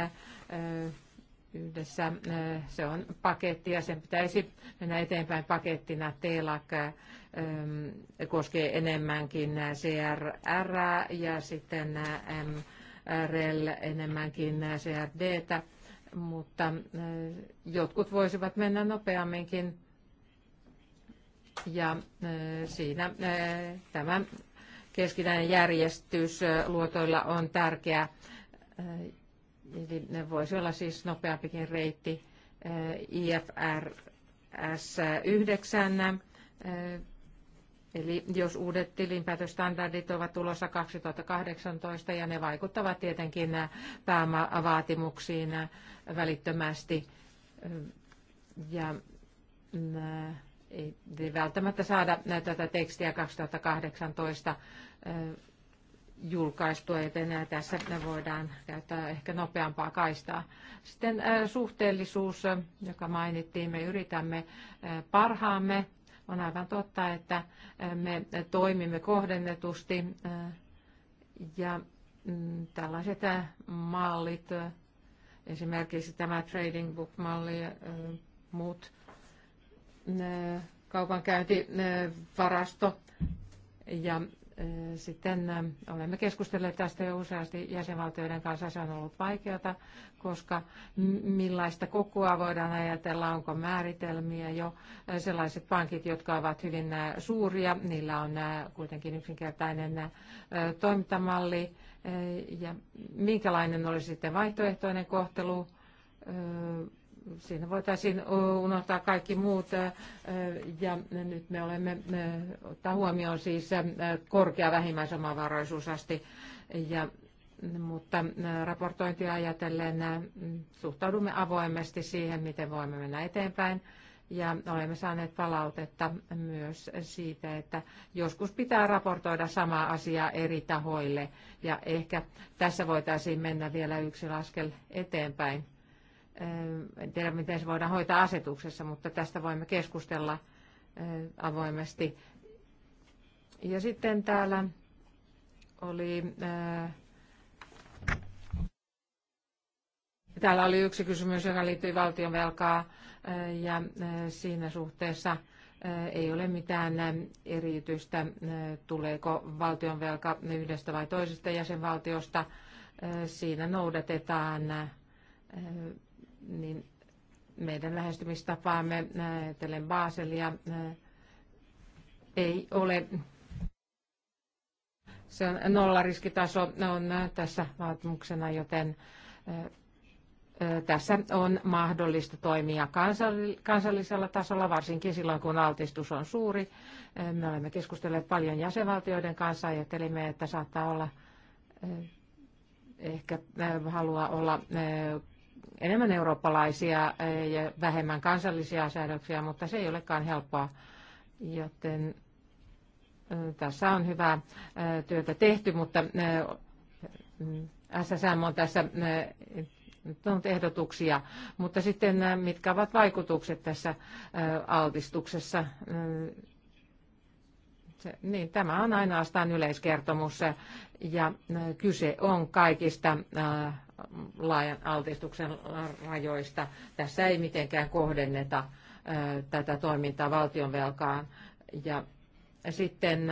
yhdessä, se on paketti ja sen pitäisi mennä eteenpäin pakettina. TELAC ehm, koskee enemmänkin CRR ja sitten MREL enemmänkin CRDtä mutta äh, jotkut voisivat mennä nopeamminkin. Ja äh, siinä äh, tämä keskinäinen järjestys luotoilla on tärkeä. Eli ne voisi olla siis nopeampikin reitti IFRS 9 Eli jos uudet tilinpäätöstandardit ovat tulossa 2018 ja ne vaikuttavat tietenkin pääomavaatimuksiin välittömästi ja mm, ei välttämättä saada tätä tekstiä 2018 eh, julkaistua, joten tässä me voidaan käyttää ehkä nopeampaa kaistaa. Sitten eh, suhteellisuus, joka mainittiin, me yritämme eh, parhaamme on aivan totta, että me toimimme kohdennetusti ja mm, tällaiset mallit, esimerkiksi tämä Trading Book-malli ja muut kaupankäyntivarasto ja sitten olemme keskustelleet tästä jo useasti jäsenvaltioiden kanssa. Se on ollut vaikeata, koska millaista kokoa voidaan ajatella, onko määritelmiä jo. Sellaiset pankit, jotka ovat hyvin suuria, niillä on kuitenkin yksinkertainen toimintamalli. Ja minkälainen olisi sitten vaihtoehtoinen kohtelu? siinä voitaisiin unohtaa kaikki muut. Ja nyt me olemme ottaa huomioon siis korkea vähimmäisomavaraisuusasti. Ja, mutta raportointia ajatellen suhtaudumme avoimesti siihen, miten voimme mennä eteenpäin. Ja olemme saaneet palautetta myös siitä, että joskus pitää raportoida samaa asiaa eri tahoille. Ja ehkä tässä voitaisiin mennä vielä yksi askel eteenpäin en tiedä, miten se voidaan hoitaa asetuksessa, mutta tästä voimme keskustella avoimesti. Ja sitten täällä oli... Täällä oli yksi kysymys, joka liittyi valtionvelkaa ja siinä suhteessa ei ole mitään eriytystä, tuleeko valtionvelka yhdestä vai toisesta jäsenvaltiosta. Siinä noudatetaan niin meidän lähestymistapaamme äh, ajatellen Baselia äh, ei ole se on nollariskitaso on äh, tässä vaatimuksena, joten tässä on mahdollista toimia kansallisella tasolla, varsinkin silloin kun altistus on suuri. Me olemme keskustelleet paljon jäsenvaltioiden kanssa, ajattelimme, että saattaa olla ehkä halua olla enemmän eurooppalaisia eh, ja vähemmän kansallisia säädöksiä, mutta se ei olekaan helppoa, joten eh, tässä on hyvää eh, työtä tehty, mutta SSM on tässä tuonut ehdotuksia, mutta sitten mitkä ovat vaikutukset tässä altistuksessa? Se, niin, tämä on ainoastaan yleiskertomus ja kyse on kaikista laajan altistuksen rajoista. Tässä ei mitenkään kohdenneta tätä toimintaa valtionvelkaan. Ja sitten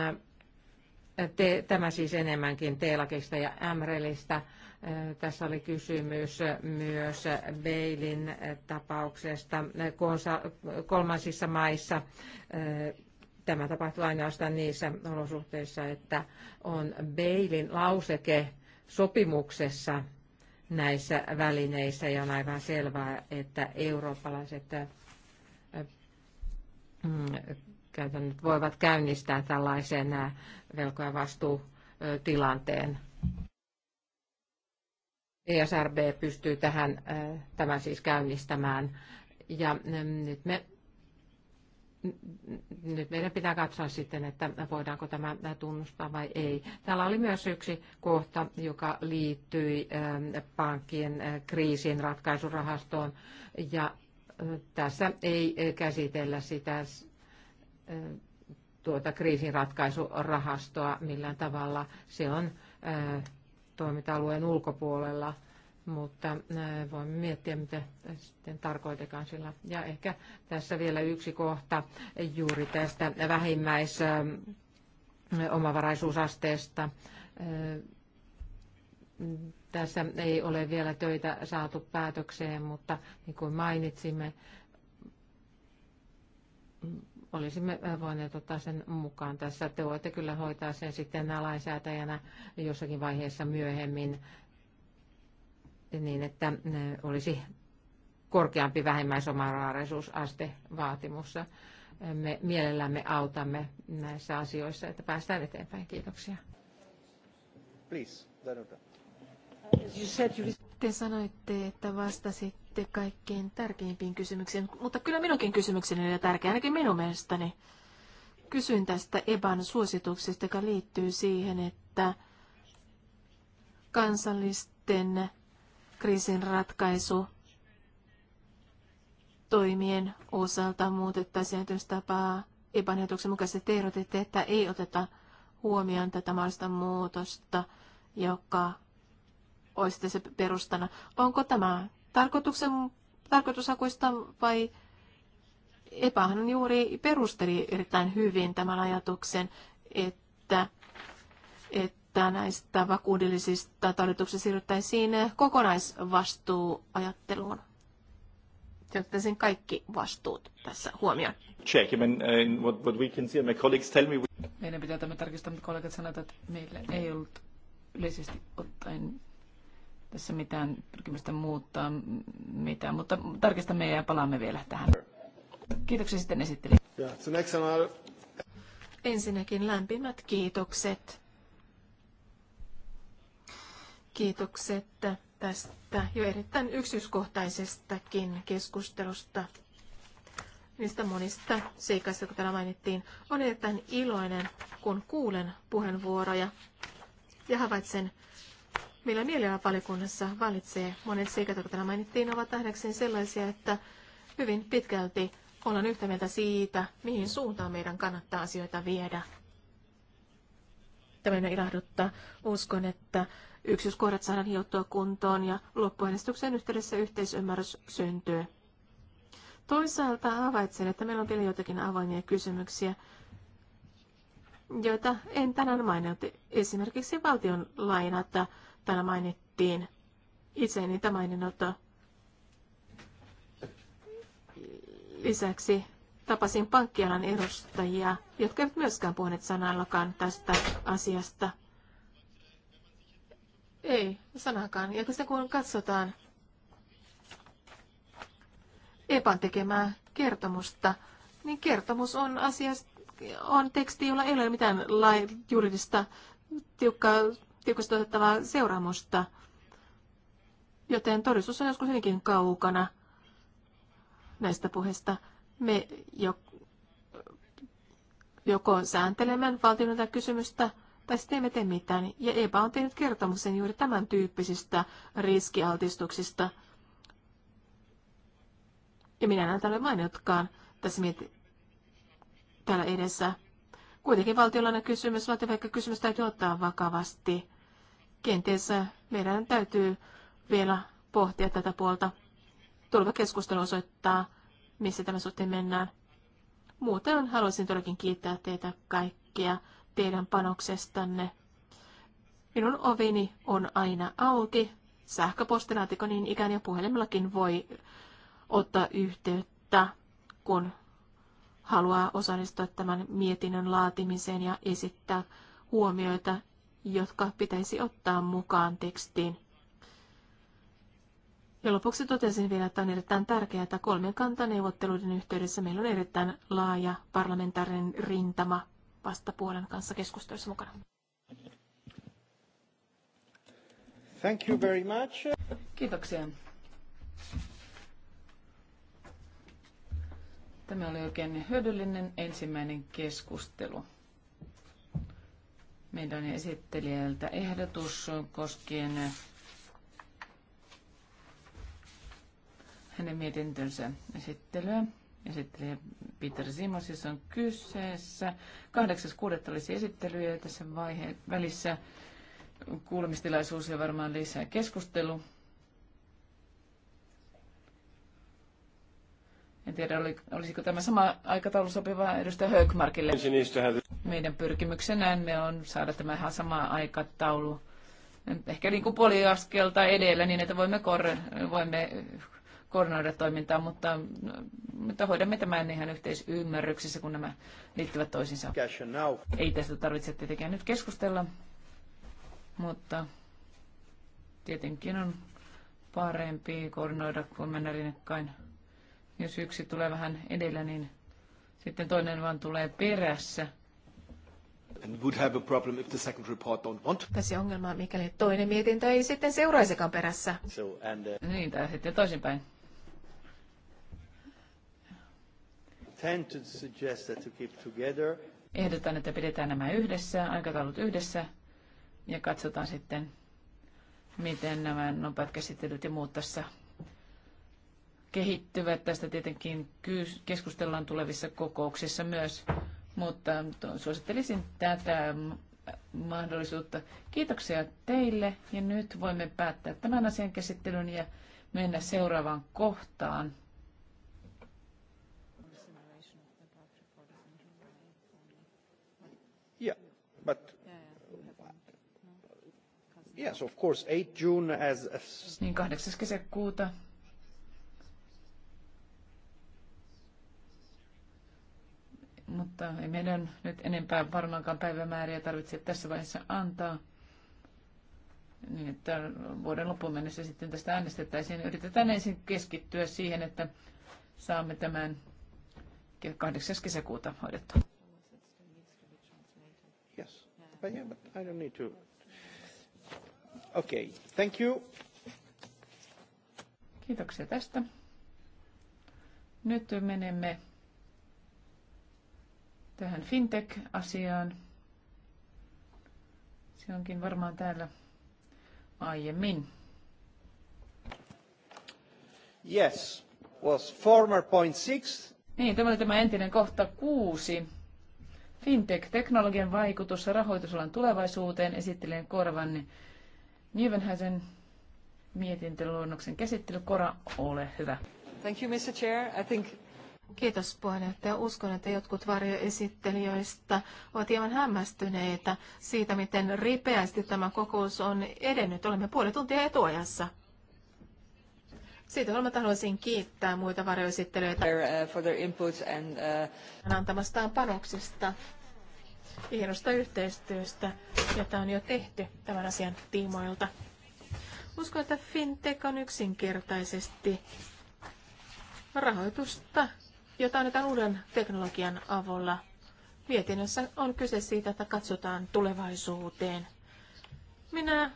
te, tämä siis enemmänkin Teelakista ja Ämrelistä. Tässä oli kysymys myös Veilin tapauksesta kolmansissa maissa Tämä tapahtuu ainoastaan niissä olosuhteissa, että on Beilin lauseke sopimuksessa näissä välineissä ja on aivan selvää, että eurooppalaiset äh, mm, käytännöt voivat käynnistää tällaisen äh, velko- ja vastuutilanteen. ESRB pystyy tähän, äh, tämän siis käynnistämään. Ja mm, nyt me nyt meidän pitää katsoa sitten, että voidaanko tämä tunnustaa vai ei. Täällä oli myös yksi kohta, joka liittyi ähm, pankkien äh, kriisin ratkaisurahastoon, ja äh, tässä ei äh, käsitellä sitä tuota ratkaisurahastoa millään tavalla. Se on toiminta-alueen ulkopuolella mutta voimme miettiä, mitä sitten tarkoitetaan sillä. Ja ehkä tässä vielä yksi kohta juuri tästä vähimmäisomavaraisuusasteesta. Tässä ei ole vielä töitä saatu päätökseen, mutta niin kuin mainitsimme, olisimme voineet ottaa sen mukaan tässä. Te voitte kyllä hoitaa sen sitten lainsäätäjänä jossakin vaiheessa myöhemmin niin, että olisi korkeampi vähimmäisomaraaraisuusaste vaatimussa. Me mielellämme autamme näissä asioissa, että päästään eteenpäin. Kiitoksia. Please, Te sanoitte, että vastasitte kaikkein tärkeimpiin kysymyksiin, mutta kyllä minunkin kysymykseni oli tärkeä, ainakin minun mielestäni. Kysyin tästä EBAN suosituksesta, joka liittyy siihen, että kansallisten kriisin ratkaisu toimien osalta muutettaisiin ajatustapaa epäneutuksen mukaisesti ehdotitte, että ei oteta huomioon tätä mahdollista muutosta, joka olisi tässä perustana. Onko tämä tarkoituksen, tarkoitushakuista vai Epähän juuri perusteli erittäin hyvin tämän ajatuksen, että, että että näistä vakuudellisista talletuksista siirryttäisiin kokonaisvastuuajatteluun. Otettaisiin kaikki vastuut tässä huomioon. Check. I mean, uh, what, what we can see, my colleagues tell me... Meidän pitää tämä tarkistaa, mutta kollegat sanovat, että meillä ei ollut yleisesti ottaen tässä mitään pyrkimystä muuttaa mitään, mutta tarkistamme ja palaamme vielä tähän. Kiitoksia sitten esittelijä. Ensinnäkin lämpimät kiitokset Kiitokset tästä jo erittäin yksityiskohtaisestakin keskustelusta niistä monista seikoista, jotka täällä mainittiin. Olen erittäin iloinen, kun kuulen puheenvuoroja ja havaitsen, millä mielellä valikunnassa valitsee. Monet seikat, jotka täällä mainittiin, ovat nähdäkseni sellaisia, että hyvin pitkälti ollaan yhtä mieltä siitä, mihin suuntaan meidän kannattaa asioita viedä. Tämä ilahduttaa. Uskon, että yksityiskohdat saadaan hiottua kuntoon ja loppuäänestyksen yhteydessä yhteisymmärrys syntyy. Toisaalta havaitsen, että meillä on vielä jotakin avoimia kysymyksiä, joita en tänään maininnut. Esimerkiksi valtion lainat täällä mainittiin. Itse en niitä maininnut. Lisäksi tapasin pankkialan edustajia, jotka eivät myöskään puhuneet sanallakaan tästä asiasta. Ei, sanakaan. Ja sitä kun katsotaan EPAN tekemää kertomusta, niin kertomus on asiasta, on teksti, jolla ei ole mitään lai, juridista tiukka, tiukasti otettavaa seuraamusta. Joten todistus on joskus hyvinkin kaukana näistä puheista. Me jo, joko sääntelemme valtionta kysymystä – tai sitten emme tee mitään. Ja EPA on tehnyt kertomuksen juuri tämän tyyppisistä riskialtistuksista. Ja minä näen tälle mainitkaan tässä miet- täällä edessä. Kuitenkin valtiollinen kysymys, vaikka kysymys täytyy ottaa vakavasti. Kenties meidän täytyy vielä pohtia tätä puolta. Tuleva keskustelu osoittaa, missä tämä suhteen mennään. Muuten haluaisin todellakin kiittää teitä kaikkia teidän panoksestanne. Minun ovini on aina auki. Sähköpostilaatikon niin ikään ja puhelimellakin voi ottaa yhteyttä, kun haluaa osallistua tämän mietinnön laatimiseen ja esittää huomioita, jotka pitäisi ottaa mukaan tekstiin. Ja lopuksi totesin vielä, että on erittäin tärkeää, että kolmen kantaneuvotteluiden yhteydessä meillä on erittäin laaja parlamentaarinen rintama vastapuolen kanssa keskustelussa mukana. Thank you very much. Kiitoksia. Tämä oli oikein hyödyllinen ensimmäinen keskustelu. Meidän esittelijältä ehdotus koskien hänen mietintönsä esittelyä esittelijä Peter Simosis on kyseessä. 8.6. olisi esittelyjä tässä vaiheen välissä kuulemistilaisuus ja varmaan lisää keskustelu. En tiedä, oli, olisiko tämä sama aikataulu sopiva edustaja Höökmarkille. Meidän pyrkimyksenämme on saada tämä sama aikataulu ehkä niin kuin puoli askelta edellä niin, että voimme, korre voimme koordinoida toimintaa, mutta, mutta hoidamme tämän ihan yhteisymmärryksessä, kun nämä liittyvät toisiinsa. Ei tästä tarvitse tietenkään nyt keskustella, mutta tietenkin on parempi koordinoida kuin mennä rinnakkain. Jos yksi tulee vähän edellä, niin sitten toinen vaan tulee perässä. would have a problem if the second report don't want. Tässä on ongelma, mikäli toinen mietintö ei sitten seuraisikaan perässä. So, and, uh... Niin, tai sitten toisinpäin. tend to suggest that to keep together. Ehdotan, että pidetään nämä yhdessä, aikataulut yhdessä, ja katsotaan sitten, miten nämä nopeat käsittelyt ja muut tässä kehittyvät. Tästä tietenkin keskustellaan tulevissa kokouksissa myös, mutta suosittelisin tätä mahdollisuutta. Kiitoksia teille ja nyt voimme päättää tämän asian käsittelyn ja mennä seuraavaan kohtaan. But yes, of course, 8 June as a... Niin 8. kesäkuuta mutta ei meidän nyt enempää varmaankaan päivämääriä tarvitse tässä vaiheessa antaa. Niin, että vuoden loppuun mennessä sitten tästä äänestettäisiin. Yritetään ensin keskittyä siihen, että saamme tämän 8. kesäkuuta hoidettua. But yeah, but I don't need to. Okay, thank you. Kiitoksia tästä. Nyt menemme tähän fintech-asiaan. Se onkin varmaan täällä aiemmin. Yes, was former point six. Niin, tämä oli tämä entinen kohta kuusi. Fintech-teknologian vaikutus rahoitusalan tulevaisuuteen esittelen korvan Nyvenhäisen mietintöluonnoksen käsittely. Kora, ole hyvä. Thank you, Mr. Chair. I think... Kiitos puheenjohtaja. Uskon, että jotkut varjoesittelijöistä ovat hieman hämmästyneitä siitä, miten ripeästi tämä kokous on edennyt. Olemme puoli tuntia etuajassa. Siitä olemme haluaisin kiittää muita varjoesittelijöitä uh, for their input and, uh... antamastaan panoksista hienosta yhteistyöstä, jota on jo tehty tämän asian tiimoilta. Uskon, että fintech on yksinkertaisesti rahoitusta, jota annetaan uuden teknologian avulla. Mietinnössä on kyse siitä, että katsotaan tulevaisuuteen. Minä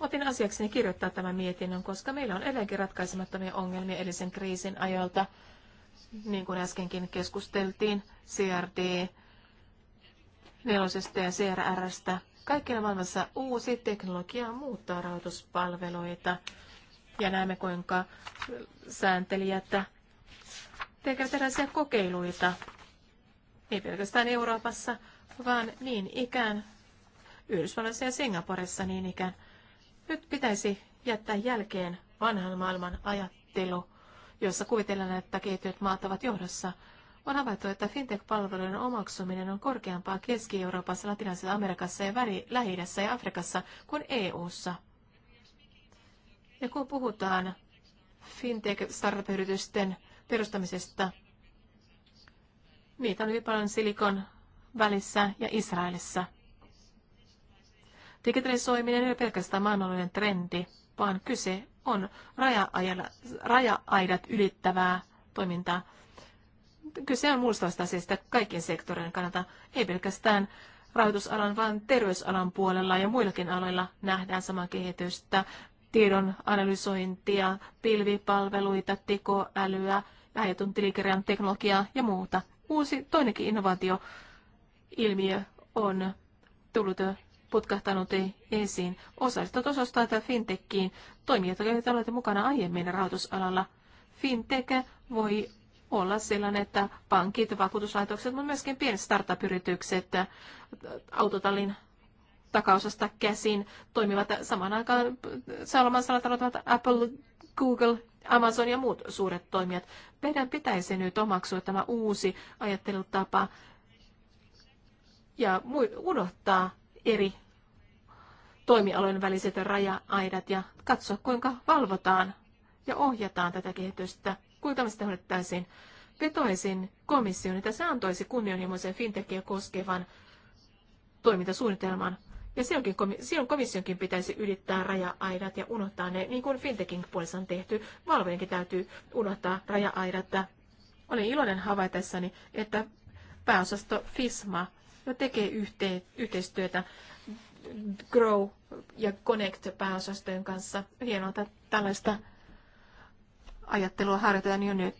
otin asiakseni kirjoittaa tämän mietinnön, koska meillä on edelleenkin ratkaisemattomia ongelmia edellisen kriisin ajalta, niin kuin äskenkin keskusteltiin, CRD, nelosesta ja CRRstä. Kaikkialla maailmassa uusi teknologia muuttaa rahoituspalveluita ja näemme kuinka sääntelijät tekevät erilaisia kokeiluita, ei pelkästään Euroopassa, vaan niin ikään Yhdysvalloissa ja Singaporessa niin ikään. Nyt pitäisi jättää jälkeen vanhan maailman ajattelu, jossa kuvitellaan, että kehittyvät maat ovat johdossa – on havaittu, että fintech-palveluiden omaksuminen on korkeampaa Keski-Euroopassa, Latinalaisessa Amerikassa ja lähi ja Afrikassa kuin EU:ssa. Ja kun puhutaan fintech-startup-yritysten perustamisesta, niitä on hyvin paljon Silikon välissä ja Israelissa. Digitalisoiminen ei ole pelkästään maailmanlainen trendi, vaan kyse on raja-aidat ylittävää toimintaa kyse on mulstavasta asiasta kaikkien sektorien kannalta, ei pelkästään rahoitusalan, vaan terveysalan puolella ja muillakin aloilla nähdään samaa kehitystä, tiedon analysointia, pilvipalveluita, tekoälyä, aiotun tilikirjan teknologiaa ja muuta. Uusi toinenkin innovaatioilmiö on tullut putkahtanut esiin. Osallistut osastaa tätä fintechiin. Toimijat, joita olette mukana aiemmin rahoitusalalla, fintech voi olla sellainen, että pankit, vakuutuslaitokset, mutta myöskin pienet startup-yritykset autotallin takaosasta käsin toimivat samaan aikaan Salman sanat Apple, Google, Amazon ja muut suuret toimijat. Meidän pitäisi nyt omaksua tämä uusi ajattelutapa ja unohtaa eri toimialojen väliset raja-aidat ja katsoa, kuinka valvotaan ja ohjataan tätä kehitystä. Kuinka me sitä Vetoisin komission, että se antoisi kunnianhimoisen fintechia koskevan toimintasuunnitelman. Ja silloin, silloin komissionkin pitäisi ylittää raja-aidat ja unohtaa ne, niin kuin Fintechin puolessa on tehty. Valvojenkin täytyy unohtaa raja-aidat. Olen iloinen havaitessani, että pääosasto FISMA jo tekee yhteistyötä Grow ja Connect pääosastojen kanssa. Hienoa, että tällaista ajattelua harjoitetaan jo nyt.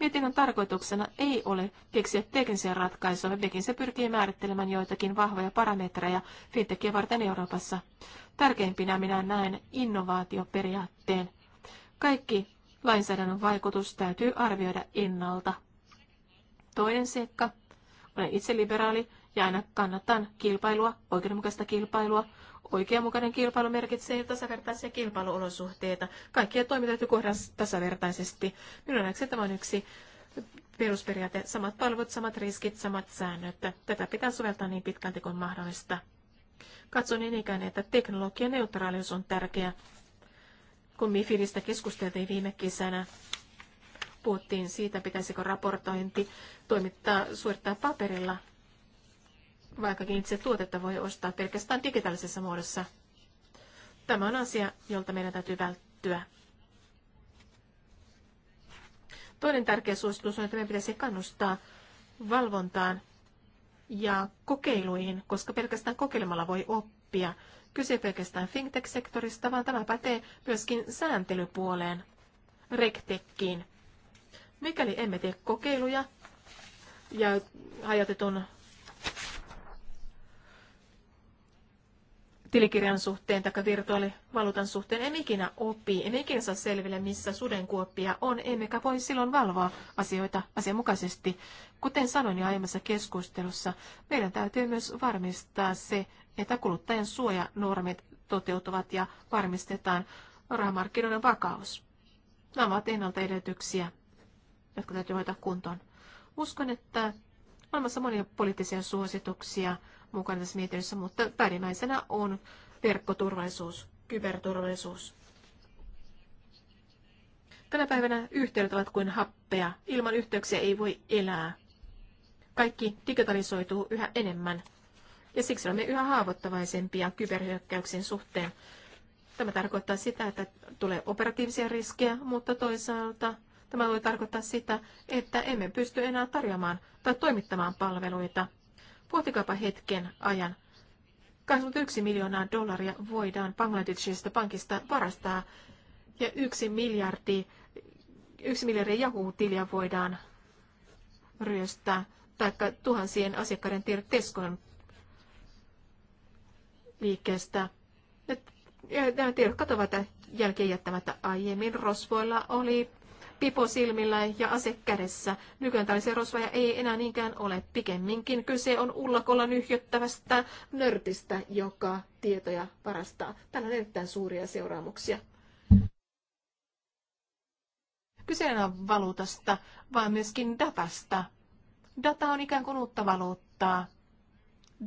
Mietinnön tarkoituksena ei ole keksiä teknisiä ratkaisuja, mekin se pyrkii määrittelemään joitakin vahvoja parametreja fintechia varten Euroopassa. Tärkeimpinä minä näen innovaatioperiaatteen. Kaikki lainsäädännön vaikutus täytyy arvioida ennalta. Toinen seikka. Olen itse liberaali ja aina kannatan kilpailua, oikeudenmukaista kilpailua, Oikeanmukainen kilpailu merkitsee tasavertaisia kilpailuolosuhteita. Kaikkia toimintoja täytyy kohdata tasavertaisesti. Minun nähdäkseni tämä on yksi perusperiaate. Samat palvelut, samat riskit, samat säännöt. Tätä pitää soveltaa niin pitkälti kuin mahdollista. Katson niin ikään, että teknologian neutraalius on tärkeä. Kun Mifidistä keskusteltiin viime kesänä, puhuttiin siitä, pitäisikö raportointi toimittaa, suorittaa paperilla vaikkakin itse tuotetta voi ostaa pelkästään digitaalisessa muodossa. Tämä on asia, jolta meidän täytyy välttyä. Toinen tärkeä suositus on, että meidän pitäisi kannustaa valvontaan ja kokeiluihin, koska pelkästään kokeilemalla voi oppia. Kyse pelkästään fintech-sektorista, vaan tämä pätee myöskin sääntelypuoleen, rektekkiin. Mikäli emme tee kokeiluja ja hajautetun tilikirjan suhteen tai virtuaalivaluutan suhteen emme ikinä opi, emme ikinä saa selville, missä sudenkuoppia on, emmekä voi silloin valvoa asioita asianmukaisesti. Kuten sanoin jo aiemmassa keskustelussa, meidän täytyy myös varmistaa se, että kuluttajan suojanormit toteutuvat ja varmistetaan rahamarkkinoiden vakaus. Nämä ovat ennalta edellytyksiä, jotka täytyy hoitaa kuntoon. Uskon, että olemassa monia poliittisia suosituksia, mukana tässä mietinnössä, mutta päällimmäisenä on verkkoturvallisuus, kyberturvallisuus. Tänä päivänä yhteydet ovat kuin happea. Ilman yhteyksiä ei voi elää. Kaikki digitalisoituu yhä enemmän. Ja siksi olemme yhä haavoittavaisempia kyberhyökkäyksen suhteen. Tämä tarkoittaa sitä, että tulee operatiivisia riskejä, mutta toisaalta tämä voi tarkoittaa sitä, että emme pysty enää tarjoamaan tai toimittamaan palveluita Pohtikaapa hetken ajan. 21 miljoonaa dollaria voidaan Bangladeshista pankista varastaa ja yksi miljardi, yksi miljardi Yahoo-tiliä voidaan ryöstää, taikka tuhansien asiakkaiden tiedot liikkeestä. Nämä tiedot katovat jälkeen jättämättä aiemmin. Rosvoilla oli pipo silmillä ja ase kädessä. Nykyään tällaisia rosvoja ei enää niinkään ole. Pikemminkin kyse on ullakolla nyhjöttävästä nörtistä, joka tietoja varastaa. Tällä on erittäin suuria seuraamuksia. Kyse ei valuutasta, vaan myöskin datasta. Data on ikään kuin uutta valuuttaa.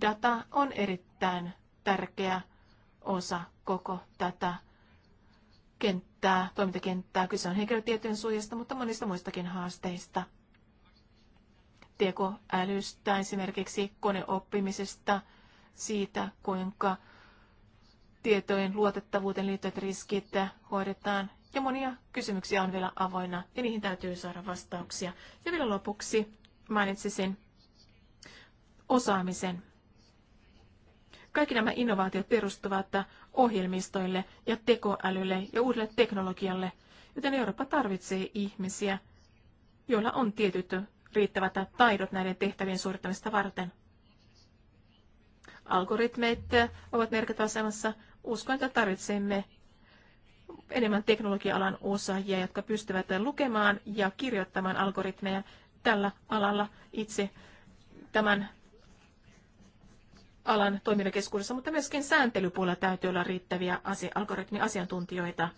Data on erittäin tärkeä osa koko tätä kenttää, toimintakenttää. Kyse on henkilötietojen suojasta, mutta monista muistakin haasteista. Tekoälystä, esimerkiksi koneoppimisesta, siitä, kuinka tietojen luotettavuuteen liittyvät riskit hoidetaan. Ja monia kysymyksiä on vielä avoinna, ja niihin täytyy saada vastauksia. Ja vielä lopuksi mainitsisin osaamisen. Kaikki nämä innovaatiot perustuvat ohjelmistoille ja tekoälylle ja uudelle teknologialle, joten Eurooppa tarvitsee ihmisiä, joilla on tietyt riittävät taidot näiden tehtävien suorittamista varten. Algoritmeit ovat merkittävässä asemassa. Uskon, että tarvitsemme enemmän teknologia-alan osaajia, jotka pystyvät lukemaan ja kirjoittamaan algoritmeja tällä alalla itse tämän alan toimintakeskuudessa, mutta myöskin sääntelypuolella täytyy olla riittäviä asia- algoritmiasiantuntijoita,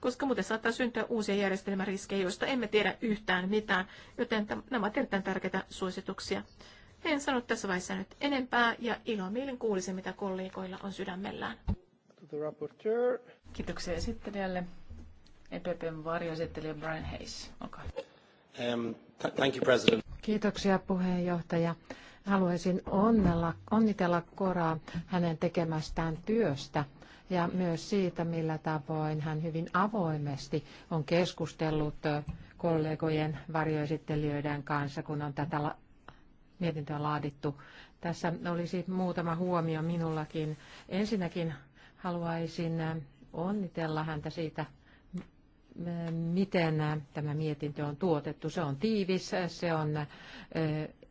koska muuten saattaa syntyä uusia järjestelmäriskejä, joista emme tiedä yhtään mitään, joten nämä ovat erittäin tärkeitä suosituksia. En sano tässä vaiheessa nyt enempää ja mielen kuulisin, mitä kollegoilla on sydämellään. Kiitoksia esittelijälle. EPPn varjoesittelijä Brian Hayes, olkaa hyvä. Um, Kiitoksia puheenjohtaja. Haluaisin onnella, onnitella Koraa hänen tekemästään työstä ja myös siitä, millä tavoin hän hyvin avoimesti on keskustellut kollegojen varjoesittelijöiden kanssa, kun on tätä la- mietintöä laadittu. Tässä olisi muutama huomio minullakin. Ensinnäkin haluaisin onnitella häntä siitä, miten tämä mietintö on tuotettu. Se on tiivis, se on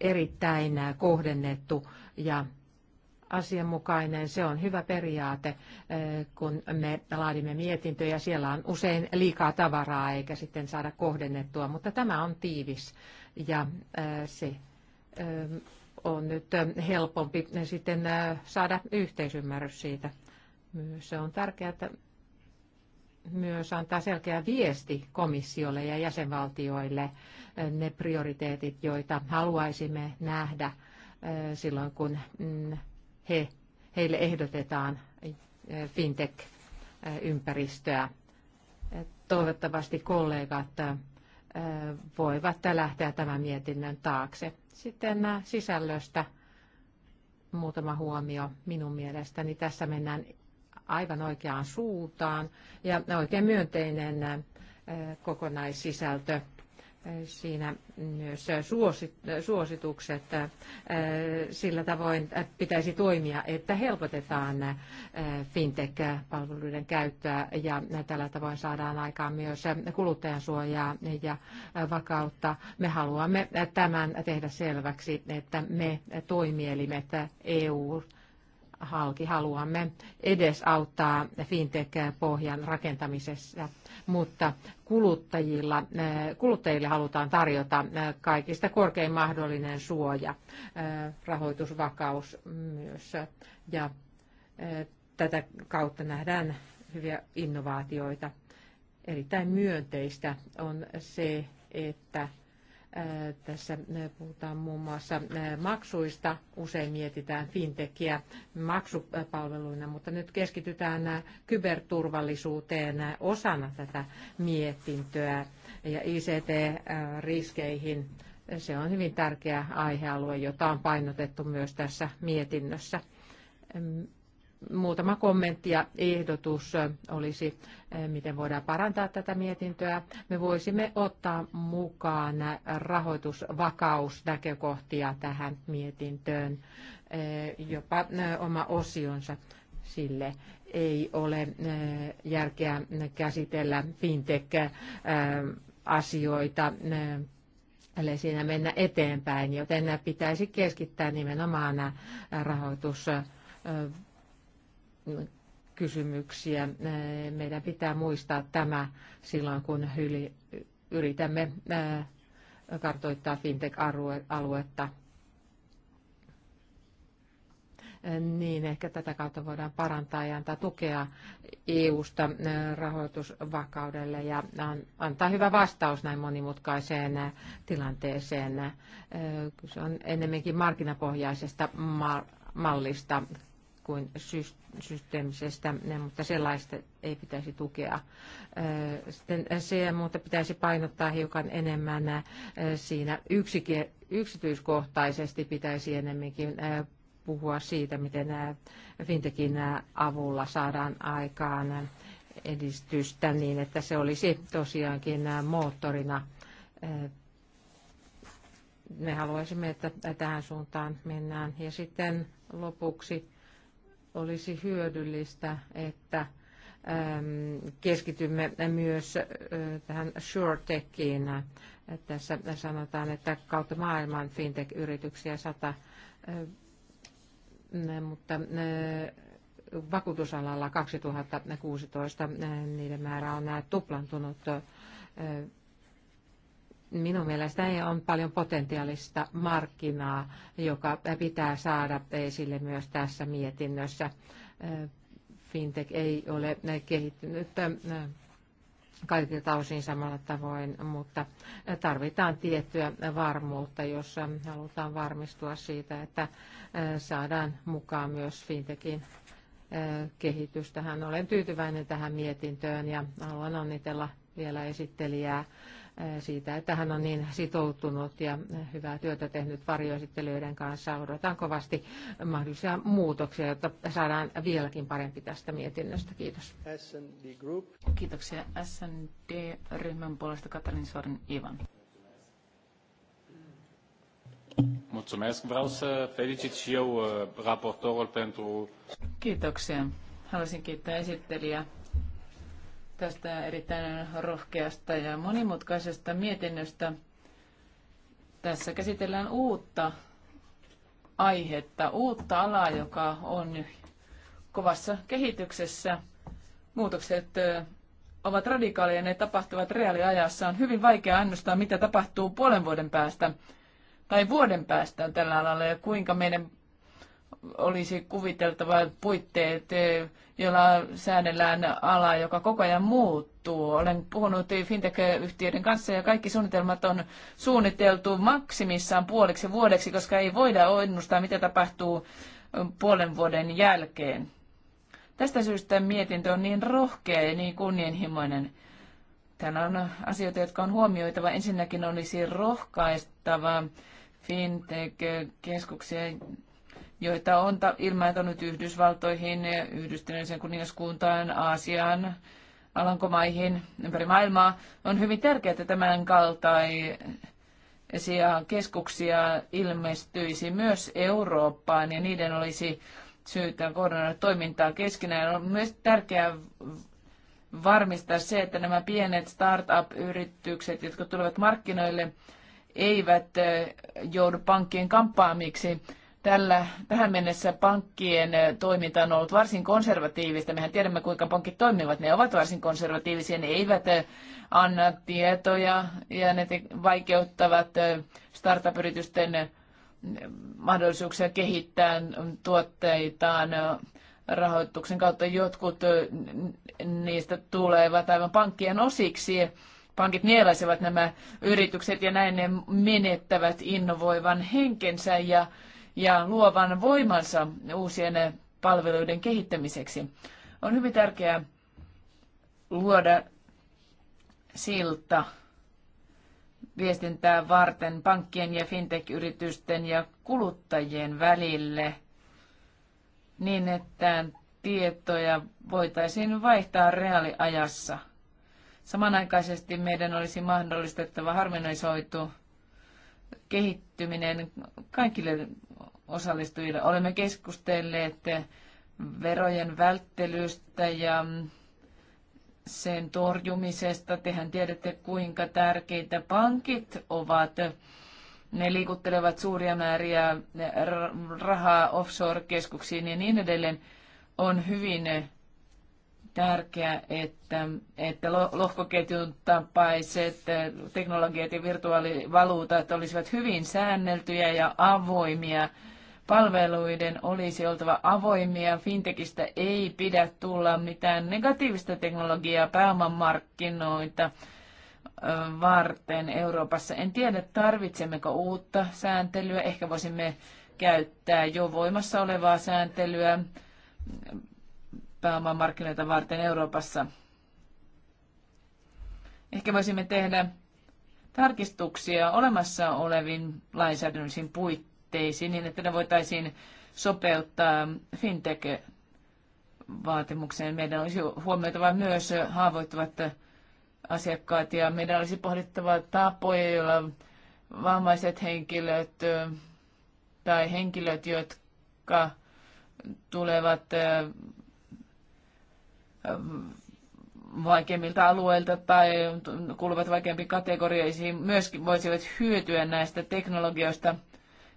erittäin kohdennettu ja asianmukainen. Se on hyvä periaate, eh, kun me laadimme mietintöjä. Siellä on usein liikaa tavaraa eikä sitten saada kohdennettua, mutta tämä on tiivis ja eh, se eh, on nyt helpompi sitten saada yhteisymmärrys siitä. Myös se on tärkeää, että myös antaa selkeä viesti komissiolle ja jäsenvaltioille ne prioriteetit, joita haluaisimme nähdä silloin, kun mm, he, heille ehdotetaan fintech-ympäristöä. Toivottavasti kollegat voivat lähteä tämän mietinnön taakse. Sitten sisällöstä muutama huomio minun mielestäni. Tässä mennään aivan oikeaan suuntaan ja oikein myönteinen kokonaissisältö Siinä myös suositukset äh, sillä tavoin äh, pitäisi toimia, että helpotetaan äh, fintech-palveluiden käyttöä ja tällä tavoin saadaan aikaan myös kuluttajansuojaa ja vakautta. Me haluamme tämän tehdä selväksi, että me toimielimet EU halki. Haluamme edesauttaa fintech-pohjan rakentamisessa, mutta kuluttajilla, eh, kuluttajille halutaan tarjota eh, kaikista korkein mahdollinen suoja, eh, rahoitusvakaus myös. Ja tätä kautta nähdään hyviä innovaatioita. Erittäin myönteistä on se, että tässä puhutaan muun muassa maksuista. Usein mietitään fintechiä maksupalveluina, mutta nyt keskitytään kyberturvallisuuteen osana tätä mietintöä ja ICT-riskeihin. Se on hyvin tärkeä aihealue, jota on painotettu myös tässä mietinnössä muutama kommentti ja ehdotus olisi, eh, miten voidaan parantaa tätä mietintöä. Me voisimme ottaa mukaan rahoitusvakausnäkökohtia tähän mietintöön, eh, jopa eh, oma osionsa sille ei ole järkeä käsitellä fintech-asioita eli siinä mennä eteenpäin, joten pitäisi keskittää nimenomaan rahoitus kysymyksiä. Meidän pitää muistaa tämä silloin, kun yritämme kartoittaa fintech-aluetta. Niin, ehkä tätä kautta voidaan parantaa ja antaa tukea EU-sta rahoitusvakaudelle ja antaa hyvä vastaus näin monimutkaiseen tilanteeseen. Kyse on enemmänkin markkinapohjaisesta mallista kuin systeemisestä, mutta sellaista ei pitäisi tukea. Sitten se, mutta pitäisi painottaa hiukan enemmän siinä yksityiskohtaisesti pitäisi enemmänkin puhua siitä, miten fintekin avulla saadaan aikaan edistystä niin, että se olisi tosiaankin moottorina. Me haluaisimme, että tähän suuntaan mennään. Ja sitten lopuksi olisi hyödyllistä, että keskitymme myös tähän SureTechiin. Tässä sanotaan, että kautta maailman fintech-yrityksiä sata, mutta vakuutusalalla 2016 niiden määrä on tuplantunut minun mielestäni on paljon potentiaalista markkinaa, joka pitää saada esille myös tässä mietinnössä. Fintech ei ole kehittynyt kaikilta osin samalla tavoin, mutta tarvitaan tiettyä varmuutta, jossa halutaan varmistua siitä, että saadaan mukaan myös Fintechin kehitys tähän. Olen tyytyväinen tähän mietintöön ja haluan onnitella vielä esittelijää siitä, että hän on niin sitoutunut ja hyvää työtä tehnyt varjoesittelijöiden kanssa. Odotan kovasti mahdollisia muutoksia, jotta saadaan vieläkin parempi tästä mietinnöstä. Kiitos. Kiitoksia SND-ryhmän puolesta Katarin Sorin Ivan. Mulțumesc. Vreau să felicit și eu raportorul pentru... Kiitoksia. Haluaisin kiittää esittelijää tästä erittäin rohkeasta ja monimutkaisesta mietinnöstä. Tässä käsitellään uutta aihetta, uutta alaa, joka on kovassa kehityksessä. Muutokset ovat radikaaleja, ne tapahtuvat reaaliajassa. On hyvin vaikea ennustaa, mitä tapahtuu puolen vuoden päästä tai vuoden päästä tällä alalla ja kuinka meidän olisi kuviteltava puitteet, e, joilla säännellään ala, joka koko ajan muuttuu. Olen puhunut fintech-yhtiöiden kanssa ja kaikki suunnitelmat on suunniteltu maksimissaan puoliksi vuodeksi, koska ei voida ennustaa, mitä tapahtuu puolen vuoden jälkeen. Tästä syystä mietintö on niin rohkea ja niin kunnianhimoinen. Täällä on asioita, jotka on huomioitava. Ensinnäkin olisi rohkaistava fintech-keskuksia joita on ilmaantunut Yhdysvaltoihin, yhdistyneeseen kuningaskuntaan, Aasiaan, Alankomaihin, ympäri maailmaa. On hyvin tärkeää, että tämän kaltaisia keskuksia ilmestyisi myös Eurooppaan ja niiden olisi syytä koordinoida toimintaa keskenään. On myös tärkeää varmistaa se, että nämä pienet startup-yritykset, jotka tulevat markkinoille, eivät eh, joudu pankkien kamppaamiksi tällä, tähän mennessä pankkien eh, toiminta on ollut varsin konservatiivista. Mehän tiedämme, kuinka pankit toimivat. Ne ovat varsin konservatiivisia, ne eivät eh, anna tietoja ja ne vaikeuttavat eh, startup-yritysten mahdollisuuksia kehittää tuotteitaan rahoituksen kautta. Jotkut niistä tulevat aivan pankkien osiksi. Pankit nielaisevat nämä yritykset ja näin ne menettävät innovoivan henkensä ja ja luovan voimansa uusien palveluiden kehittämiseksi. On hyvin tärkeää luoda silta viestintää varten pankkien ja fintech-yritysten ja kuluttajien välille niin, että tietoja voitaisiin vaihtaa reaaliajassa. Samanaikaisesti meidän olisi mahdollistettava harmonisoitu kehittyminen kaikille osallistujille. Olemme keskustelleet verojen välttelystä ja sen torjumisesta. Tehän tiedätte, kuinka tärkeitä pankit ovat. Ne liikuttelevat suuria määriä rahaa offshore-keskuksiin ja niin edelleen. On hyvin tärkeää, että, että lohkoketjun tapaiset teknologiat ja virtuaalivaluutat olisivat hyvin säänneltyjä ja avoimia palveluiden olisi oltava avoimia. Fintechistä ei pidä tulla mitään negatiivista teknologiaa pääomamarkkinoita varten Euroopassa. En tiedä, tarvitsemmeko uutta sääntelyä. Ehkä voisimme käyttää jo voimassa olevaa sääntelyä pääomamarkkinoita varten Euroopassa. Ehkä voisimme tehdä tarkistuksia olemassa olevin lainsäädännöllisiin puitteisiin laitteisiin niin, että ne voitaisiin sopeuttaa fintech-vaatimukseen. Meidän olisi huomioitava myös haavoittuvat asiakkaat ja meidän olisi pohdittava tapoja, joilla vammaiset henkilöt tai henkilöt, jotka tulevat vaikeimmilta alueilta tai kuuluvat vaikeampiin kategorioihin, myöskin voisivat hyötyä näistä teknologioista –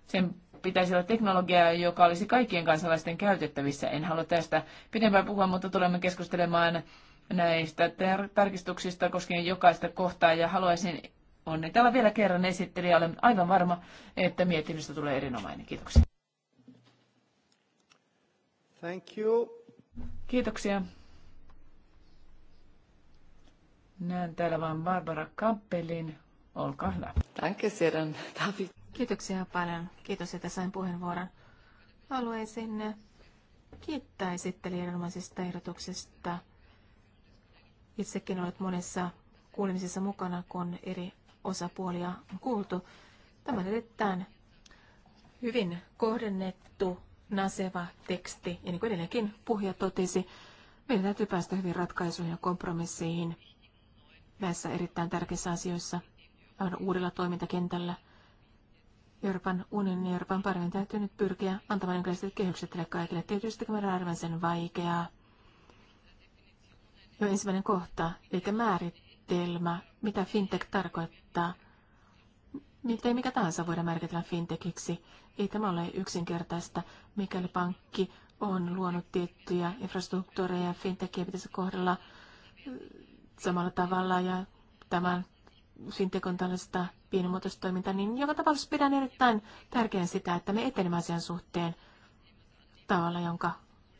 sen pitäisi olla teknologiaa, joka olisi kaikkien kansalaisten käytettävissä. En halua tästä pidempään puhua, mutta tulemme keskustelemaan näistä tarkistuksista koskien jokaista kohtaa ja haluaisin onnitella vielä kerran esittelijä. Olen aivan varma, että mietinnöstä tulee erinomainen. Kiitoksia. Thank you. Kiitoksia. Näen täällä vain Barbara Kappelin. Olkaa hyvä. Danke sehr, David. Kiitoksia paljon. Kiitos, että sain puheenvuoron. Haluaisin kiittää esittelijänomaisesta ehdotuksesta. Itsekin olet monessa kuulemisessa mukana, kun eri osapuolia on kuultu. Tämä on erittäin hyvin kohdennettu, naseva teksti. Ja niin kuin edelleenkin puhuja totesi, meidän täytyy päästä hyvin ratkaisuihin ja kompromisseihin näissä erittäin tärkeissä asioissa aivan uudella toimintakentällä – Euroopan unionin ja Euroopan parlamentin täytyy nyt pyrkiä antamaan jonkinlaiset kehykset tälle kaikille. Tietysti tämä on sen vaikeaa. Jo ensimmäinen kohta, eli määritelmä, mitä fintech tarkoittaa. Miten mikä tahansa voidaan määritellä fintechiksi. Ei tämä ole yksinkertaista, mikäli pankki on luonut tiettyjä infrastruktuureja ja fintechia pitäisi kohdella samalla tavalla ja tämän Sintekon tällaista pienimuotoista toimintaa, niin joka tapauksessa pidän erittäin tärkeänä sitä, että me etenemme asian suhteen tavalla, jonka,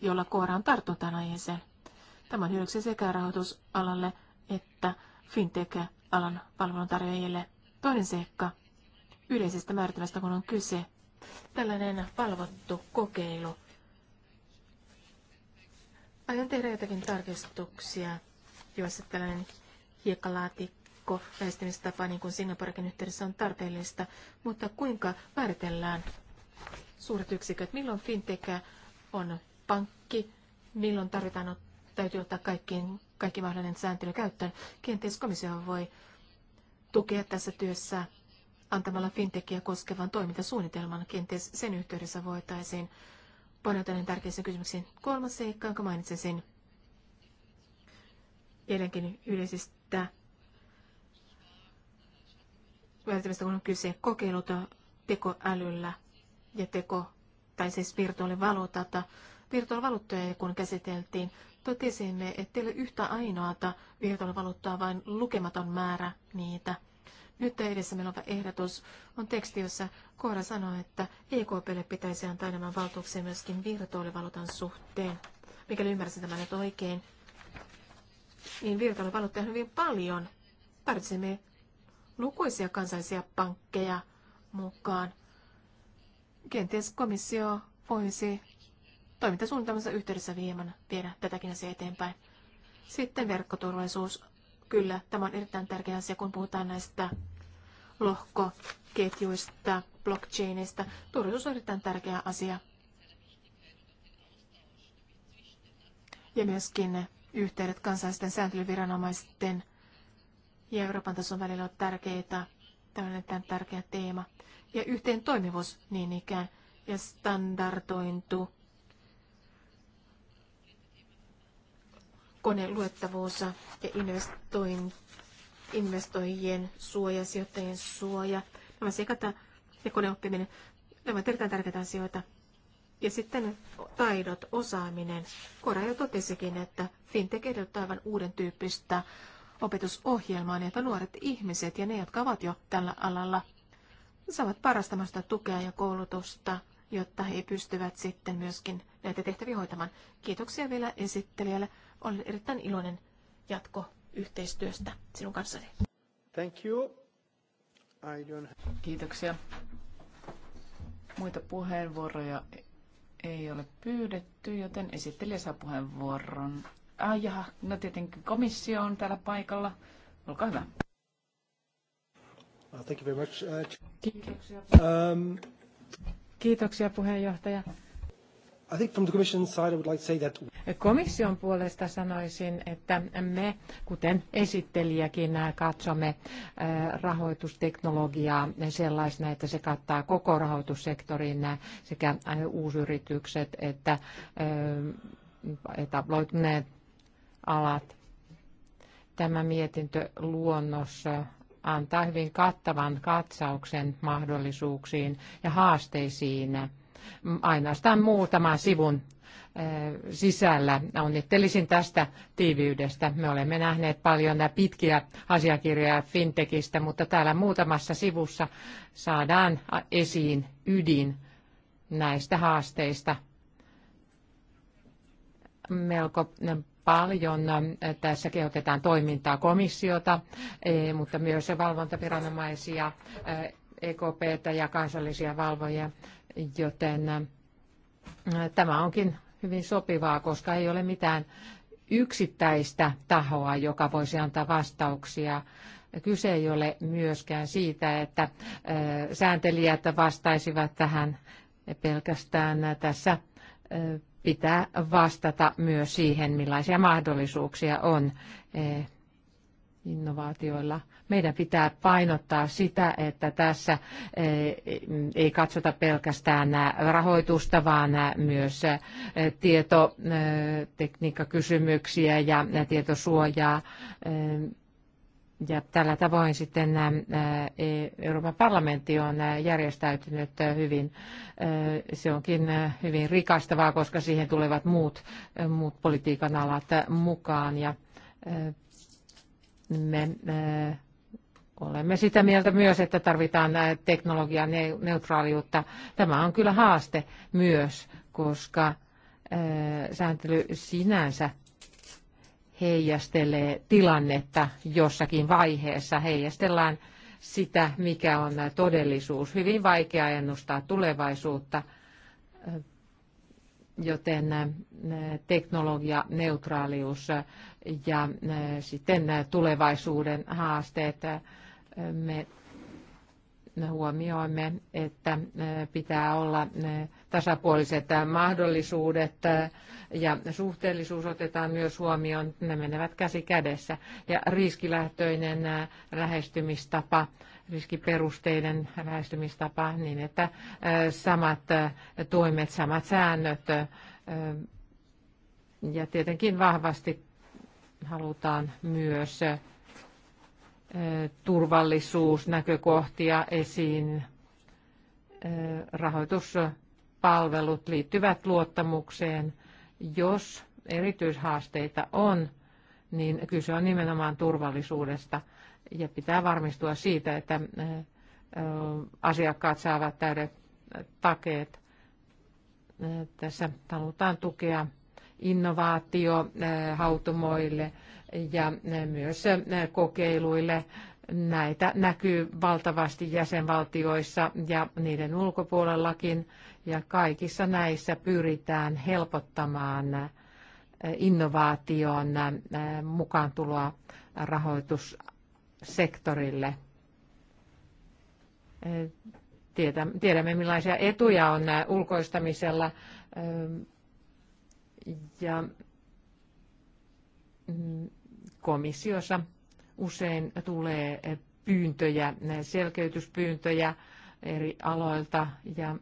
jolla kooraan tartutaan aiheeseen. Tämä on hyödyksi sekä rahoitusalalle että fintech-alan palveluntarjoajille. Toinen seikka yleisestä määritelmästä, kun on kyse. Tällainen valvottu kokeilu. Aion tehdä jotakin tarkistuksia, joissa tällainen hiekkalaatikko joukko lähestymistapa, niin kuin Singaporekin yhteydessä on tarpeellista, mutta kuinka määritellään suuret yksiköt, milloin fintech on pankki, milloin tarvitaan, täytyy ottaa kaikkiin, kaikki mahdollinen sääntely käyttöön. Kenties komissio voi tukea tässä työssä antamalla fintekiä koskevan toimintasuunnitelman. Kenties sen yhteydessä voitaisiin paneutua tärkeisiin kysymyksiin. Kolmas seikka, jonka mainitsisin, eilenkin yleisistä välttämättä kun on kyse kokeilut tekoälyllä ja teko, tai siis virtuaalivaluutata, virtuaalivaluuttoja kun käsiteltiin, totesimme, ettei ole yhtä ainoata virtuaalivaluuttaa, vain lukematon määrä niitä. Nyt edessä meillä oleva ehdotus on teksti, jossa Koora sanoo, että EKPlle pitäisi antaa enemmän valtuuksia myöskin virtuaalivaluutan suhteen. Mikäli ymmärsin tämän nyt oikein, niin virtuaalivaluutteja on hyvin paljon. Tarvitsemme lukuisia kansallisia pankkeja mukaan. Kenties komissio voisi toimintasuunnitelmansa yhteydessä viemän viedä tätäkin asiaa eteenpäin. Sitten verkkoturvallisuus. Kyllä, tämä on erittäin tärkeä asia, kun puhutaan näistä lohkoketjuista, blockchainista. Turvallisuus on erittäin tärkeä asia. Ja myöskin yhteydet kansallisten sääntelyviranomaisten ja Euroopan tason välillä on tärkeää, Tämä on tärkeä teema. Ja yhteen toimivuus niin ikään ja standardointu. Koneluettavuus ja investoin, investoijien suoja, sijoittajien suoja. Nämä sekata ja koneoppiminen, nämä ovat erittäin tärkeitä asioita. Ja sitten taidot, osaaminen. Kora jo totesikin, että fintech edellyttää aivan uuden tyyppistä opetusohjelmaan, jota nuoret ihmiset ja ne, jotka ovat jo tällä alalla, saavat parastamasta tukea ja koulutusta, jotta he pystyvät sitten myöskin näitä tehtäviä hoitamaan. Kiitoksia vielä esittelijälle. Olen erittäin iloinen jatko yhteistyöstä sinun kanssasi. Thank you. I don't... Kiitoksia. Muita puheenvuoroja ei ole pyydetty, joten esittelijä saa puheenvuoron. Ai jaha, no tietenkin komissio on täällä paikalla. Olkaa hyvä. Uh, thank you very much. Uh, Kiitoksia. Um, Kiitoksia puheenjohtaja. I think from the commission side I would like to say that... Komission puolesta sanoisin, että me, kuten esittelijäkin, katsomme uh, rahoitusteknologiaa sellaisena, että se kattaa koko rahoitussektorin sekä uusyritykset että etabloituneet alat. Tämä mietintö luonnos antaa hyvin kattavan katsauksen mahdollisuuksiin ja haasteisiin ainoastaan muutaman sivun eh, sisällä. Onnittelisin tästä tiiviydestä. Me olemme nähneet paljon nämä pitkiä asiakirjoja fintekistä, mutta täällä muutamassa sivussa saadaan esiin ydin näistä haasteista. Melko paljon. Tässä kehotetaan toimintaa komissiota, e, mutta myös valvontaviranomaisia, EKP e ja kansallisia valvojia, joten e, tämä onkin hyvin sopivaa, koska ei ole mitään yksittäistä tahoa, joka voisi antaa vastauksia. Kyse ei ole myöskään siitä, että sääntelijät vastaisivat tähän pelkästään tässä pitää vastata myös siihen, millaisia mahdollisuuksia on eh, innovaatioilla. Meidän pitää painottaa sitä, että tässä eh, ei katsota pelkästään rahoitusta, vaan myös eh, tietotekniikkakysymyksiä ja tietosuojaa. Ja tällä tavoin sitten Euroopan parlamentti on järjestäytynyt hyvin. Se onkin hyvin rikastavaa, koska siihen tulevat muut, muut politiikan alat mukaan. Ja me olemme sitä mieltä myös, että tarvitaan teknologian neutraaliutta. Tämä on kyllä haaste myös, koska sääntely sinänsä heijastelee tilannetta jossakin vaiheessa. Heijastellaan sitä, mikä on todellisuus. Hyvin vaikea ennustaa tulevaisuutta, joten teknologianeutraalius ja sitten tulevaisuuden haasteet. Me huomioimme, että pitää olla ne tasapuoliset mahdollisuudet ja suhteellisuus otetaan myös huomioon. Ne menevät käsi kädessä. Ja riskilähtöinen lähestymistapa riskiperusteinen lähestymistapa niin, että äh, samat äh, toimet, samat säännöt äh, ja tietenkin vahvasti halutaan myös turvallisuusnäkökohtia esiin rahoitus palvelut liittyvät luottamukseen. Jos erityishaasteita on, niin kyse on nimenomaan turvallisuudesta ja pitää varmistua siitä, että asiakkaat saavat täydet takeet. Tässä halutaan tukea innovaatio hautomoille ja myös kokeiluille Näitä näkyy valtavasti jäsenvaltioissa ja niiden ulkopuolellakin, ja kaikissa näissä pyritään helpottamaan innovaation mukaantuloa rahoitussektorille. Tiedämme, millaisia etuja on ulkoistamisella ja mm, komissiossa usein tulee pyyntöjä, selkeytyspyyntöjä eri aloilta ja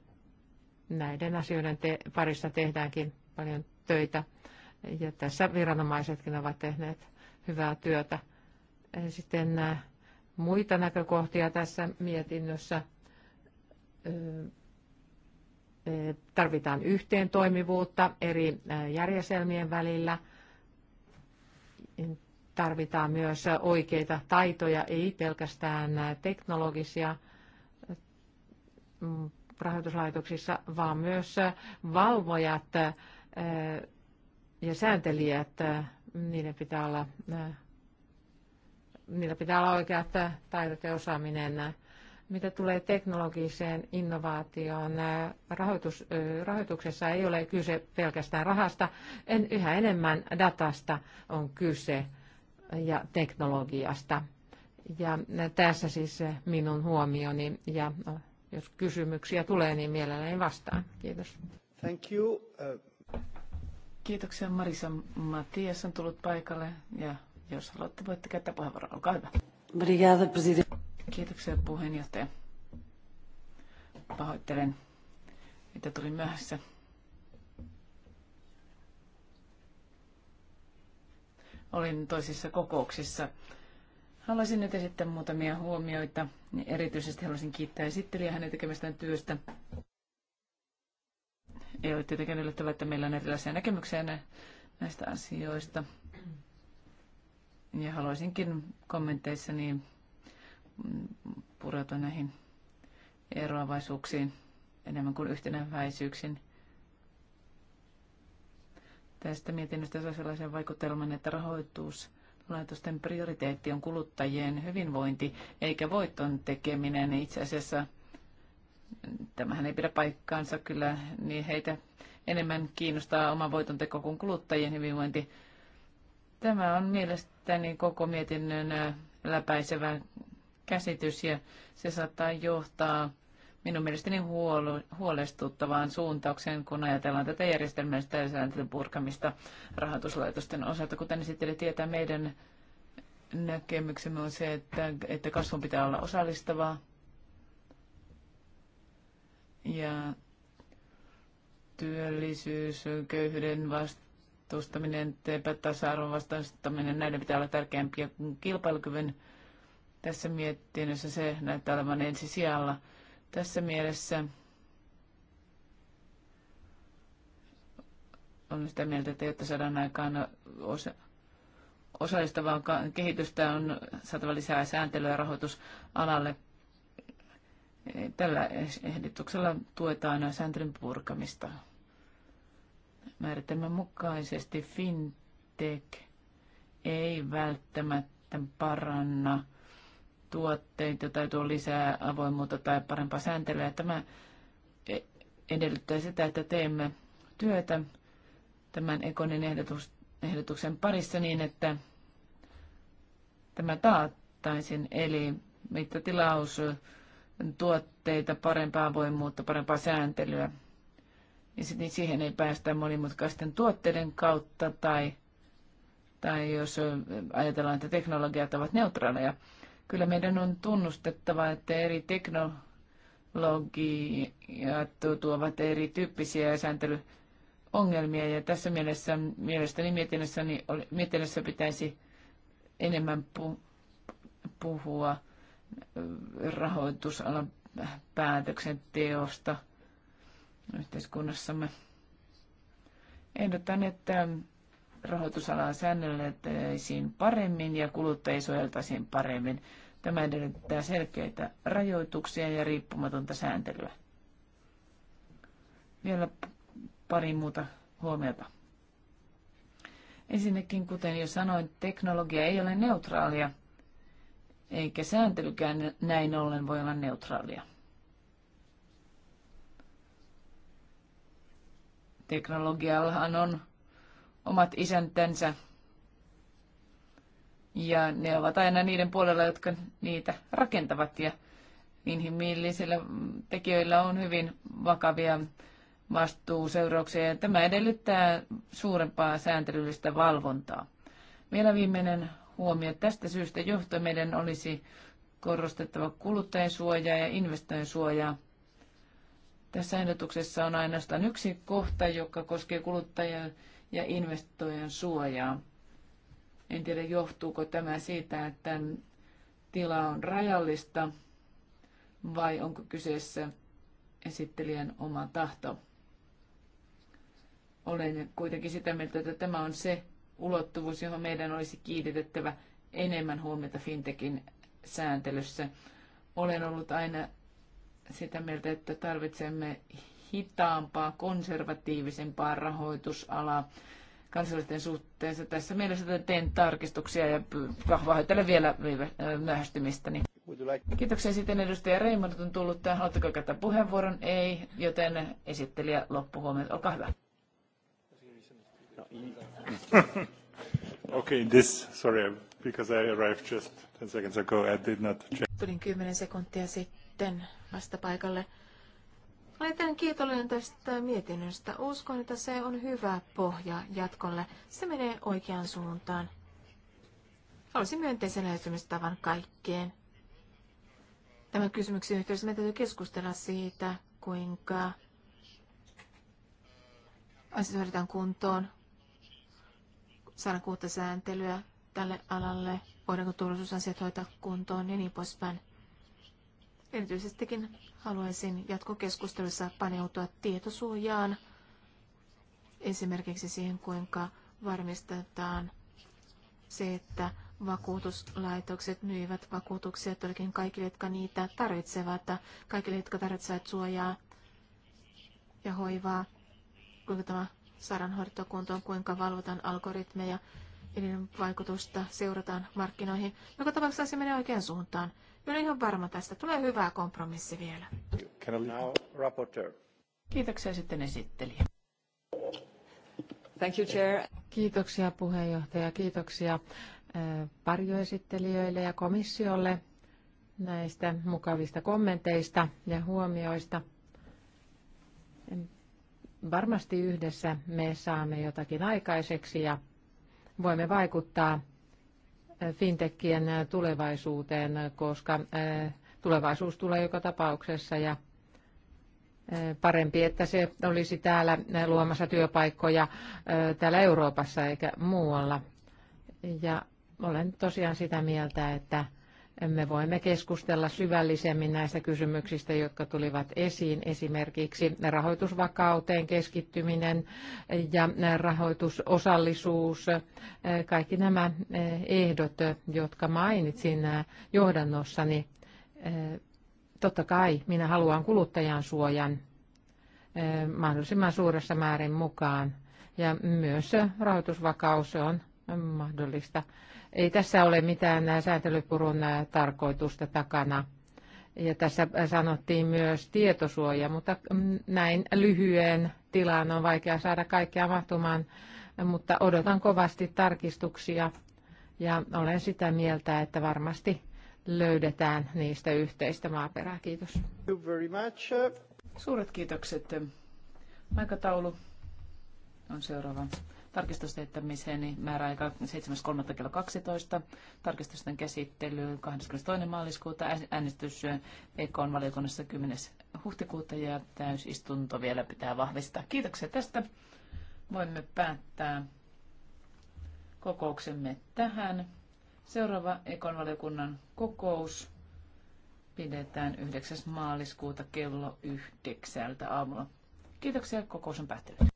näiden asioiden te- parissa tehdäänkin paljon töitä. Ja tässä viranomaisetkin ovat tehneet hyvää työtä. Sitten äh, muita näkökohtia tässä mietinnössä. Tarvitaan yhteen toimivuutta eri äh, järjestelmien välillä tarvitaan myös oikeita taitoja, ei pelkästään teknologisia rahoituslaitoksissa, vaan myös valvojat ja sääntelijät, niiden pitää olla, niillä pitää olla oikeat taidot ja osaaminen. Mitä tulee teknologiseen innovaatioon, rahoitus, rahoituksessa ei ole kyse pelkästään rahasta, en yhä enemmän datasta on kyse ja teknologiasta. Ja tässä siis minun huomioni ja jos kysymyksiä tulee, niin mielelläni vastaan. Kiitos. Thank you. Kiitoksia Marisa Matias on tullut paikalle ja jos haluatte, voitte käyttää puheenvuoron. Olkaa hyvä. Brigada, Kiitoksia puheenjohtaja. Pahoittelen, että tulin myöhässä. olin toisissa kokouksissa. Haluaisin nyt esittää muutamia huomioita. Erityisesti haluaisin kiittää esittelijä hänen tekemästään työstä. Ei ole tietenkään yllättävää, että meillä on erilaisia näkemyksiä näistä asioista. Ja haluaisinkin kommenteissani pureutua näihin eroavaisuuksiin enemmän kuin yhtenäväisyyksiin. Tästä mietinnöstä saa sellaisen vaikutelman, että rahoitus laitosten prioriteetti on kuluttajien hyvinvointi eikä voiton tekeminen. Itse asiassa tämähän ei pidä paikkaansa kyllä, niin heitä enemmän kiinnostaa oma teko kuin kuluttajien hyvinvointi. Tämä on mielestäni koko mietinnön läpäisevä käsitys ja se saattaa johtaa minun mielestäni huolestuttavaan suuntaukseen, kun ajatellaan tätä järjestelmällistä ja sääntelyn purkamista rahoituslaitosten osalta. Kuten esitteli tietää, meidän näkemyksemme on se, että, että kasvun pitää olla osallistavaa ja työllisyys, köyhyyden vastustaminen, epätasa-arvon vastustaminen, näiden pitää olla tärkeämpiä kuin kilpailukyvyn tässä miettinnössä se näyttää olevan ensisijalla. sijalla tässä mielessä on sitä mieltä, että jotta saadaan aikaan osa, osallistavaa kehitystä, on saatava lisää sääntelyä rahoitusalalle. Tällä ehdotuksella tuetaan sääntelyn purkamista. Määritelmän mukaisesti fintech ei välttämättä paranna tuotteita tai tuo lisää avoimuutta tai parempaa sääntelyä. Tämä edellyttää sitä, että teemme työtä tämän Ekonin ehdotuksen parissa niin, että tämä taattaisin, eli mittatilaus, tuotteita, parempaa avoimuutta, parempaa sääntelyä. Ja sitten niin siihen ei päästä monimutkaisten tuotteiden kautta tai, tai jos ajatellaan, että teknologiat ovat neutraaleja. Kyllä meidän on tunnustettava, että eri teknologiat tuovat erityyppisiä sääntelyongelmia ja tässä mielessä mielestäni mietinnössäni, mietinnössä pitäisi enemmän pu- puhua rahoitusalan päätöksenteosta yhteiskunnassamme. Ehdotan, että rahoitusalaa säännellettäisiin paremmin ja kuluttajia suojeltaisiin paremmin. Tämä edellyttää selkeitä rajoituksia ja riippumatonta sääntelyä. Vielä pari muuta huomiota. Ensinnäkin, kuten jo sanoin, teknologia ei ole neutraalia, eikä sääntelykään näin ollen voi olla neutraalia. Teknologiallahan on omat isäntänsä. Ja ne ovat aina niiden puolella, jotka niitä rakentavat. Ja inhimillisillä tekijöillä on hyvin vakavia vastuuseurauksia. Ja tämä edellyttää suurempaa sääntelyllistä valvontaa. Vielä viimeinen huomio. Tästä syystä johto meidän olisi korostettava kuluttajansuojaa ja suojaa. Tässä ehdotuksessa on ainoastaan yksi kohta, joka koskee kuluttajaa ja investoijan suojaa. En tiedä, johtuuko tämä siitä, että tila on rajallista vai onko kyseessä esittelijän oma tahto. Olen kuitenkin sitä mieltä, että tämä on se ulottuvuus, johon meidän olisi kiinnitettävä enemmän huomiota fintekin sääntelyssä. Olen ollut aina sitä mieltä, että tarvitsemme hitaampaa, konservatiivisempaa rahoitusalaa kansallisten suhteessa. Tässä mielessä teen tarkistuksia ja pahoittelen vielä äh, myöhästymistä. Kiitoksia sitten edustaja Reimond on tullut tähän. Haluatteko käyttää puheenvuoron? Ei, joten esittelijä loppuhuomioon. Olkaa hyvä. No, okay, this, sorry, because I arrived just 10 seconds ago, I did not check. Tulin 10 sekuntia sitten vasta paikalle. Olen kiitollinen tästä mietinnöstä. Uskon, että se on hyvä pohja jatkolle. Se menee oikeaan suuntaan. Haluaisin myönteisen lähestymistavan kaikkeen. Tämän kysymyksen yhteydessä meidän täytyy keskustella siitä, kuinka asiat hoidetaan kuntoon, saadaan kuutta sääntelyä tälle alalle, voidaanko turvallisuusasiat hoitaa kuntoon ja niin poispäin. Erityisestikin haluaisin jatkokeskustelussa paneutua tietosuojaan, esimerkiksi siihen, kuinka varmistetaan se, että vakuutuslaitokset myyvät vakuutuksia todellakin kaikille, jotka niitä tarvitsevat, kaikille, jotka tarvitsevat suojaa ja hoivaa, kuinka tämä on kuinka valvotaan algoritmeja ja niiden vaikutusta seurataan markkinoihin. Joka tapauksessa se menee oikeaan suuntaan. Mä olen ihan varma tästä. Tulee hyvää kompromissi vielä. Kiitoksia sitten esittelijä. Thank you, Chair. Kiitoksia puheenjohtaja, kiitoksia parjoesittelijöille eh, ja komissiolle näistä mukavista kommenteista ja huomioista. Varmasti yhdessä me saamme jotakin aikaiseksi ja voimme vaikuttaa fintechien tulevaisuuteen, koska eh, tulevaisuus tulee joka tapauksessa ja eh, parempi, että se olisi täällä eh, luomassa työpaikkoja täällä Euroopassa eikä muualla. Ja olen tosiaan sitä mieltä, että me voimme keskustella syvällisemmin näistä kysymyksistä, jotka tulivat esiin, esimerkiksi rahoitusvakauteen keskittyminen ja rahoitusosallisuus, kaikki nämä ehdot, jotka mainitsin johdannossani. Totta kai minä haluan kuluttajan suojan mahdollisimman suuressa määrin mukaan ja myös rahoitusvakaus on mahdollista ei tässä ole mitään sääntelypurun tarkoitusta takana. Ja tässä sanottiin myös tietosuoja, mutta mm, näin lyhyen tilaan on vaikea saada kaikkea mahtumaan, mutta odotan kovasti tarkistuksia ja olen sitä mieltä, että varmasti löydetään niistä yhteistä maaperää. Kiitos. Suuret kiitokset. Aikataulu on seuraava. Tarkistusteettämiseen määräaika 7.3. kello 12. Tarkistusten käsittely 22. maaliskuuta. Äänestys on valiokunnassa 10. huhtikuuta ja täysistunto vielä pitää vahvistaa. Kiitoksia tästä. Voimme päättää kokouksemme tähän. Seuraava EKn valiokunnan kokous pidetään 9. maaliskuuta kello yhdeksältä aamulla. Kiitoksia, kokous on päättynyt.